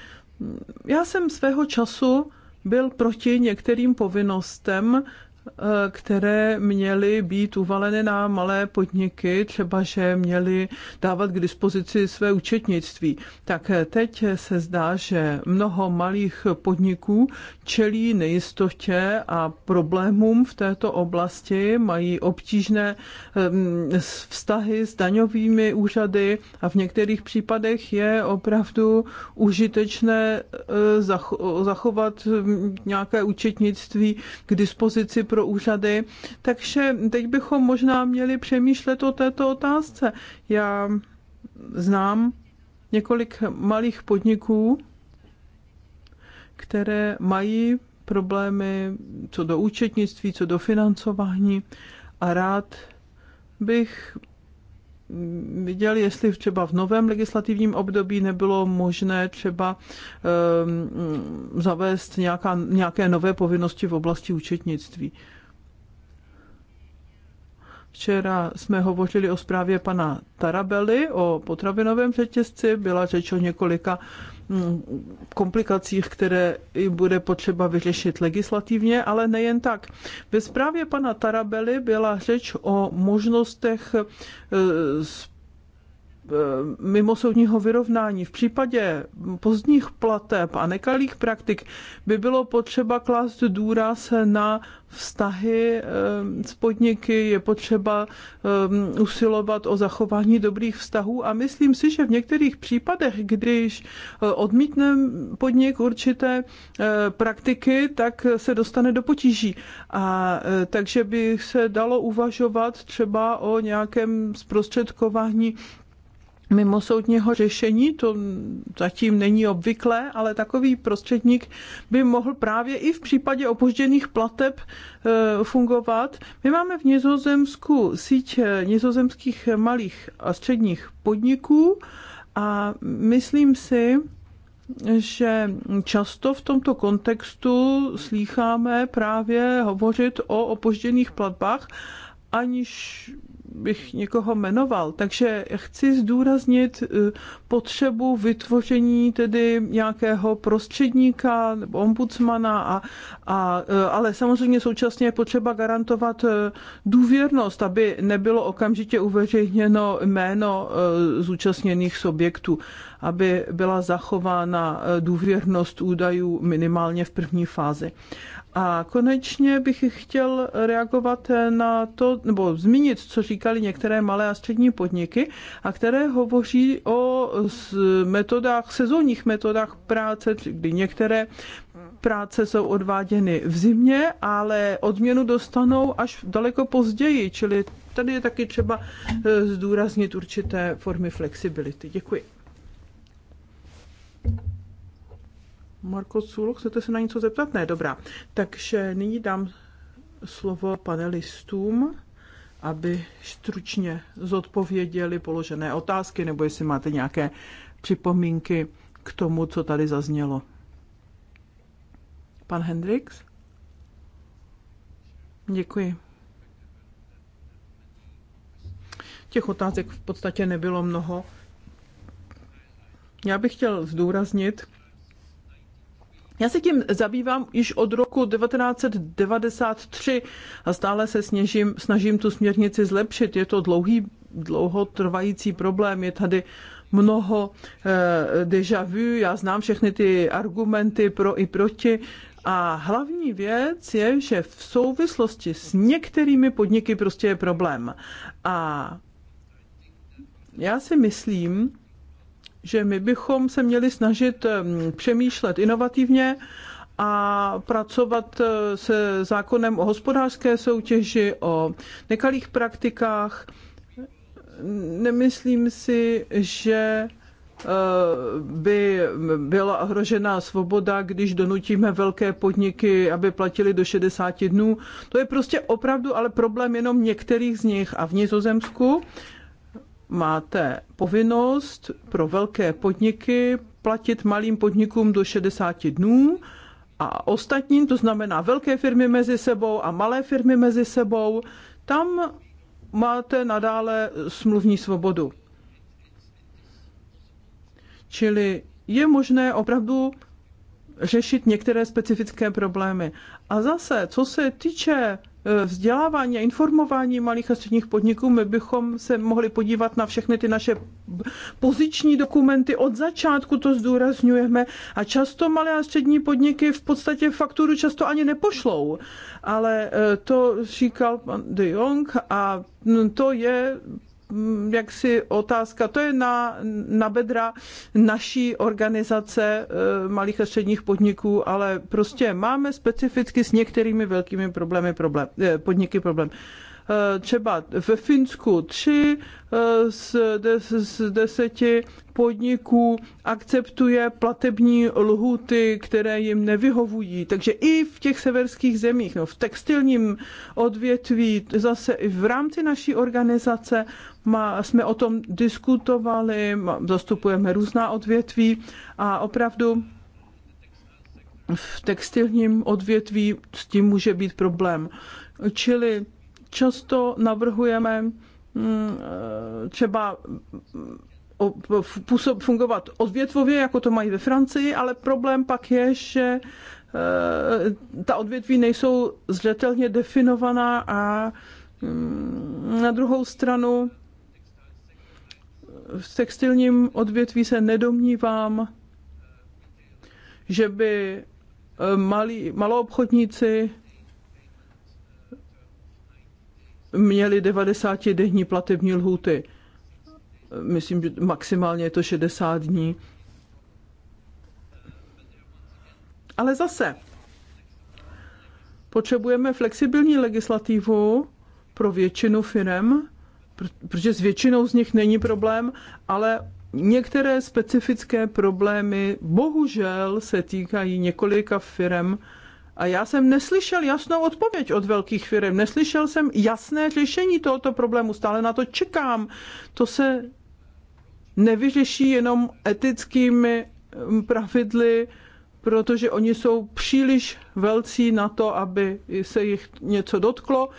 já jsem svého času byl proti některým povinnostem, Eh, které měly být uvalené na malé podniky, třeba že měly dávat k dispozici své účetnictví. Tak eh, teď se zdá, že mnoho malých podniků čelí nejistotě a problémům v této oblasti, mají obtížné eh, mm, vztahy s daňovými úřady a v některých případech je opravdu užitečné zachovat mm, nějaké účetnictví k dispozici pro úřady. Takže teď bychom možná měli přemýšlet o této otázce. Já znám několik malých podniků, které mají problémy co do účetnictví, co do financování a rád bych viděl, jestli třeba v novém legislativním období nebylo možné třeba um, zavést nějaká, nějaké nové povinnosti v oblasti účetnictví. Včera jsme hovořili o zprávě pana Tarabely o potravinovém řetězci, byla řeč o několika Mm, komplikacích, které i bude potřeba vyřešit legislativně, ale nejen tak. Ve zprávě pana Tarabely byla řeč o možnostech eh, Eh, mimosoudního vyrovnání. V případě pozdních plateb a nekalých praktik by bylo potřeba klást důraz na vztahy eh, s podniky, je potřeba eh, usilovat o zachování dobrých vztahů a myslím si, že v některých případech, když odmítneme podnik určité praktiky, tak se dostane do potíží. A takže by se dalo uvažovat třeba o nějakém zprostředkování mimosoudního řešení, to zatím není obvyklé, ale takový prostředník by mohl právě i v případě opožděných plateb e, fungovat. My máme v Nizozemsku síť e, nizozemských malých a středních podniků a myslím si, že často v tomto kontextu slýcháme právě hovořit o opožděných platbách, aniž bych někoho jmenoval. Takže chci zdůraznit eh, potřebu vytvoření tedy nějakého prostředníka nebo ombudsmana, a, a, eh, ale samozřejmě současně je potřeba garantovat eh, důvěrnost, aby nebylo okamžitě uveřejněno jméno zúčastněných subjektů, aby byla zachována důvěrnost údajů minimálně v první fázi. A konečně bych chtěl reagovat na to, nebo zmínit, co říkali některé malé a střední podniky, a které hovoří o metodách, sezónních metodách práce, kdy některé práce jsou odváděny v zimě, ale odměnu dostanou až daleko později, čili tady je taky třeba eh, zdůraznit určité formy flexibility. Děkuji. Marko Culo, chcete se na něco zeptat? Ne, dobrá. Takže nyní dám slovo panelistům, aby stručně zodpověděli položené otázky, nebo jestli máte nějaké připomínky k tomu, co tady zaznělo. Pan Hendrix? Děkuji. Těch otázek v podstatě nebylo mnoho. Já bych chtěl zdůraznit, já se tím zabývám již od roku 1993 a stále se sněžím, snažím tu směrnici zlepšit. Je to dlouhý, dlouhotrvající problém, je tady mnoho eh, déjà vu, já znám všechny ty argumenty pro i proti, a hlavní věc je, že v souvislosti s některými podniky prostě je problém. A já si myslím, že my bychom se měli snažit přemýšlet inovativně a pracovat eh, se zákonem o hospodářské soutěži, o nekalých praktikách. Nemyslím si, že eh, by byla ohrožena svoboda, když donutíme velké podniky, aby platili do 60 dnů. To je prostě opravdu ale problém jenom některých z nich. A v Nizozemsku máte povinnost pro velké podniky platit malým podnikům do 60 dnů a ostatním, to znamená velké firmy mezi sebou a malé firmy mezi sebou, tam máte nadále smluvní svobodu. Čili je možné opravdu řešit některé specifické problémy. A zase, co se týče Eh, vzdělávání a informování malých a středních podniků, my bychom se mohli podívat na všechny ty naše poziční dokumenty. Od začátku to zdůrazňujeme a často malé a střední podniky v podstatě fakturu často ani nepošlou. Ale eh, to říkal pan de Jong a mm, to je Mm, jaksi otázka, to je na, na bedra naší organizace eh, malých a středních podniků, ale prostě máme specificky s některými velkými problémy problém, eh, podniky problém eh, třeba ve Finsku tři z, des, z deseti podniků akceptuje platební lhuty, které jim nevyhovují. Takže i v těch severských zemích, no, v textilním odvětví, zase i v rámci naší organizace Ma, jsme o tom diskutovali, zastupujeme různá odvětví a opravdu v textilním odvětví s tím může být problém. Čili často navrhujeme mm, eh, třeba působ, fungovat odvětvově, jako to mají ve Francii, ale problém pak je, že eh, ta odvětví nejsou zřetelně definovaná a mm, na druhou stranu v textilním odvětví se nedomnívám, že by eh, malí, maloobchodníci měli 90-denní platební lhůty. Myslím, že maximálně je to 60 dní. Ale zase, potřebujeme flexibilní legislativu pro většinu firm, protože s většinou z nich není problém, ale některé specifické problémy bohužel se týkají několika firm, a já jsem neslyšel jasnou odpověď od velkých firm, neslyšel jsem jasné řešení tohoto problému, stále na to čekám. To se nevyřeší jenom etickými mm, pravidly, protože oni jsou příliš velcí na to, aby se jich něco dotklo.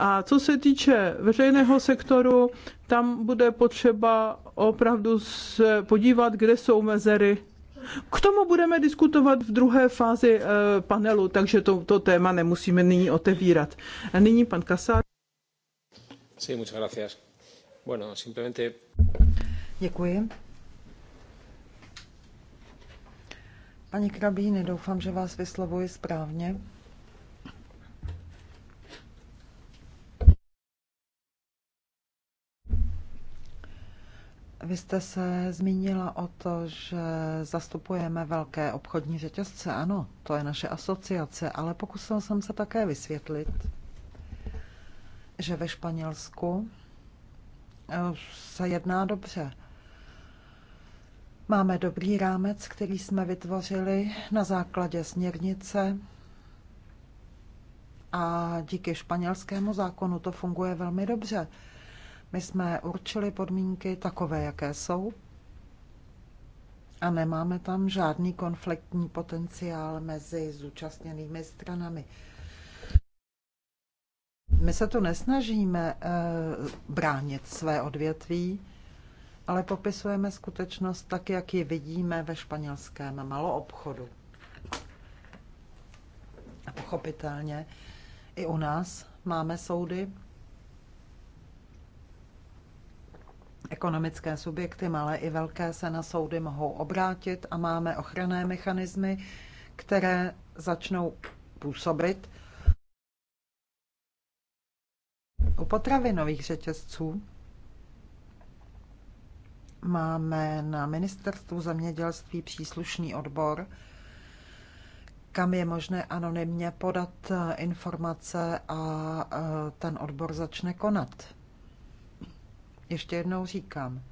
A co se týče veřejného sektoru, tam bude potřeba opravdu se podívat, kde jsou mezery. K tomu budeme diskutovat v druhé fázi eh, panelu, takže to, to téma nemusíme nyní otevírat. A nyní pan Kasár. Sí, muchas gracias. Bueno, simplemente... Děkuji. Paní Krabíny, doufám, že vás vyslovuji správně. Vy jste se zmínila o to, že zastupujeme velké obchodní řetězce. Ano, to je naše asociace, ale pokusil jsem se také vysvětlit, že ve Španělsku eh, se jedná dobře. Máme dobrý rámec, který jsme vytvořili na základě směrnice a díky španělskému zákonu to funguje velmi dobře. My jsme určili podmínky takové, jaké jsou, a nemáme tam žádný konfliktní potenciál mezi zúčastněnými stranami. My se tu nesnažíme e, bránit své odvětví, ale popisujeme skutečnost tak, jak ji vidíme ve španělském maloobchodu. A pochopitelně i u nás máme soudy, Ekonomické subjekty, malé i velké, se na soudy mohou obrátit a máme ochranné mechanismy, které začnou působit u potravinových řetězců máme na ministerstvu zemědělství příslušný odbor, kam je možné anonymně podat informace a e, ten odbor začne konat. Ještě jednou říkám,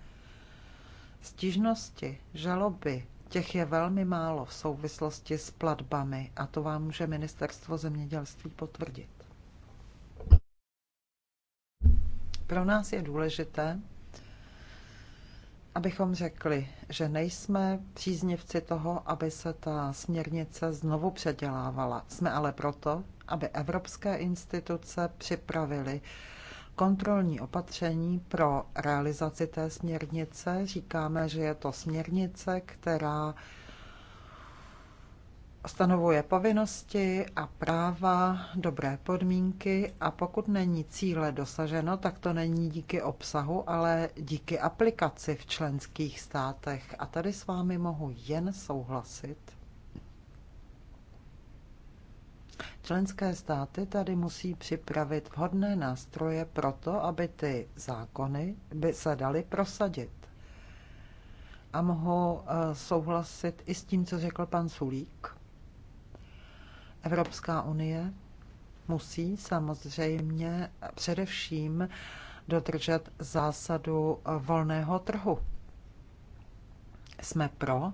stížnosti, žaloby, těch je velmi málo v souvislosti s platbami a to vám může ministerstvo zemědělství potvrdit. Pro nás je důležité, abychom řekli, že nejsme příznivci toho, aby se ta směrnice znovu předělávala. Jsme ale proto, aby evropské instituce připravily kontrolní opatření pro realizaci té směrnice. Říkáme, že je to směrnice, která stanovuje povinnosti a práva, dobré podmínky a pokud není cíle dosaženo, tak to není díky obsahu, ale díky aplikaci v členských státech. A tady s vámi mohu jen souhlasit. Členské státy tady musí připravit vhodné nástroje pro to, aby ty zákony by se daly prosadit. A mohu eh, souhlasit i s tím, co řekl pan Sulík. Evropská unie musí samozřejmě především dodržet zásadu eh, volného trhu. Jsme pro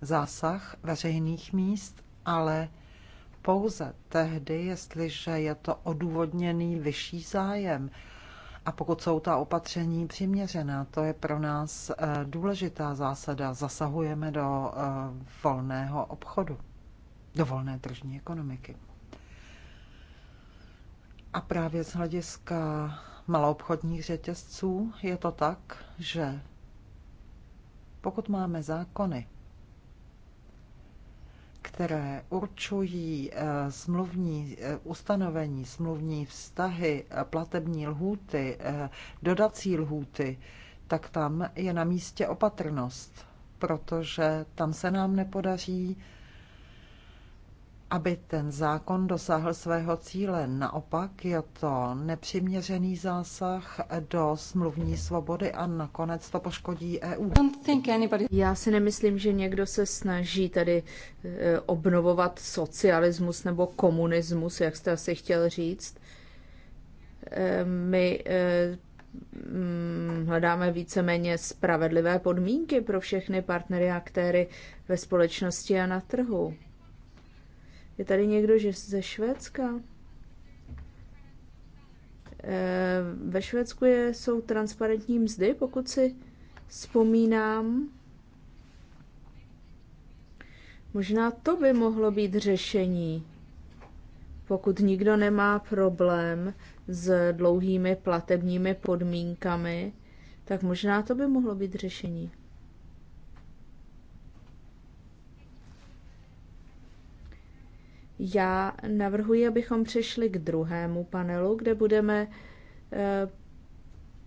zásah veřejných míst, ale pouze tehdy, jestliže je to odůvodněný vyšší zájem a pokud jsou ta opatření přiměřená. To je pro nás eh, důležitá zásada. Zasahujeme do eh, volného obchodu, do volné tržní ekonomiky. A právě z hlediska maloobchodních řetězců je to tak, že pokud máme zákony, které určují eh, smluvní eh, ustanovení, smluvní vztahy, eh, platební lhůty, dodací lhůty, tak tam je na místě opatrnost, protože tam se nám nepodaří aby ten zákon dosáhl svého cíle. Naopak je to nepřiměřený zásah do smluvní svobody a nakonec to poškodí EU. Já si nemyslím, že někdo se snaží tady e, obnovovat socialismus nebo komunismus, jak jste asi chtěl říct. E, my e, mm, hledáme víceméně spravedlivé podmínky pro všechny partnery a aktéry ve společnosti a na trhu. Je tady někdo že ze Švédska? Eh, ve Švédsku je, jsou transparentní mzdy, pokud si vzpomínám. Možná to by mohlo být řešení, pokud nikdo nemá problém s dlouhými platebními podmínkami, tak možná to by mohlo být řešení. Já navrhuji, abychom přešli k druhému panelu, kde budeme eh,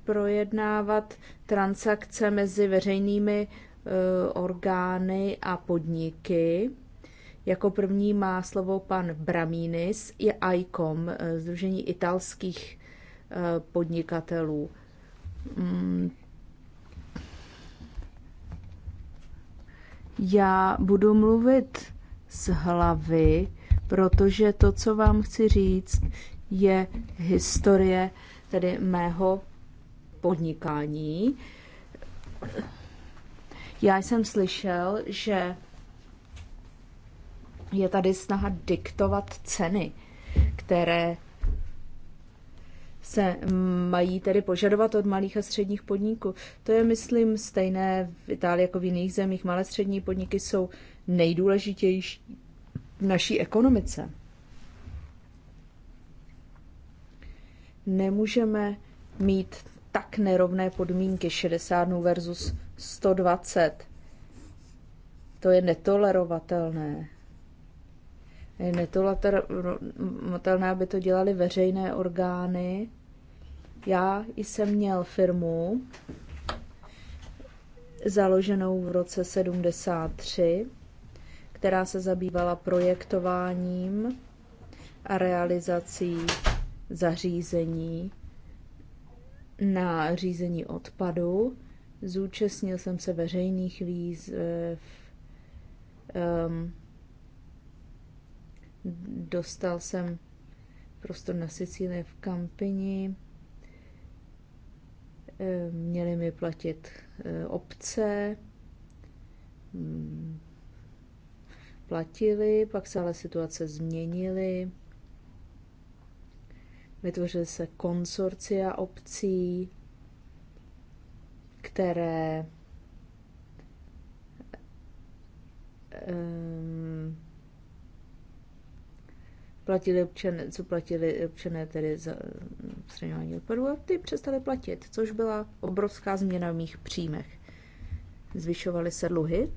projednávat transakce mezi veřejnými eh, orgány a podniky. Jako první má slovo pan Braminis, je ICOM, eh, Združení italských podnikatelů. Mm. Já budu mluvit z hlavy, protože to, co vám chci říct, je historie tedy mého podnikání. Já jsem slyšel, že je tady snaha diktovat ceny, které se mají tedy požadovat od malých a středních podniků. To je, myslím, stejné v Itálii jako v jiných zemích. Malé střední podniky jsou nejdůležitější naší ekonomice. Nemůžeme mít tak nerovné podmínky 60 versus 120. To je netolerovatelné. Je netolerovatelné, aby to dělali veřejné orgány. Já jsem měl firmu založenou v roce 73 která se zabývala projektováním a realizací zařízení na řízení odpadu. Zúčastnil jsem se veřejných výzev, um, dostal jsem prostor na Sicílii v Kampini, ehm, měli mi platit eh, obce, ehm, platili, pak se ale situace změnily. Vytvořily se konsorcia obcí, které um, platili občané, co platili občané tedy za odstraňování ehm, odpadů a ty přestali platit, což byla obrovská změna v mých příjmech. Zvyšovaly se dluhy,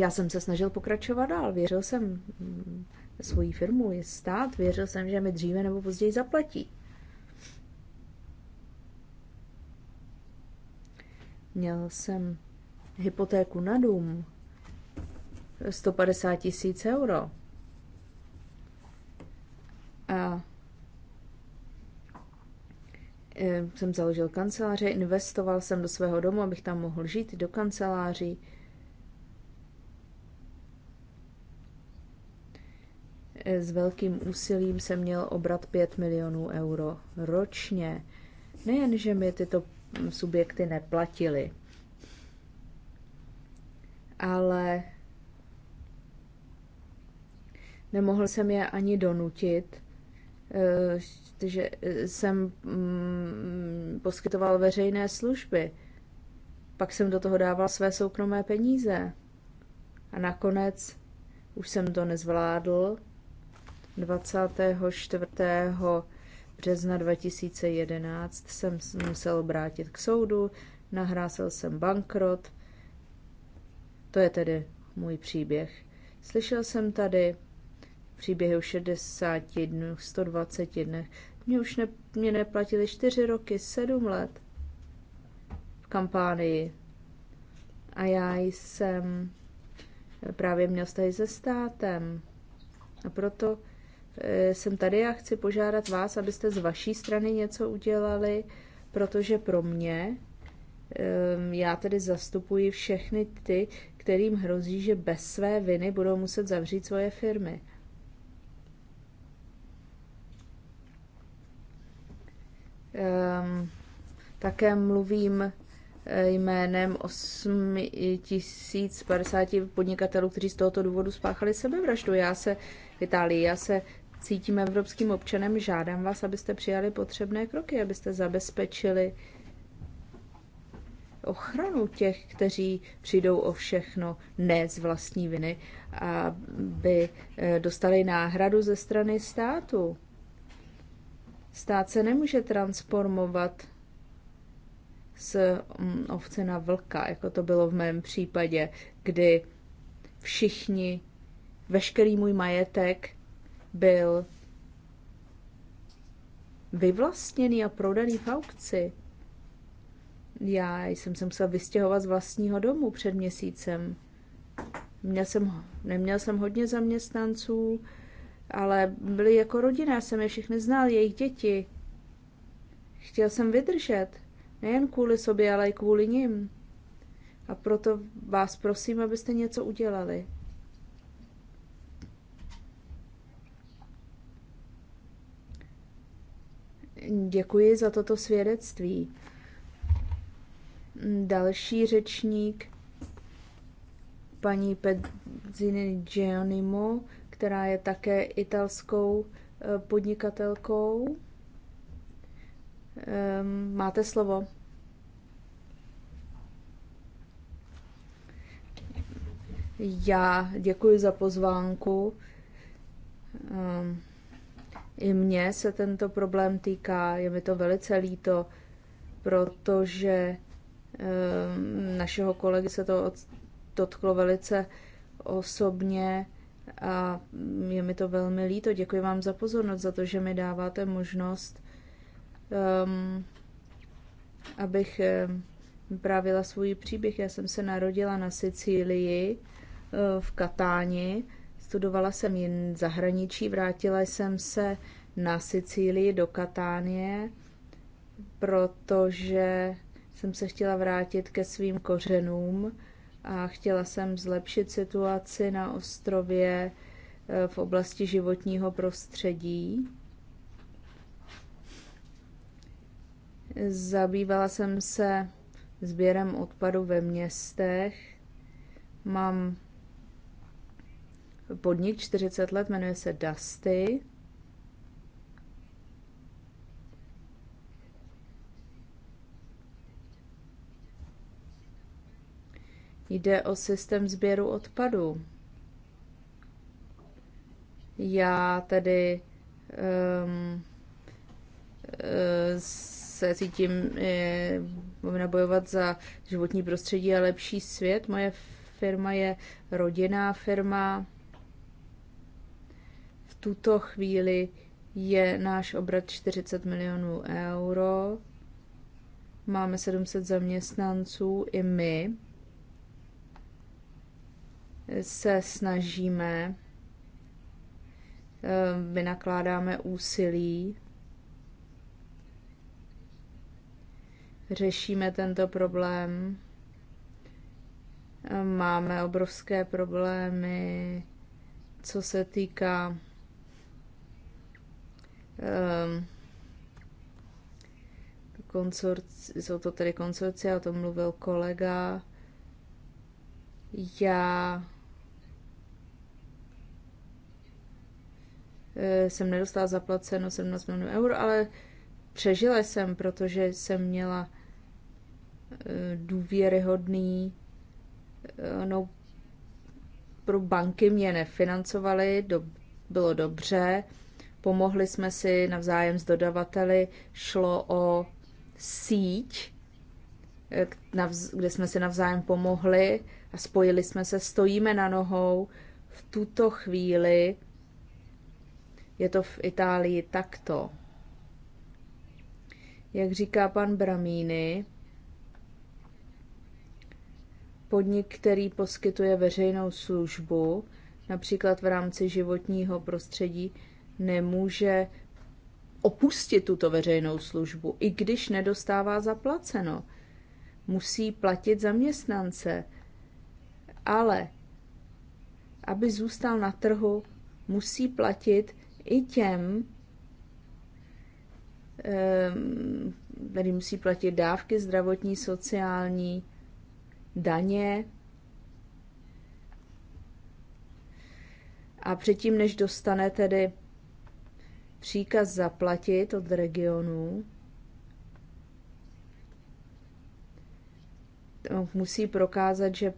já jsem se snažil pokračovat dál. Věřil jsem mm, svoji firmu, je stát, věřil jsem, že mi dříve nebo později zaplatí. Měl jsem hypotéku na dům 150 tisíc euro. A eh, jsem založil kanceláře, investoval jsem do svého domu, abych tam mohl žít, do kanceláří s velkým úsilím se měl obrat 5 milionů euro ročně. Nejenže mi tyto subjekty neplatili, ale nemohl jsem je ani donutit, eh, že jsem mm, poskytoval veřejné služby. Pak jsem do toho dával své soukromé peníze. A nakonec už jsem to nezvládl 24. března 2011 jsem musel obrátit k soudu, nahrásil jsem bankrot. To je tedy můj příběh. Slyšel jsem tady příběhy o 60 dnů, 120 dnech. Mě už ne, mě neplatili 4 roky, 7 let v kampánii. A já jsem právě měl vztahy se státem. A proto Eh, jsem tady a chci požádat vás, abyste z vaší strany něco udělali, protože pro mě, ehm, já tedy zastupuji všechny ty, kterým hrozí, že bez své viny budou muset zavřít svoje firmy. Ehm, také mluvím eh, jménem 8050 podnikatelů, kteří z tohoto důvodu spáchali sebevraždu. Já se Itálii, já se cítím evropským občanem, žádám vás, abyste přijali potřebné kroky, abyste zabezpečili ochranu těch, kteří přijdou o všechno, ne z vlastní viny, aby eh, dostali náhradu ze strany státu. Stát se nemůže transformovat z mm, ovce na vlka, jako to bylo v mém případě, kdy všichni, veškerý můj majetek byl vyvlastněný a prodaný v aukci. Já jsem se musel vystěhovat z vlastního domu před měsícem. Měl jsem, neměl jsem hodně zaměstnanců, ale byli jako rodina, jsem je všechny znal, jejich děti. Chtěl jsem vydržet, nejen kvůli sobě, ale i kvůli nim. A proto vás prosím, abyste něco udělali. Děkuji za toto svědectví. Další řečník, paní Pedzini Gionimo, která je také italskou eh, podnikatelkou. Ehm, máte slovo. Já děkuji za pozvánku. Um, i mě se tento problém týká, je mi to velice líto, protože ehm, našeho kolegy se to dotklo velice osobně a je mi to velmi líto. Děkuji vám za pozornost, za to, že mi dáváte možnost, e, abych ehm, právila svůj příběh. Já jsem se narodila na Sicílii eh, v Katáni Studovala jsem jen zahraničí, vrátila jsem se na Sicílii do Katánie, protože jsem se chtěla vrátit ke svým kořenům a chtěla jsem zlepšit situaci na ostrově eh, v oblasti životního prostředí. Zabývala jsem se sběrem odpadu ve městech. Mám podnik 40 let, jmenuje se Dusty. Jde o systém sběru odpadů. Já tedy um, se cítím povinna eh, bojovat za životní prostředí a lepší svět. Moje firma je rodinná firma tuto chvíli je náš obrat 40 milionů euro. Máme 700 zaměstnanců i my se snažíme, eh, vynakládáme úsilí, řešíme tento problém, eh, máme obrovské problémy, co se týká Um, konsorci, jsou to tedy konsorci, o tom mluvil kolega. Já eh, jsem nedostala zaplaceno 17 milionů euro, ale přežila jsem, protože jsem měla eh, důvěryhodný eh, no, pro banky mě nefinancovaly, do, bylo dobře, Pomohli jsme si navzájem s dodavateli, šlo o síť, eh, kde jsme si navzájem pomohli a spojili jsme se, stojíme na nohou. V tuto chvíli je to v Itálii takto. Jak říká pan Bramíny, podnik, který poskytuje veřejnou službu, například v rámci životního prostředí, nemůže opustit tuto veřejnou službu, i když nedostává zaplaceno. Musí platit zaměstnance, ale aby zůstal na trhu, musí platit i těm, který ehm, musí platit dávky zdravotní, sociální, daně. A předtím, než dostane tedy příkaz zaplatit od regionu Musí prokázat, že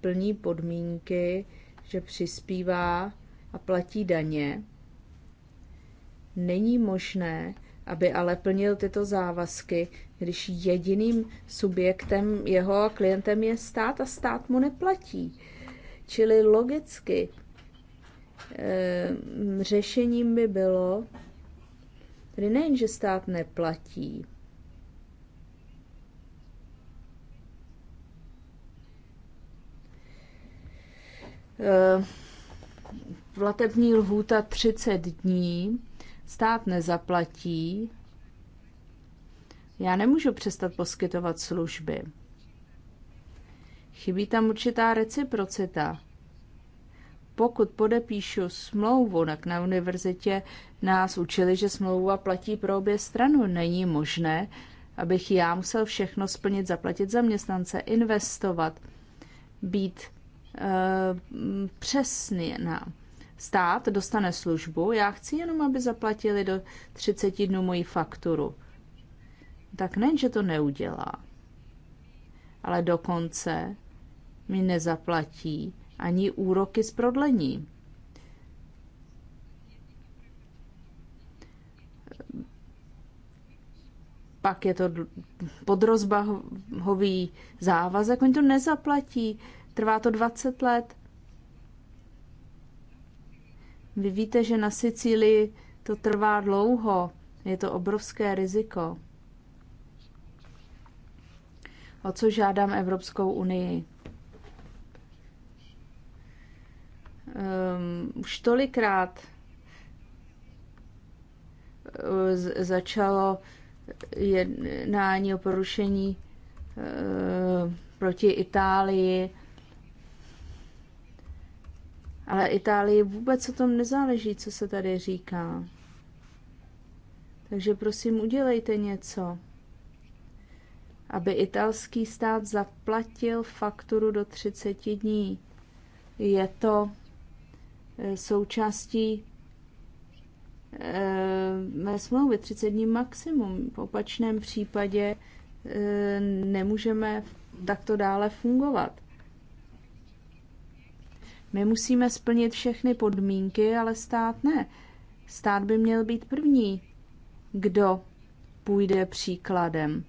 plní podmínky, že přispívá a platí daně. Není možné, aby ale plnil tyto závazky, když jediným subjektem jeho a klientem je stát a stát mu neplatí. Čili logicky eh, řešením by bylo kdy nejenže že stát neplatí, eh, platební lhůta 30 dní, stát nezaplatí, já nemůžu přestat poskytovat služby. Chybí tam určitá reciprocita pokud podepíšu smlouvu, tak na univerzitě nás učili, že smlouva platí pro obě stranu. Není možné, abych já musel všechno splnit, zaplatit zaměstnance, investovat, být e, přesný na stát, dostane službu, já chci jenom, aby zaplatili do 30 dnů moji fakturu. Tak nejen, že to neudělá, ale dokonce mi nezaplatí ani úroky z prodlení. Pak je to podrozbahový závazek, oni to nezaplatí, trvá to 20 let. Vy víte, že na Sicílii to trvá dlouho, je to obrovské riziko. O co žádám Evropskou unii? um, už tolikrát eh, začalo jednání o porušení uh, proti Itálii, ale Itálii vůbec o tom nezáleží, co se tady říká. Takže prosím, udělejte něco, aby italský stát zaplatil fakturu do 30 dní. Je to Eh, součástí eh, mé smlouvy 30 dní maximum. V opačném případě eh, nemůžeme takto dále fungovat. My musíme splnit všechny podmínky, ale stát ne. Stát by měl být první, kdo půjde příkladem.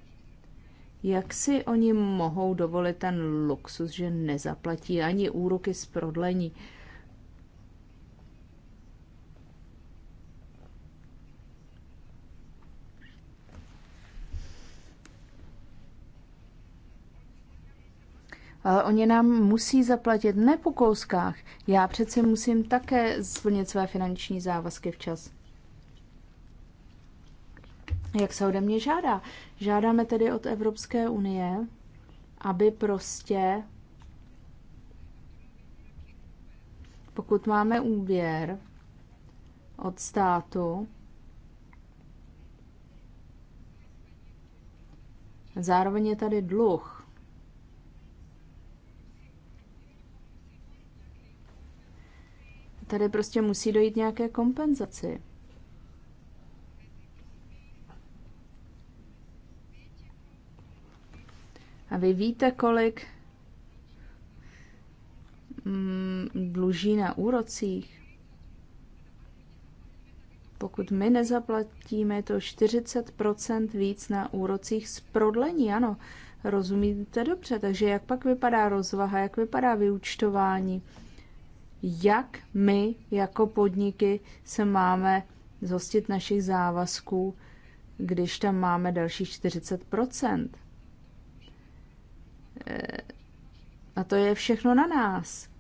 Jak si oni mohou dovolit ten luxus, že nezaplatí ani úroky z prodlení? Ale oni nám musí zaplatit ne po kouskách. Já přece musím také splnit své finanční závazky včas. Jak se ode mě žádá? Žádáme tedy od Evropské unie, aby prostě, pokud máme úvěr od státu, zároveň je tady dluh, Tady prostě musí dojít nějaké kompenzaci. A vy víte, kolik mm, dluží na úrocích? Pokud my nezaplatíme to 40% víc na úrocích z prodlení, ano, rozumíte dobře. Takže jak pak vypadá rozvaha, jak vypadá vyučtování? jak my jako podniky se máme zhostit našich závazků, když tam máme další 40 eh, A to je všechno na nás.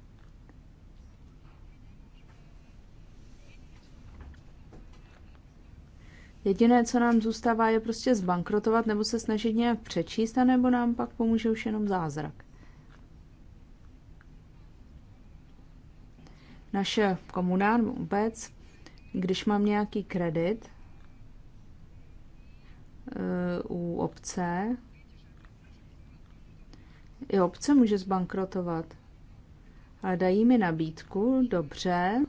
Jediné, co nám zůstává, je prostě zbankrotovat nebo se snažit nějak přečíst, anebo nám pak pomůže už jenom zázrak. naše komunál, obec, když mám nějaký kredit eh, u obce, i obce může zbankrotovat. Ale dají mi nabídku, dobře.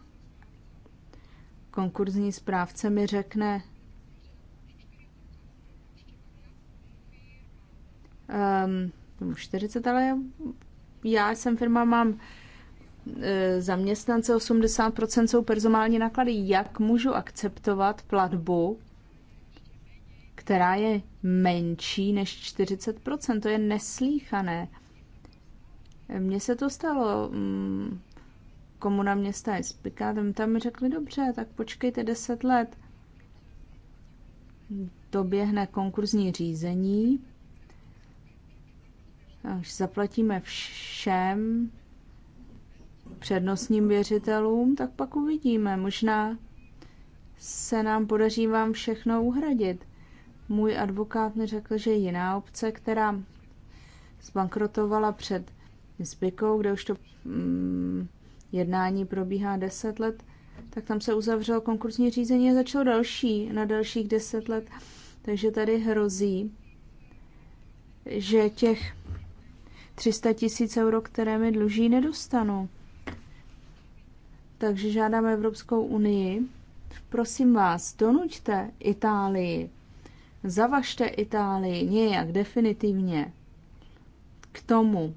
Konkurzní správce mi řekne, um, ehm, 40, ale já jsem firma, mám E, zaměstnance, 80% jsou personální náklady. Jak můžu akceptovat platbu, která je menší než 40%? To je neslíchané. Mně se to stalo. Mm, komuna města je spikátem, tam mi řekli, dobře, tak počkejte 10 let. Doběhne konkurzní řízení, až zaplatíme všem přednostním věřitelům, tak pak uvidíme. Možná se nám podaří vám všechno uhradit. Můj advokát mi řekl, že jiná obce, která zbankrotovala před Zbykou, kde už to mm, jednání probíhá 10 let, tak tam se uzavřelo konkursní řízení a začalo další na dalších 10 let. Takže tady hrozí, že těch 300 tisíc euro, které mi dluží, nedostanu. Takže žádáme Evropskou unii, prosím vás, donuďte Itálii, zavažte Itálii nějak definitivně k tomu,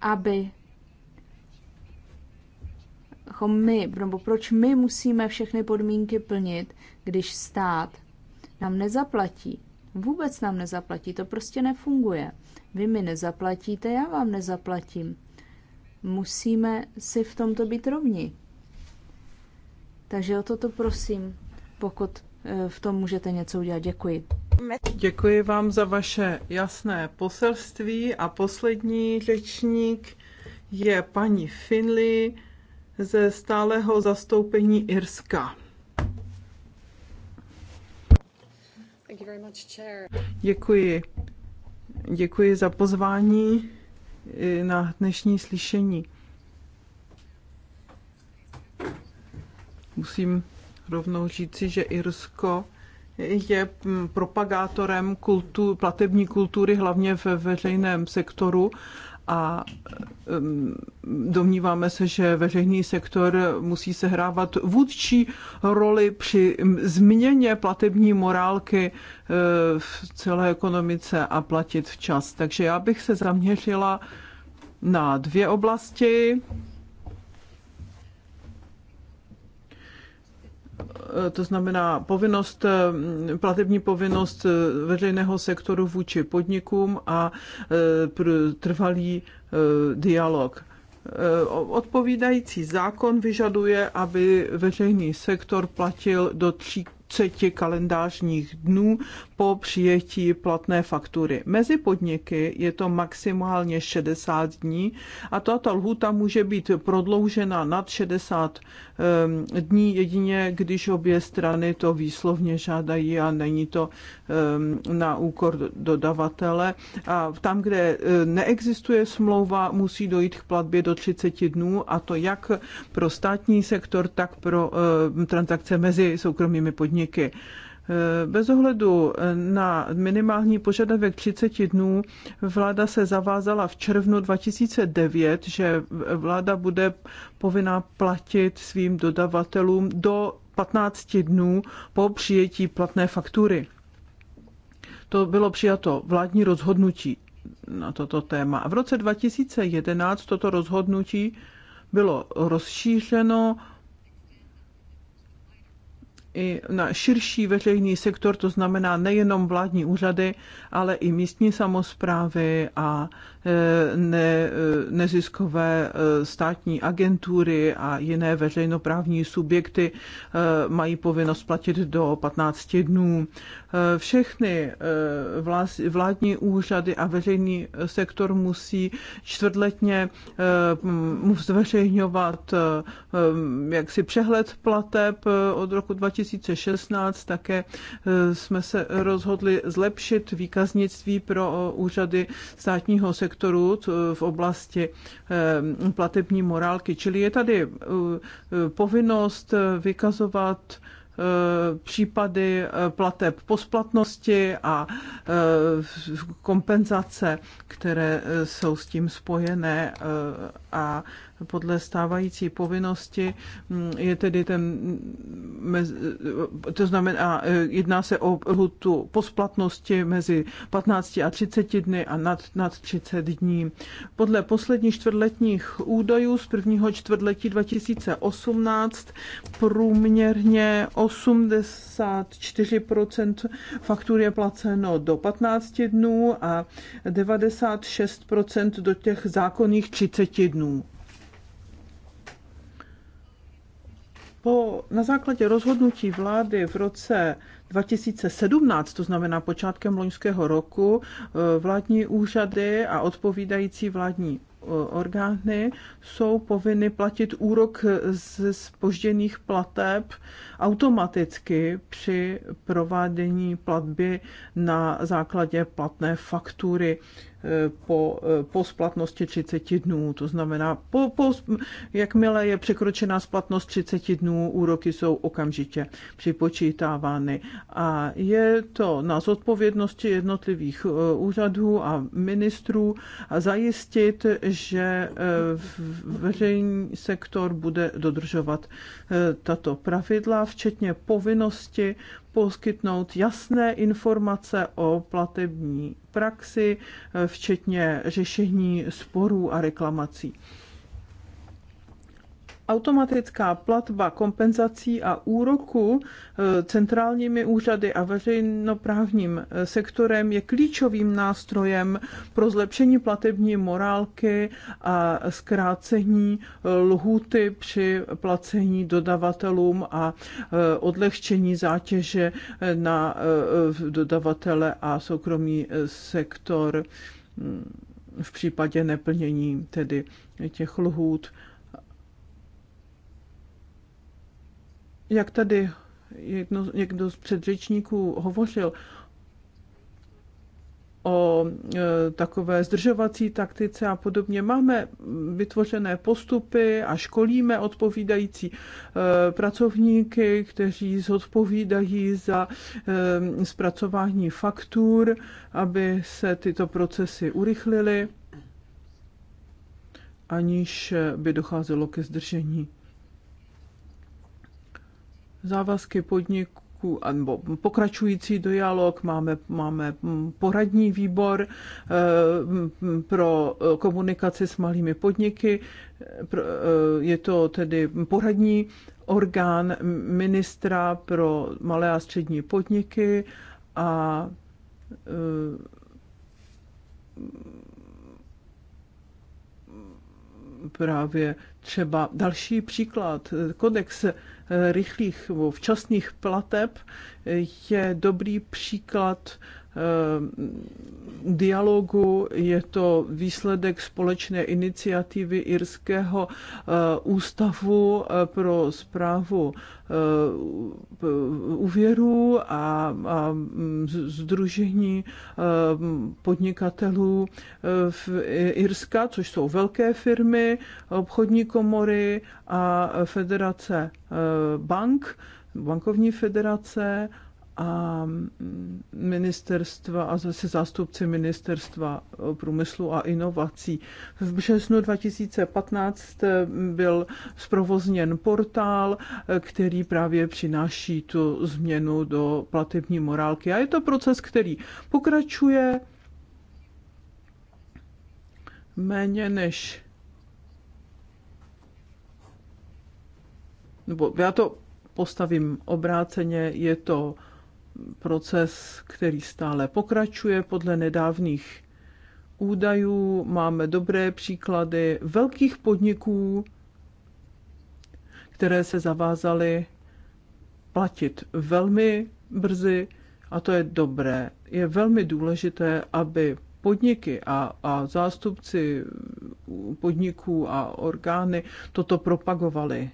aby my, nebo proč my musíme všechny podmínky plnit, když stát nám nezaplatí. Vůbec nám nezaplatí, to prostě nefunguje. Vy mi nezaplatíte, já vám nezaplatím. Musíme si v tomto být rovni. Takže o toto prosím, pokud eh, v tom můžete něco udělat. Děkuji. Děkuji vám za vaše jasné poselství a poslední řečník je paní Finley ze stáleho zastoupení Irska. Děkuji. Děkuji za pozvání na dnešní slyšení. Musím rovnou říci, že Irsko je propagátorem kultu, platební kultury, hlavně ve veřejném sektoru a domníváme se, že veřejný sektor musí sehrávat vůdčí roli při změně platební morálky eh, v celé ekonomice a platit včas. Takže já bych se zaměřila na dvě oblasti. Eh, to znamená povinnost, eh, platební povinnost eh, veřejného sektoru vůči podnikům a trvalý dialog. Odpovídající zákon vyžaduje, aby veřejný sektor platil do tří 30 kalendářních dnů po přijetí platné faktury. Mezi podniky je to maximálně 60 dní a tato lhůta může být prodloužena nad 60 ehm, dní jedině, když obě strany to výslovně žádají a není to ehm, na úkor dodavatele. A tam, kde e, neexistuje smlouva, musí dojít k platbě do 30 dnů a to jak pro státní sektor, tak pro ehm, transakce mezi soukromými podniky podniky. Bez ohledu na minimální požadavek 30 dnů vláda se zavázala v červnu 2009, že vláda bude povinná platit svým dodavatelům do 15 dnů po přijetí platné faktury. To bylo přijato vládní rozhodnutí na toto téma. A v roce 2011 toto rozhodnutí bylo rozšířeno i na širší veřejný sektor, to znamená nejenom vládní úřady, ale i místní samozprávy a Eh, ne, eh, neziskové eh, státní agentury a jiné veřejnoprávní subjekty mají povinnost platit do 15 dnů. Všechny vládní úřady a veřejný sektor musí čtvrtletně zveřejňovat jaksi přehled plateb od roku 2016. Také jsme se rozhodli zlepšit výkaznictví pro úřady státního sektoru sektoru v oblasti eh, platební morálky. Čili je tady eh, povinnost vykazovat eh, případy plateb po splatnosti a kompenzace, které jsou s tím spojené a podle stávající povinnosti mm, je tedy ten, to znamená, e, jedná se o lhutu po splatnosti mezi 15 a 30 dny a nad, nad 30 dní. Podle posledních čtvrtletních údajů z prvního čtvrtletí 2018 průměrně 84% faktur je placeno do 15 dnů a 96% do těch zákonných 30 dnů. Po, na základě rozhodnutí vlády v roce 2017, to znamená počátkem loňského roku, eh, vládní úřady a odpovídající vládní eh, orgány jsou povinny platit úrok z spožděných plateb automaticky při provádění platby na základě platné faktury po, po splatnosti 30 dnů. To znamená, po, po, jakmile je překročená splatnost 30 dnů, úroky jsou okamžitě připočítávány. A je to na zodpovědnosti jednotlivých eh, úřadů a ministrů a zajistit, že eh, veřejný sektor bude dodržovat eh, tato pravidla, včetně povinnosti poskytnout jasné informace o platební praxi, eh, včetně řešení sporů a reklamací automatická platba kompenzací a úroku eh, centrálními úřady a veřejnoprávním eh, sektorem je klíčovým nástrojem pro zlepšení platební morálky a zkrácení eh, lhůty při placení dodavatelům a odlehčení zátěže na dodavatele a soukromý sektor hm, v případě neplnění tedy těch lhůt. jak tady jedno, někdo z předřečníků hovořil, o e, takové zdržovací taktice a podobně. Máme vytvořené postupy a školíme odpovídající e, pracovníky, kteří zodpovídají za e, zpracování faktur, aby se tyto procesy urychlily, aniž by docházelo ke zdržení závazky podniků nebo pokračující dialog, máme, máme mm, poradní výbor eh, mm, pro eh, komunikaci s malými podniky, eh, je to tedy poradní orgán ministra pro malé a střední podniky a právě třeba další příklad, kodex Eh, rychlých nebo včasných plateb eh, je dobrý příklad Eh, dialogu, je to výsledek společné iniciativy Irského eh, ústavu eh, pro zprávu úvěru a, a mm, združení podnikatelů v Irska, což jsou velké firmy, obchodní komory a federace bank, bankovní federace a mm, ministerstva a zase zástupci ministerstva eh, průmyslu a inovací. V březnu 2015 eh, byl zprovozněn portál, eh, který právě přináší tu změnu do platební morálky. A je to proces, který pokračuje méně než nebo já to postavím obráceně, je to proces, který stále pokračuje podle nedávných údajů. Máme dobré příklady velkých podniků, které se zavázaly platit velmi brzy a to je dobré. Je velmi důležité, aby podniky a, a zástupci podniků a orgány toto propagovali.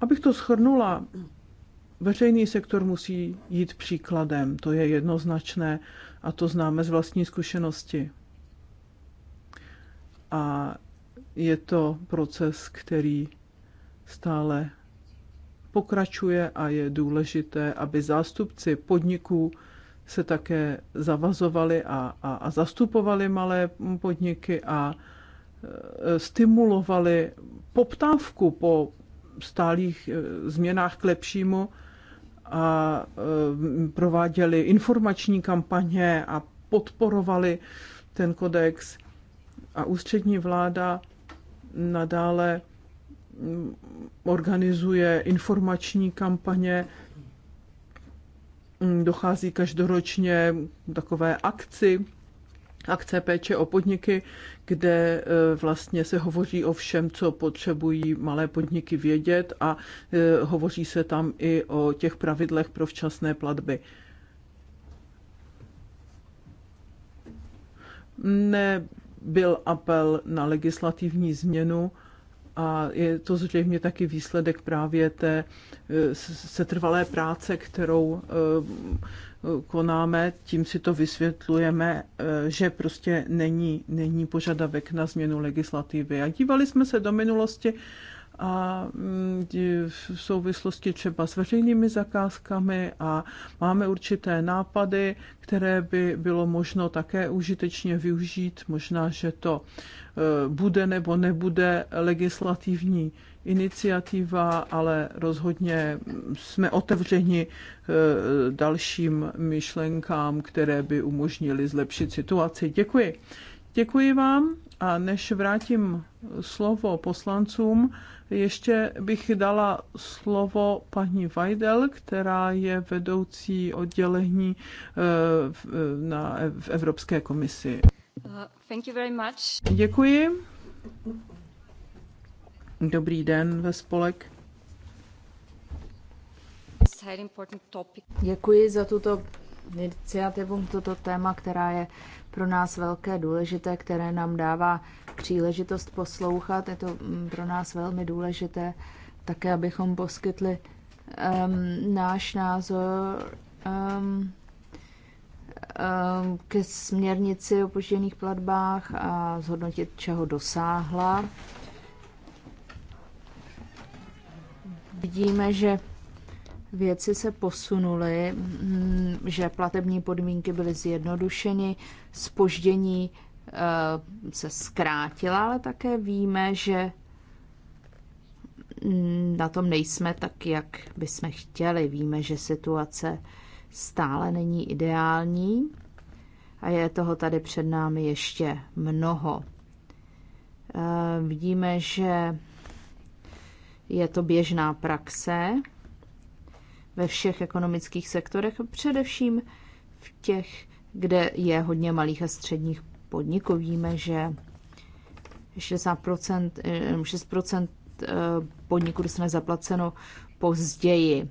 Abych to shrnula, veřejný sektor musí jít příkladem, to je jednoznačné a to známe z vlastní zkušenosti. A je to proces, který stále pokračuje a je důležité, aby zástupci podniků se také zavazovali a, a, a zastupovali malé podniky a e, stimulovali poptávku po stálých eh, změnách k lepšímu a eh, prováděli informační kampaně a podporovali ten kodex. A ústřední vláda nadále mm, organizuje informační kampaně, mm, dochází každoročně takové akci akce péče o podniky, kde e, vlastně se hovoří o všem, co potřebují malé podniky vědět a e, hovoří se tam i o těch pravidlech pro včasné platby. Nebyl apel na legislativní změnu, a je to zřejmě taky výsledek právě té e, setrvalé práce, kterou konáme, tím si to vysvětlujeme, eh, že prostě není, není požadavek na změnu legislativy. A dívali jsme se do minulosti a mm, v souvislosti třeba s veřejnými zakázkami a máme určité nápady, které by bylo možno také užitečně využít. Možná, že to eh, bude nebo nebude legislativní iniciativa, ale rozhodně jsme otevřeni eh, dalším myšlenkám, které by umožnily zlepšit situaci. Děkuji. Děkuji vám a než vrátím slovo poslancům, ještě bych dala slovo paní Vajdel, která je vedoucí oddělení eh, na, v Evropské komisi. Uh, Děkuji. Dobrý den ve spolek. Děkuji za tuto iniciativu, toto téma, která je pro nás velké důležité, které nám dává příležitost poslouchat. Je to mm, pro nás velmi důležité také, abychom poskytli um, náš názor um, um, ke směrnici o požděných platbách a zhodnotit, čeho dosáhla Vidíme, že věci se posunuly, mm, že platební podmínky byly zjednodušeny, spoždění eh, se zkrátila, ale také víme, že mm, na tom nejsme tak, jak bychom chtěli. Víme, že situace stále není ideální a je toho tady před námi ještě mnoho. Eh, vidíme, že je to běžná praxe ve všech ekonomických sektorech, především v těch, kde je hodně malých a středních podniků. Víme, že 60%, 6% eh, eh, podniků dostane zaplaceno později.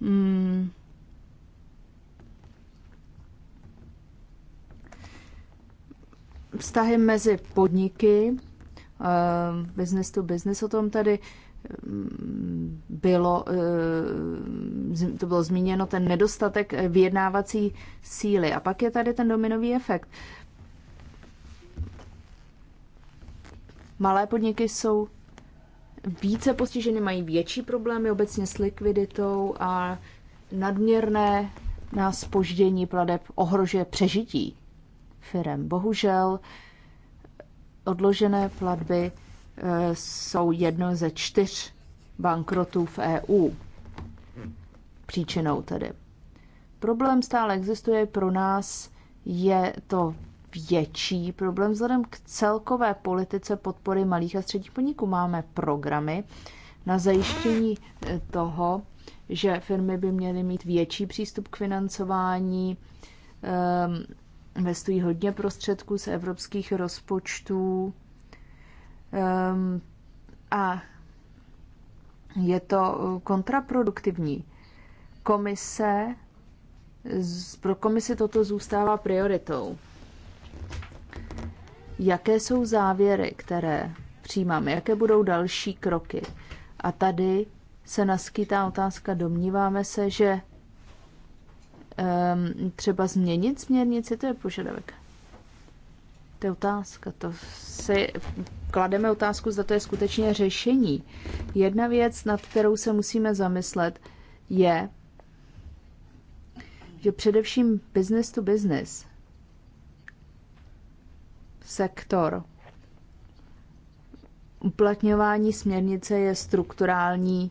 Hmm. vztahy mezi podniky, eh, business to business, o tom tady mm, bylo, eh, to bylo zmíněno, ten nedostatek eh, vyjednávací síly. A pak je tady ten dominový efekt. Malé podniky jsou více postiženy, mají větší problémy obecně s likviditou a nadměrné na spoždění pladeb ohrožuje přežití firem. Bohužel odložené platby eh, jsou jedno ze čtyř bankrotů v EU. Příčinou tedy. Problém stále existuje pro nás, je to větší problém vzhledem k celkové politice podpory malých a středních podniků. Máme programy na zajištění eh, toho, že firmy by měly mít větší přístup k financování, ehm, investují hodně prostředků z evropských rozpočtů um, a je to kontraproduktivní. Komise, pro komise toto zůstává prioritou. Jaké jsou závěry, které přijímáme? Jaké budou další kroky? A tady se naskýtá otázka, domníváme se, že Ehm, třeba změnit směrnici? To je požadavek. To je otázka. To si klademe otázku, zda to je skutečně řešení. Jedna věc, nad kterou se musíme zamyslet, je, že především business to business sektor uplatňování směrnice je strukturální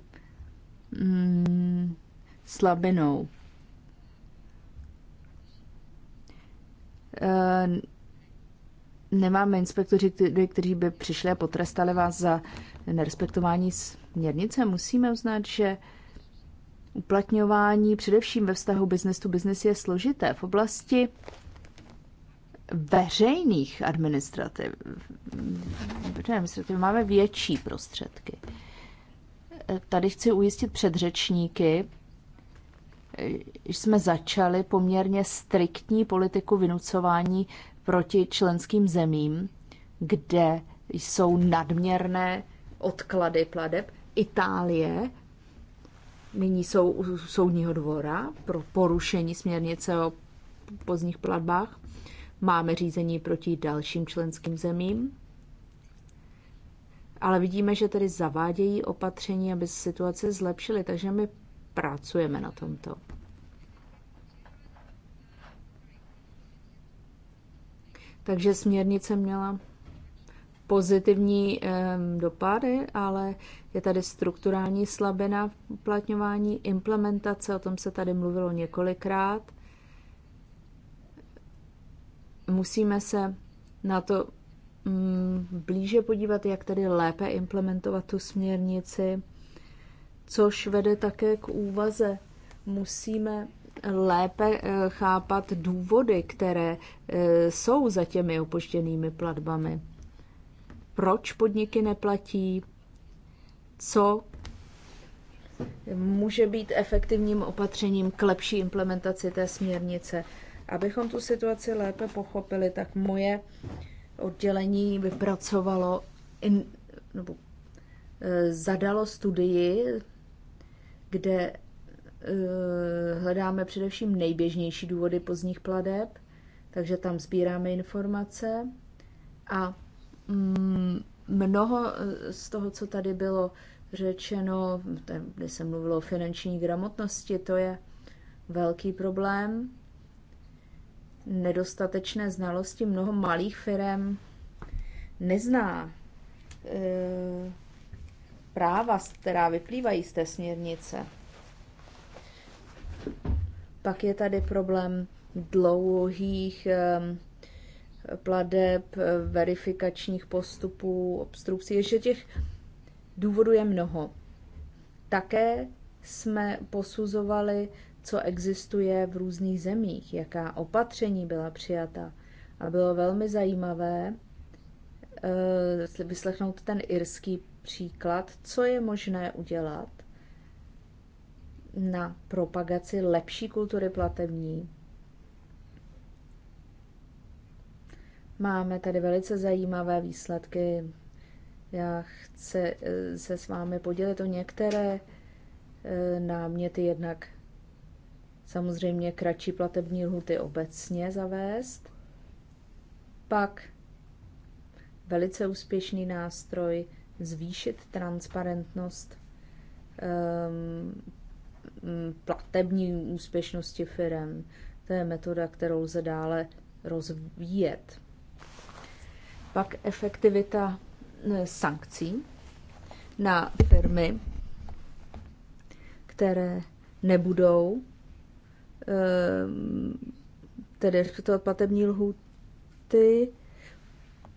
mm, slabinou. Eh, nemáme inspektoři, kteří, kteří by přišli a potrestali vás za nerespektování směrnice. Musíme uznat, že uplatňování především ve vztahu business to business je složité. V oblasti veřejných administrativ, administrativ máme větší prostředky. Eh, tady chci ujistit předřečníky, jsme začali poměrně striktní politiku vynucování proti členským zemím, kde jsou nadměrné odklady pladeb. Itálie nyní jsou u soudního dvora pro porušení směrnice o pozdních platbách. Máme řízení proti dalším členským zemím. Ale vidíme, že tedy zavádějí opatření, aby situace zlepšily. Takže my pracujeme na tomto. Takže směrnice měla pozitivní dopady, ale je tady strukturální slabina v uplatňování implementace, o tom se tady mluvilo několikrát. Musíme se na to mm, blíže podívat, jak tedy lépe implementovat tu směrnici což vede také k úvaze. Musíme lépe eh, chápat důvody, které eh, jsou za těmi opožděnými platbami. Proč podniky neplatí? Co může být efektivním opatřením k lepší implementaci té směrnice? Abychom tu situaci lépe pochopili, tak moje oddělení vypracovalo in, nebo, eh, zadalo studii kde eh, hledáme především nejběžnější důvody pozdních pladeb, takže tam sbíráme informace a mm, mnoho eh, z toho, co tady bylo řečeno, kde se mluvilo o finanční gramotnosti, to je velký problém. Nedostatečné znalosti mnoho malých firm nezná e, práva, která vyplývají z té směrnice. Pak je tady problém dlouhých pladeb, verifikačních postupů, obstrukcí. Ještě těch důvodů je mnoho. Také jsme posuzovali, co existuje v různých zemích, jaká opatření byla přijata. A bylo velmi zajímavé eh, vyslechnout ten irský příklad, co je možné udělat na propagaci lepší kultury platební. Máme tady velice zajímavé výsledky. Já chci eh, se s vámi podělit o některé eh, náměty, jednak samozřejmě kratší platební lhuty obecně zavést, pak velice úspěšný nástroj zvýšit transparentnost ehm, platební úspěšnosti firm. To je metoda, kterou lze dále rozvíjet. Pak efektivita e, sankcí na firmy, které nebudou ehm, tedy respektovat platební lhuty,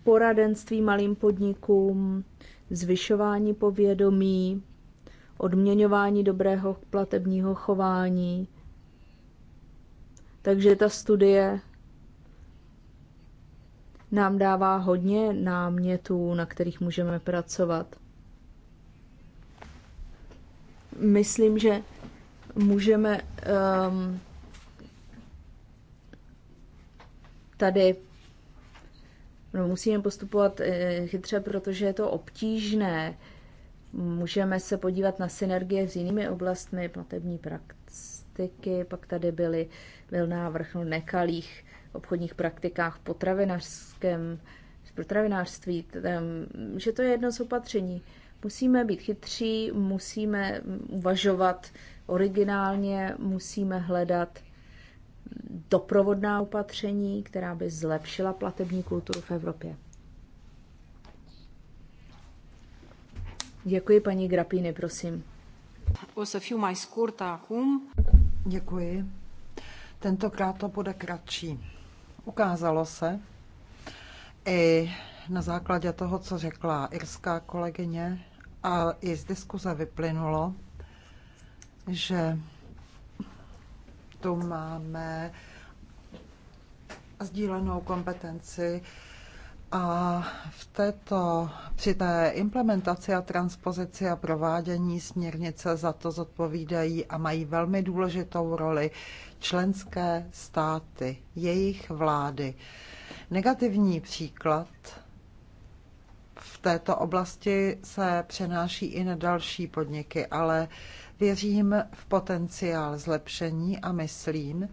poradenství malým podnikům, zvyšování povědomí, odměňování dobrého platebního chování. Takže ta studie nám dává hodně námětů, na kterých můžeme pracovat. Myslím, že můžeme um, tady No, musíme postupovat eh, chytře, protože je to obtížné. Můžeme se podívat na synergie s jinými oblastmi, platební praktiky, pak tady byly, byl návrh o no, nekalých obchodních praktikách v potravinářském v potravinářství, že to je jedno z opatření. Musíme být chytří, musíme mm, uvažovat originálně, musíme hledat doprovodná opatření, která by zlepšila platební kulturu v Evropě. Děkuji, paní Grapíny, prosím. O se fiu mai scurt acum. Děkuji. Tentokrát to bude kratší. Ukázalo se i na základě toho, co řekla irská kolegyně, a i z diskuze vyplynulo, že tu máme sdílenou kompetenci a v této, při té implementaci a transpozici a provádění směrnice za to zodpovídají a mají velmi důležitou roli členské státy, jejich vlády. Negativní příklad v této oblasti se přenáší i na další podniky, ale Věřím v potenciál zlepšení a myslím,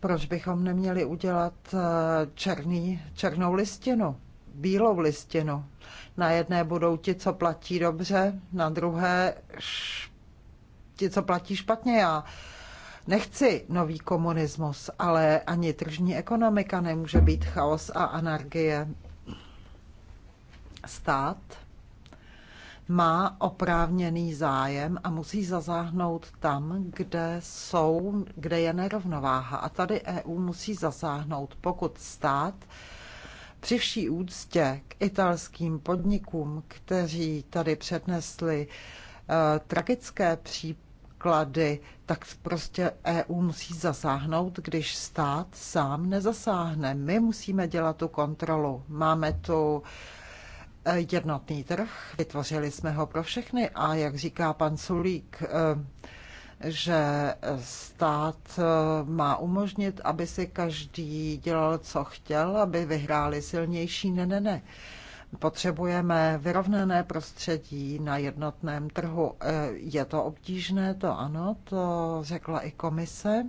proč bychom neměli udělat eh, černý, černou listinu, bílou listinu. Na jedné budou ti, co platí dobře, na druhé š, ti, co platí špatně. Já nechci nový komunismus, ale ani tržní ekonomika nemůže být chaos a anarchie. Stát má oprávněný zájem a musí zasáhnout tam, kde, jsou, kde je nerovnováha. A tady EU musí zasáhnout, pokud stát při vší úctě k italským podnikům, kteří tady přednesli uh, tragické příklady, tak prostě EU musí zasáhnout, když stát sám nezasáhne. My musíme dělat tu kontrolu. Máme tu uh, jednotný trh, vytvořili jsme ho pro všechny a jak říká pan Sulík, eh, že stát eh, má umožnit, aby si každý dělal, co chtěl, aby vyhráli silnější. Ne, ne, ne. Potřebujeme vyrovnané prostředí na jednotném trhu. Eh, je to obtížné, to ano, to řekla i komise.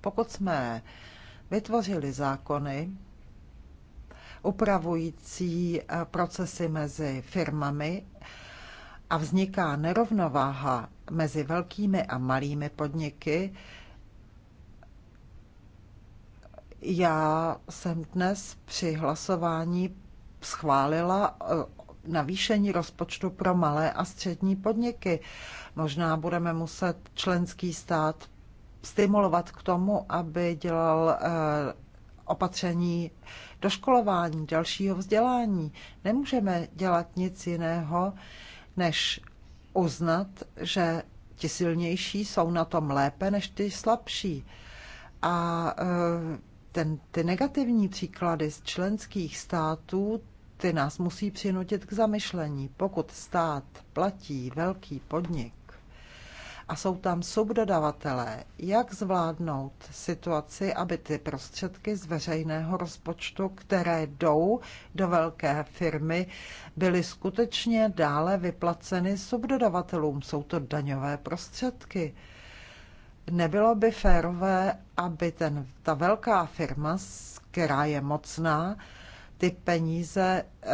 Pokud jsme vytvořili zákony, upravující eh, procesy mezi firmami a vzniká nerovnováha mezi velkými a malými podniky. Já jsem dnes při hlasování schválila eh, navýšení rozpočtu pro malé a střední podniky. Možná budeme muset členský stát stimulovat k tomu, aby dělal eh, opatření doškolování, dalšího vzdělání. Nemůžeme dělat nic jiného, než uznat, že ti silnější jsou na tom lépe než ty slabší. A eh, ten, ty negativní příklady z členských států, ty nás musí přinutit k zamyšlení. Pokud stát platí velký podnik, a jsou tam subdodavatelé. Jak zvládnout situaci, aby ty prostředky z veřejného rozpočtu, které jdou do velké firmy, byly skutečně dále vyplaceny subdodavatelům? Jsou to daňové prostředky. Nebylo by férové, aby ten, ta velká firma, která je mocná, ty peníze eh,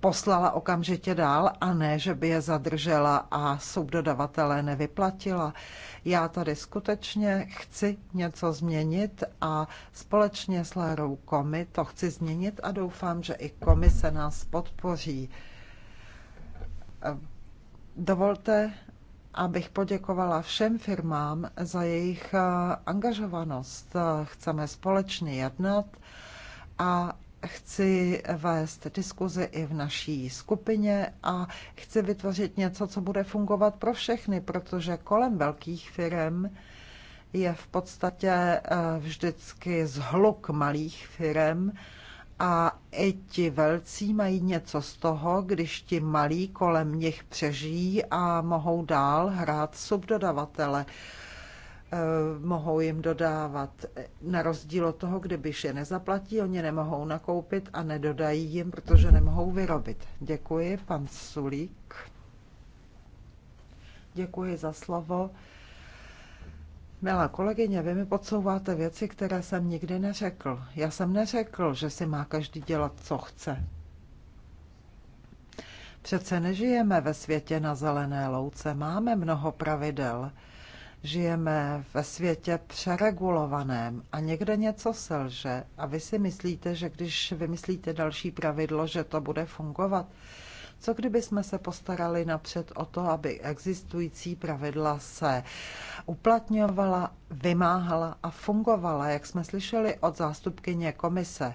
poslala okamžitě dál a ne, že by je zadržela a subdodavatele nevyplatila. Já tady skutečně chci něco změnit a společně s Lérou Komi to chci změnit a doufám, že i komi se nás podpoří. Eh, dovolte, abych poděkovala všem firmám za jejich eh, angažovanost. Chceme společně jednat a chci vést diskuzi i v naší skupině a chci vytvořit něco, co bude fungovat pro všechny, protože kolem velkých firm je v podstatě eh, vždycky zhluk malých firm a i ti velcí mají něco z toho, když ti malí kolem nich přežijí a mohou dál hrát subdodavatele. Eh, mohou jim dodávat. Na rozdíl od toho, kdybyš je nezaplatí, oni nemohou nakoupit a nedodají jim, protože nemohou vyrobit. Děkuji, pan Sulík. Děkuji za slovo. Milá kolegyně, vy mi podsouváte věci, které jsem nikdy neřekl. Já jsem neřekl, že si má každý dělat, co chce. Přece nežijeme ve světě na zelené louce, máme mnoho pravidel. Žijeme ve světě přeregulovaném a někde něco selže a vy si myslíte, že když vymyslíte další pravidlo, že to bude fungovat. Co kdyby jsme se postarali napřed o to, aby existující pravidla se uplatňovala, vymáhala a fungovala, jak jsme slyšeli od zástupkyně komise?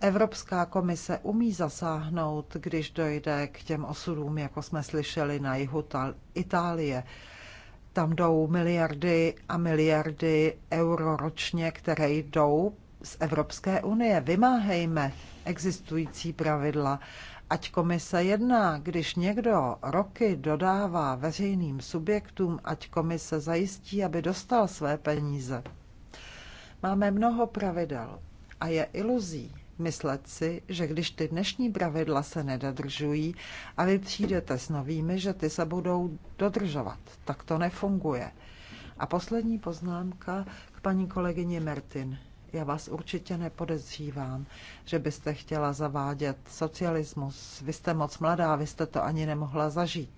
Evropská komise umí zasáhnout, když dojde k těm osudům, jako jsme slyšeli na jihu Itálie. Tam jdou miliardy a miliardy euro ročně, které jdou z Evropské unie. Vymáhejme existující pravidla. Ať komise jedná, když někdo roky dodává veřejným subjektům, ať komise zajistí, aby dostal své peníze. Máme mnoho pravidel a je iluzí, myslet si, že když ty dnešní pravidla se nedodržují a vy přijdete s novými, že ty se budou dodržovat, tak to nefunguje. A poslední poznámka k paní kolegyni Mertin. Já vás určitě nepodezřívám, že byste chtěla zavádět socialismus. Vy jste moc mladá, vy jste to ani nemohla zažít.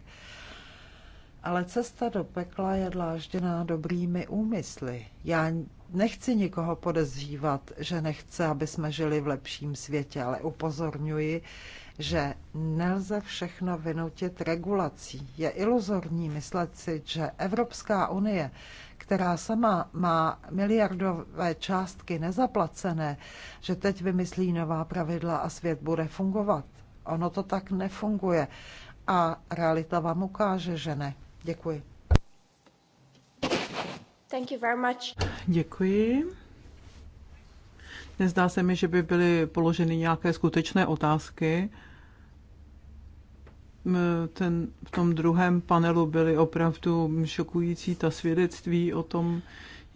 Ale cesta do pekla je dlážděná dobrými úmysly. Já nechci nikoho podezřívat, že nechce, aby jsme žili v lepším světě, ale upozorňuji, že nelze všechno vynutit regulací. Je iluzorní myslet si, že Evropská unie, která sama má miliardové částky nezaplacené, že teď vymyslí nová pravidla a svět bude fungovat. Ono to tak nefunguje. A realita vám ukáže, že ne. Děkuji. Thank you very much. Děkuji. Nezdá se mi, že by byly položeny nějaké skutečné otázky. Ten, v tom druhém panelu byly opravdu šokující ta svědectví o tom,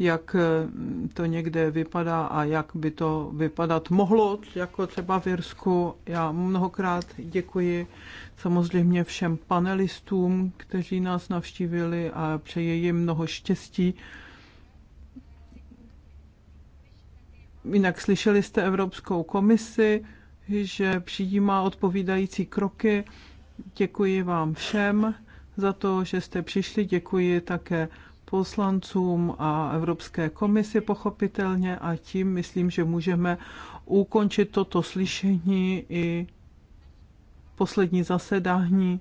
jak eh, to někde vypadá a jak by to vypadat mohlo, jako třeba v Irsku. Já mnohokrát děkuji samozřejmě všem panelistům, kteří nás navštívili a přeji jim mnoho štěstí. Jinak slyšeli jste Evropskou komisi, že přijímá odpovídající kroky. Děkuji vám všem za to, že jste přišli. Děkuji také poslancům a Evropské komisi pochopitelně a tím myslím, že můžeme ukončit toto slyšení i poslední zasedání e,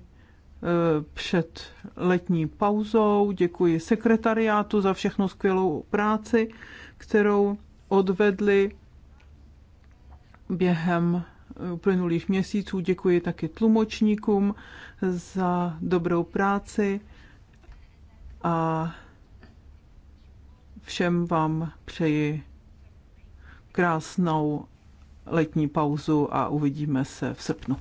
před letní pauzou. Děkuji sekretariátu za všechno skvělou práci, kterou odvedli během e, uplynulých měsíců. Děkuji taky tlumočníkům za dobrou práci a Všem vám přeji krásnou letní pauzu a uvidíme se v srpnu.